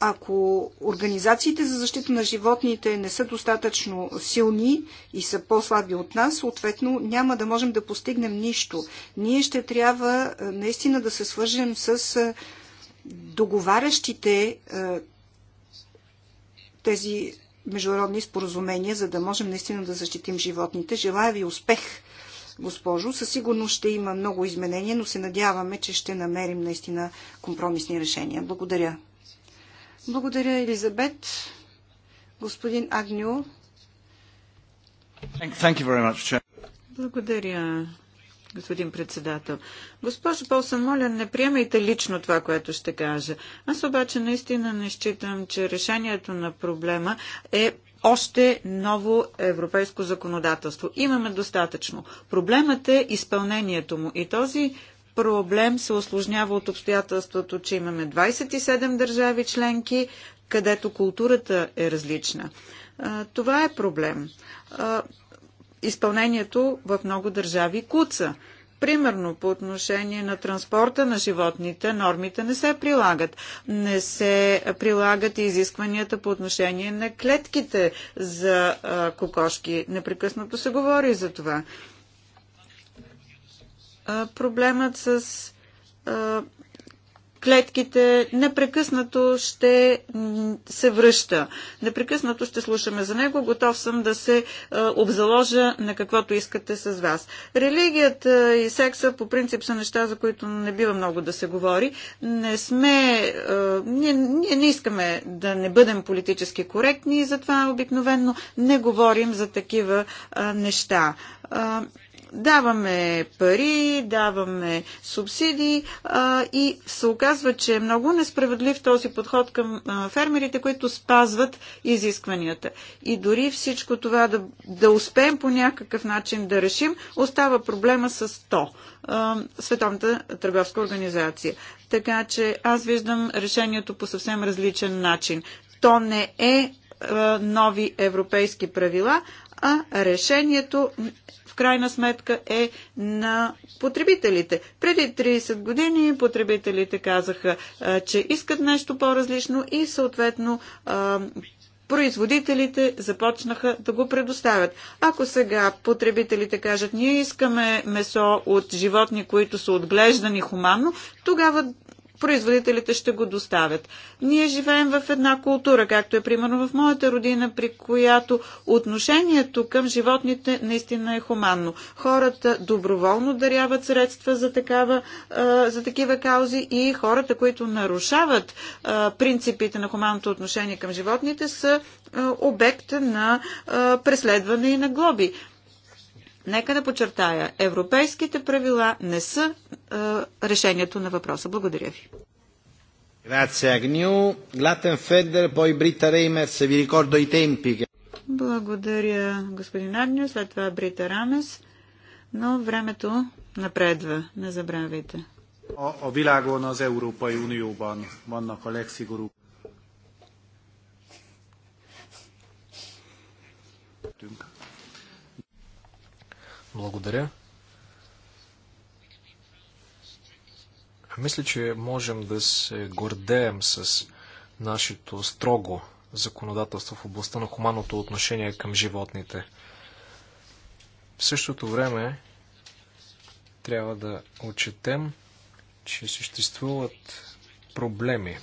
ако организациите за защита на животните не са достатъчно силни и са по-слаби от нас, съответно няма да можем да постигнем нищо. Ние ще трябва е, наистина да се свържем с е, договарящите е, тези международни споразумения, за да можем наистина да защитим животните. Желая ви успех, госпожо. Със сигурност ще има много изменения, но се надяваме, че ще намерим наистина компромисни решения. Благодаря. Благодаря, Елизабет. Господин Агню. Благодаря, господин председател. Госпожо Полсън, моля, не приемайте лично това, което ще кажа. Аз обаче наистина не считам, че решението на проблема е още ново европейско законодателство. Имаме достатъчно. Проблемът е изпълнението му и този проблем се осложнява от обстоятелството, че имаме 27 държави членки, където културата е различна. Това е проблем. Изпълнението в много държави куца. Примерно по отношение на транспорта на животните, нормите не се прилагат. Не се прилагат и изискванията по отношение на клетките за кокошки. Непрекъснато се говори за това проблемът с клетките непрекъснато ще се връща. Непрекъснато ще слушаме за него. Готов съм да се обзаложа на каквото искате с вас. Религията и секса по принцип са неща, за които не бива много да се говори. Не сме, ние, ние не искаме да не бъдем политически коректни и затова обикновенно не говорим за такива неща даваме пари, даваме субсидии а, и се оказва, че е много несправедлив този подход към а, фермерите, които спазват изискванията. И дори всичко това да, да успеем по някакъв начин да решим, остава проблема с 100. А, Световната търговска организация. Така че аз виждам решението по съвсем различен начин. То не е нови европейски правила, а решението в крайна сметка е на потребителите. Преди 30 години потребителите казаха, че искат нещо по-различно и съответно производителите започнаха да го предоставят. Ако сега потребителите кажат, ние искаме месо от животни, които са отглеждани хуманно, тогава производителите ще го доставят. Ние живеем в една култура, както е примерно в моята родина, при която отношението към животните наистина е хуманно. Хората доброволно даряват средства за, такава, за такива каузи и хората, които нарушават принципите на хуманното отношение към животните, са обект на преследване и на глоби. Нека да подчертая, европейските правила не са е, решението на въпроса. Благодаря ви. Благодаря, господин Агню. След това Брита Рамес. Но времето напредва. Не забравяйте. A világon az Európai Unióban vannak a legszigorúbb. Благодаря. Мисля, че можем да се гордеем с нашето строго законодателство в областта на хуманното отношение към животните. В същото време трябва да отчетем, че съществуват проблеми,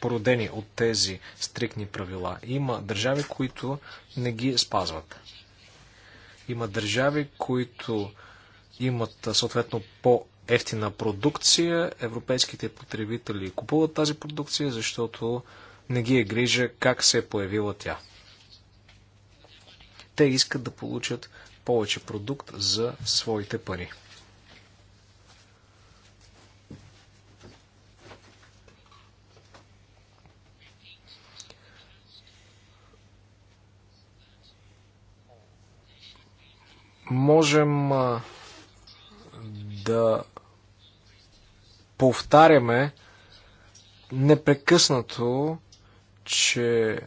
породени от тези стрикни правила. Има държави, които не ги спазват. Има държави, които имат съответно по-ефтина продукция. Европейските потребители купуват тази продукция, защото не ги е грижа как се е появила тя. Те искат да получат повече продукт за своите пари. можем да повтаряме непрекъснато, че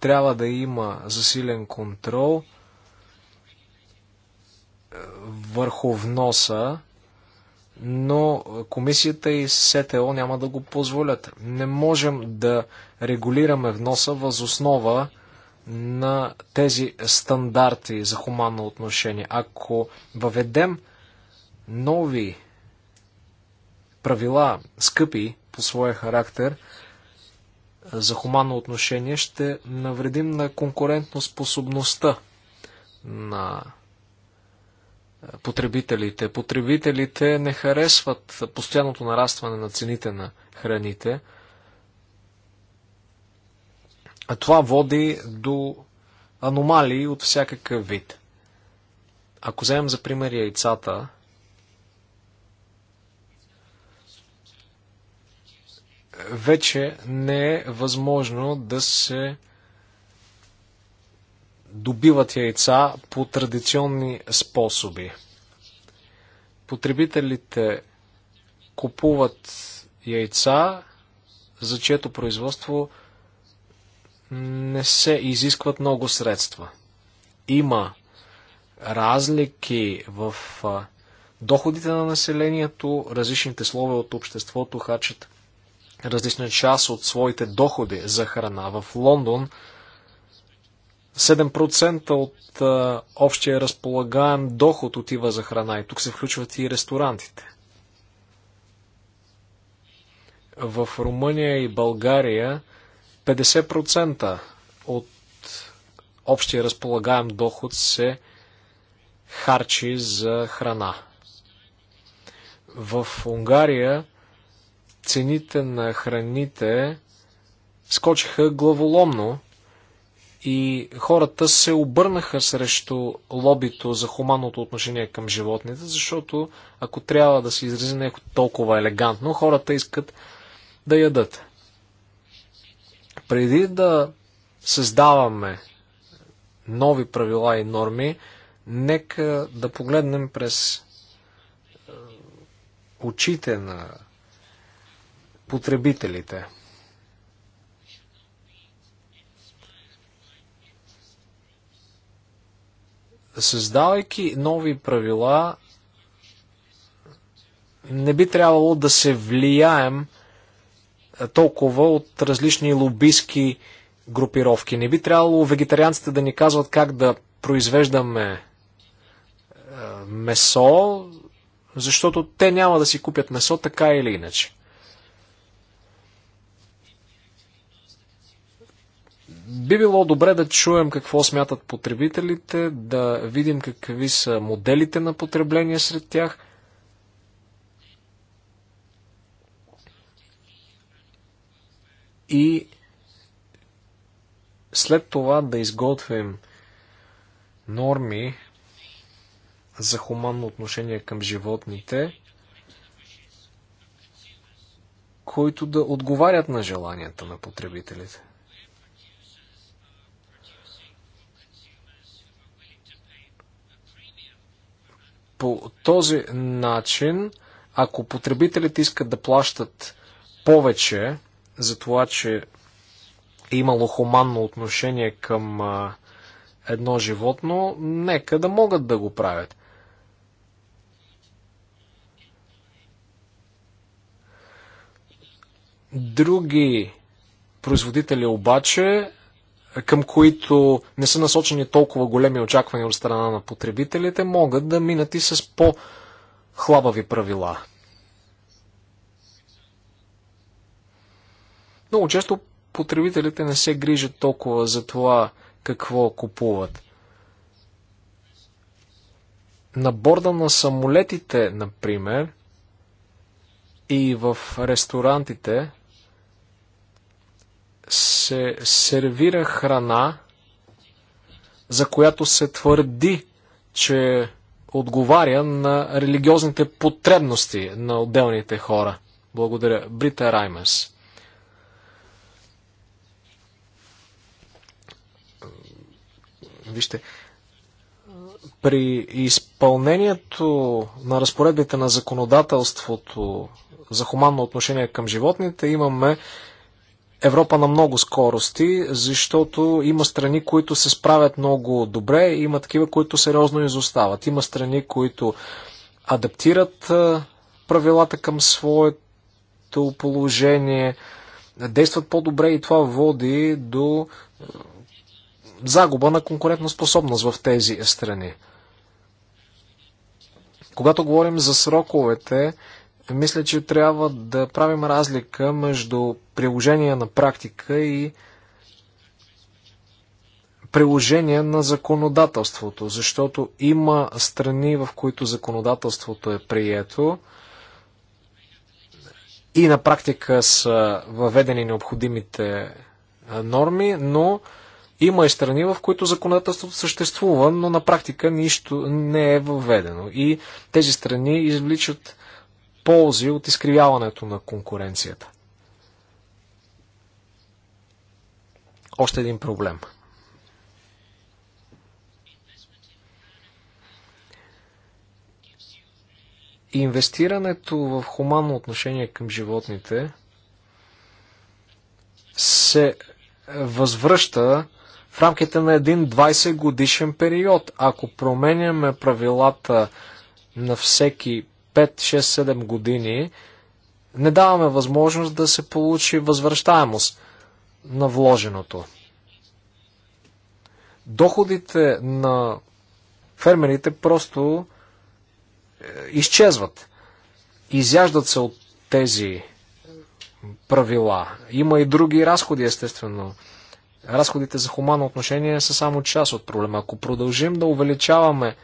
трябва да има засилен контрол е, върху вноса, но комисията и СТО няма да го позволят. Не можем да регулираме вноса възоснова основа на тези стандарти за хуманно отношение. Ако въведем нови правила, скъпи по своя характер, за хуманно отношение, ще навредим на конкурентно способността на потребителите. Потребителите не харесват постоянното нарастване на цените на храните – това води до аномалии от всякакъв вид. Ако вземем за пример яйцата, вече не е възможно да се добиват яйца по традиционни способи. Потребителите купуват яйца, за чието производство не се изискват много средства. Има разлики в доходите на населението, различните слове от обществото хачат различна част от своите доходи за храна. В Лондон 7% от а, общия разполагаем доход отива за храна и тук се включват и ресторантите. В Румъния и България 50% от общия разполагаем доход се харчи за храна. В Унгария цените на храните скочиха главоломно и хората се обърнаха срещу лобито за хуманното отношение към животните, защото ако трябва да се изрази някой толкова елегантно, хората искат да ядат. Преди да създаваме нови правила и норми, нека да погледнем през е, очите на потребителите. Създавайки нови правила, не би трябвало да се влияем толкова от различни лобистки групировки. Не би трябвало вегетарианците да ни казват как да произвеждаме е, месо, защото те няма да си купят месо така или иначе. Би било добре да чуем какво смятат потребителите, да видим какви са моделите на потребление сред тях – и след това да изготвим норми за хуманно отношение към животните, които да отговарят на желанията на потребителите. По този начин, ако потребителите искат да плащат повече за това, че е имало хуманно отношение към едно животно, нека да могат да го правят. Други производители обаче, към които не са насочени толкова големи очаквания от страна на потребителите, могат да минат и с по-хлабави правила. Много често потребителите не се грижат толкова за това какво купуват. На борда на самолетите, например, и в ресторантите се сервира храна, за която се твърди, че отговаря на религиозните потребности на отделните хора. Благодаря. Брита Раймес. Вижте, при изпълнението на разпоредбите на законодателството за хуманно отношение към животните имаме Европа на много скорости, защото има страни, които се справят много добре, има такива, които сериозно изостават. Има страни, които адаптират правилата към своето положение, действат по-добре и това води до загуба на конкурентна способност в тези страни. Когато говорим за сроковете, мисля, че трябва да правим разлика между приложение на практика и приложение на законодателството, защото има страни, в които законодателството е прието и на практика са въведени необходимите норми, но има и страни, в които законодателството съществува, но на практика нищо не е въведено. И тези страни извличат ползи от изкривяването на конкуренцията. Още един проблем. Инвестирането в хуманно отношение към животните се възвръща в рамките на един 20 годишен период. Ако променяме правилата на всеки 5, 6, 7 години, не даваме възможност да се получи възвръщаемост на вложеното. Доходите на фермерите просто е, изчезват. Изяждат се от тези правила. Има и други разходи, естествено, разходите за хуманно отношение са само част от проблема. Ако продължим да увеличаваме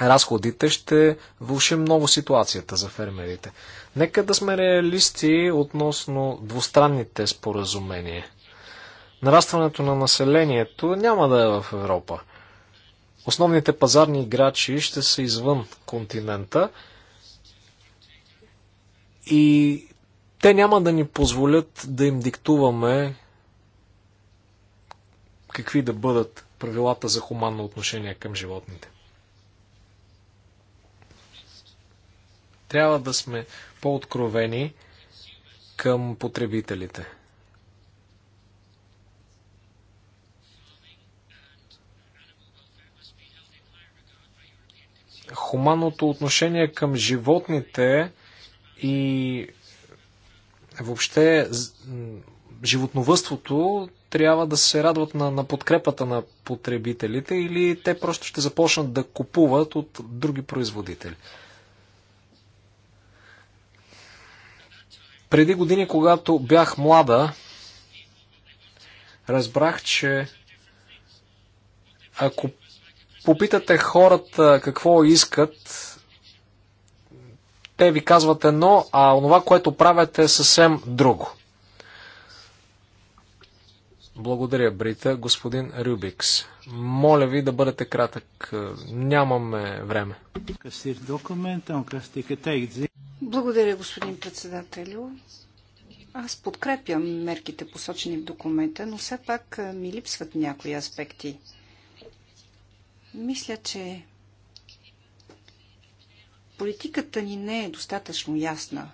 разходите, ще влушим много ситуацията за фермерите. Нека да сме реалисти относно двустранните споразумения. Нарастването на населението няма да е в Европа. Основните пазарни играчи ще са извън континента и те няма да ни позволят да им диктуваме какви да бъдат правилата за хуманно отношение към животните. Трябва да сме по-откровени към потребителите. хуманното отношение към животните и въобще животновътството трябва да се радват на, на подкрепата на потребителите или те просто ще започнат да купуват от други производители. Преди години, когато бях млада, разбрах, че ако попитате хората какво искат, те ви казват едно, а онова, което правят е съвсем друго. Благодаря, Брита. Господин Рюбикс, моля ви да бъдете кратък. Нямаме време. Благодаря, господин председателю. Аз подкрепям мерките посочени в документа, но все пак ми липсват някои аспекти. Мисля, че политиката ни не е достатъчно ясна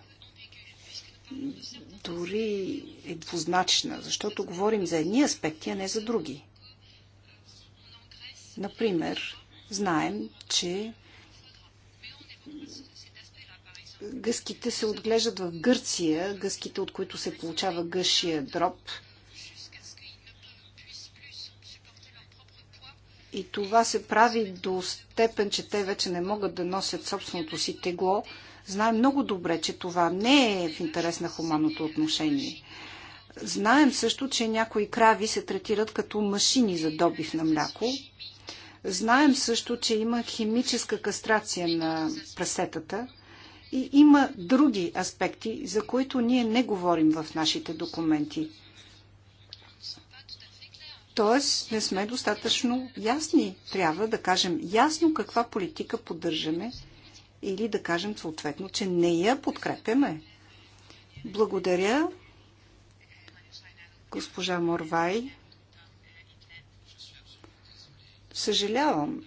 дори е двузначна, защото говорим за едни аспекти, а не за други. Например, знаем, че гъските се отглеждат в Гърция, гъските, от които се получава гъшия дроб. И това се прави до степен, че те вече не могат да носят собственото си тегло, Знаем много добре, че това не е в интерес на хуманното отношение. Знаем също, че някои крави се третират като машини за добив на мляко. Знаем също, че има химическа кастрация на прасетата и има други аспекти, за които ние не говорим в нашите документи. Тоест, не сме достатъчно ясни. Трябва да кажем ясно каква политика поддържаме или да кажем съответно, че не я подкрепяме. Благодаря, госпожа Морвай. Съжалявам,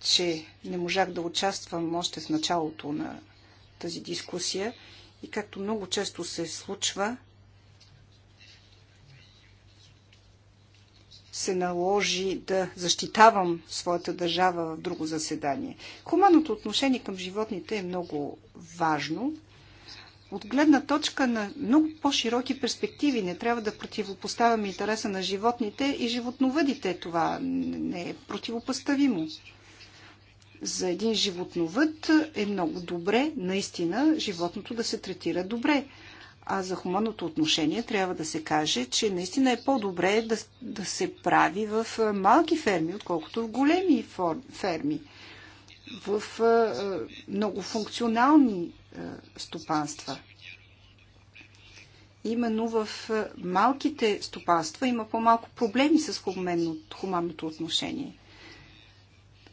че не можах да участвам още в началото на тази дискусия и както много често се случва, се наложи да защитавам своята държава в друго заседание. Хуманното отношение към животните е много важно. От гледна точка на много по-широки перспективи не трябва да противопоставяме интереса на животните и животновъдите. Това не е противопоставимо за един животновът е много добре, наистина, животното да се третира добре. А за хуманното отношение трябва да се каже, че наистина е по-добре да, да се прави в малки ферми, отколкото в големи ферми, в многофункционални стопанства. Именно в малките стопанства има по-малко проблеми с хуманното отношение.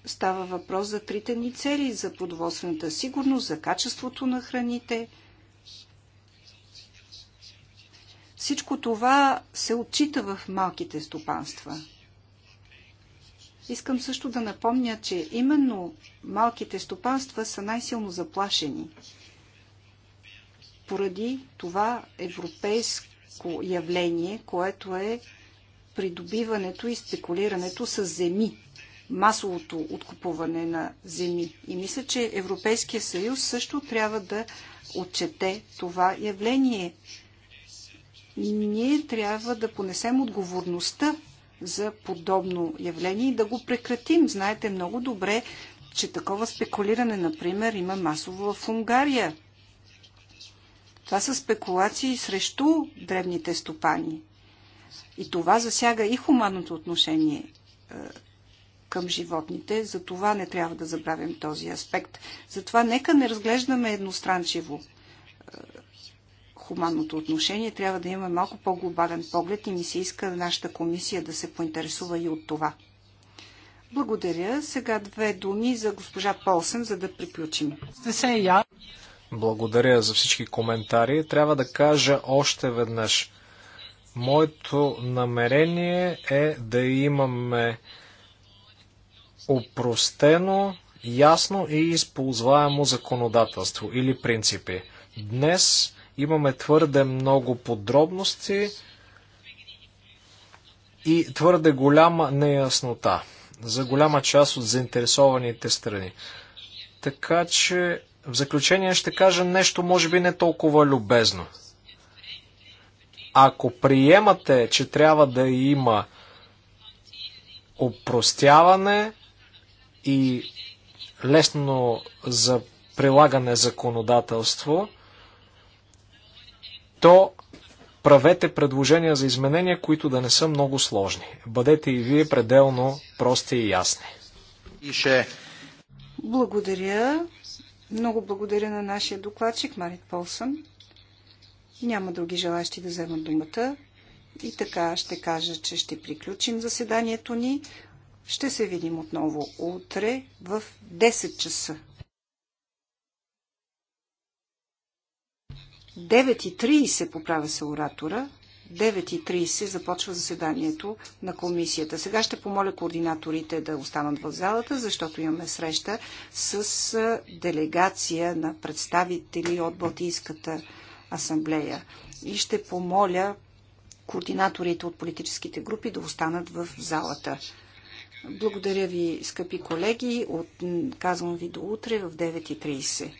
Става въпрос за трите ни цели, за продоволствената сигурност, за качеството на храните – Всичко това се отчита в малките стопанства. Искам също да напомня, че именно малките стопанства са най-силно заплашени. Поради това европейско явление, което е придобиването и спекулирането с земи, масовото откупуване на земи. И мисля, че Европейския съюз също трябва да отчете това явление ние трябва да понесем отговорността за подобно явление и да го прекратим. Знаете много добре, че такова спекулиране, например, има масово в Унгария. Това са спекулации срещу древните стопани. И това засяга и хуманното отношение е, към животните. За това не трябва да забравим този аспект. Затова нека не разглеждаме едностранчиво е, хуманното отношение, трябва да имаме малко по-глобален поглед и ми се иска нашата комисия да се поинтересува и от това. Благодаря. Сега две думи за госпожа Полсен, за да приключим. Благодаря за всички коментари. Трябва да кажа още веднъж. Моето намерение е да имаме опростено, ясно и използваемо законодателство или принципи. Днес Имаме твърде много подробности и твърде голяма неяснота за голяма част от заинтересованите страни. Така че в заключение ще кажа нещо, може би не толкова любезно. Ако приемате, че трябва да има опростяване и лесно за прилагане законодателство, то правете предложения за изменения, които да не са много сложни. Бъдете и вие пределно прости и ясни. И ще... Благодаря. Много благодаря на нашия докладчик Марит Полсън. Няма други желащи да вземат думата. И така ще кажа, че ще приключим заседанието ни. Ще се видим отново утре в 10 часа. 9.30 поправя се оратора. 9.30 започва заседанието на комисията. Сега ще помоля координаторите да останат в залата, защото имаме среща с делегация на представители от Балтийската асамблея. И ще помоля координаторите от политическите групи да останат в залата. Благодаря ви, скъпи колеги. От, казвам ви до утре в 9.30.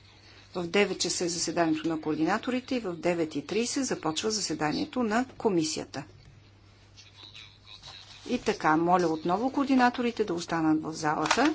В 9 часа е заседанието на координаторите и в 9.30 започва заседанието на комисията. И така, моля отново координаторите да останат в залата.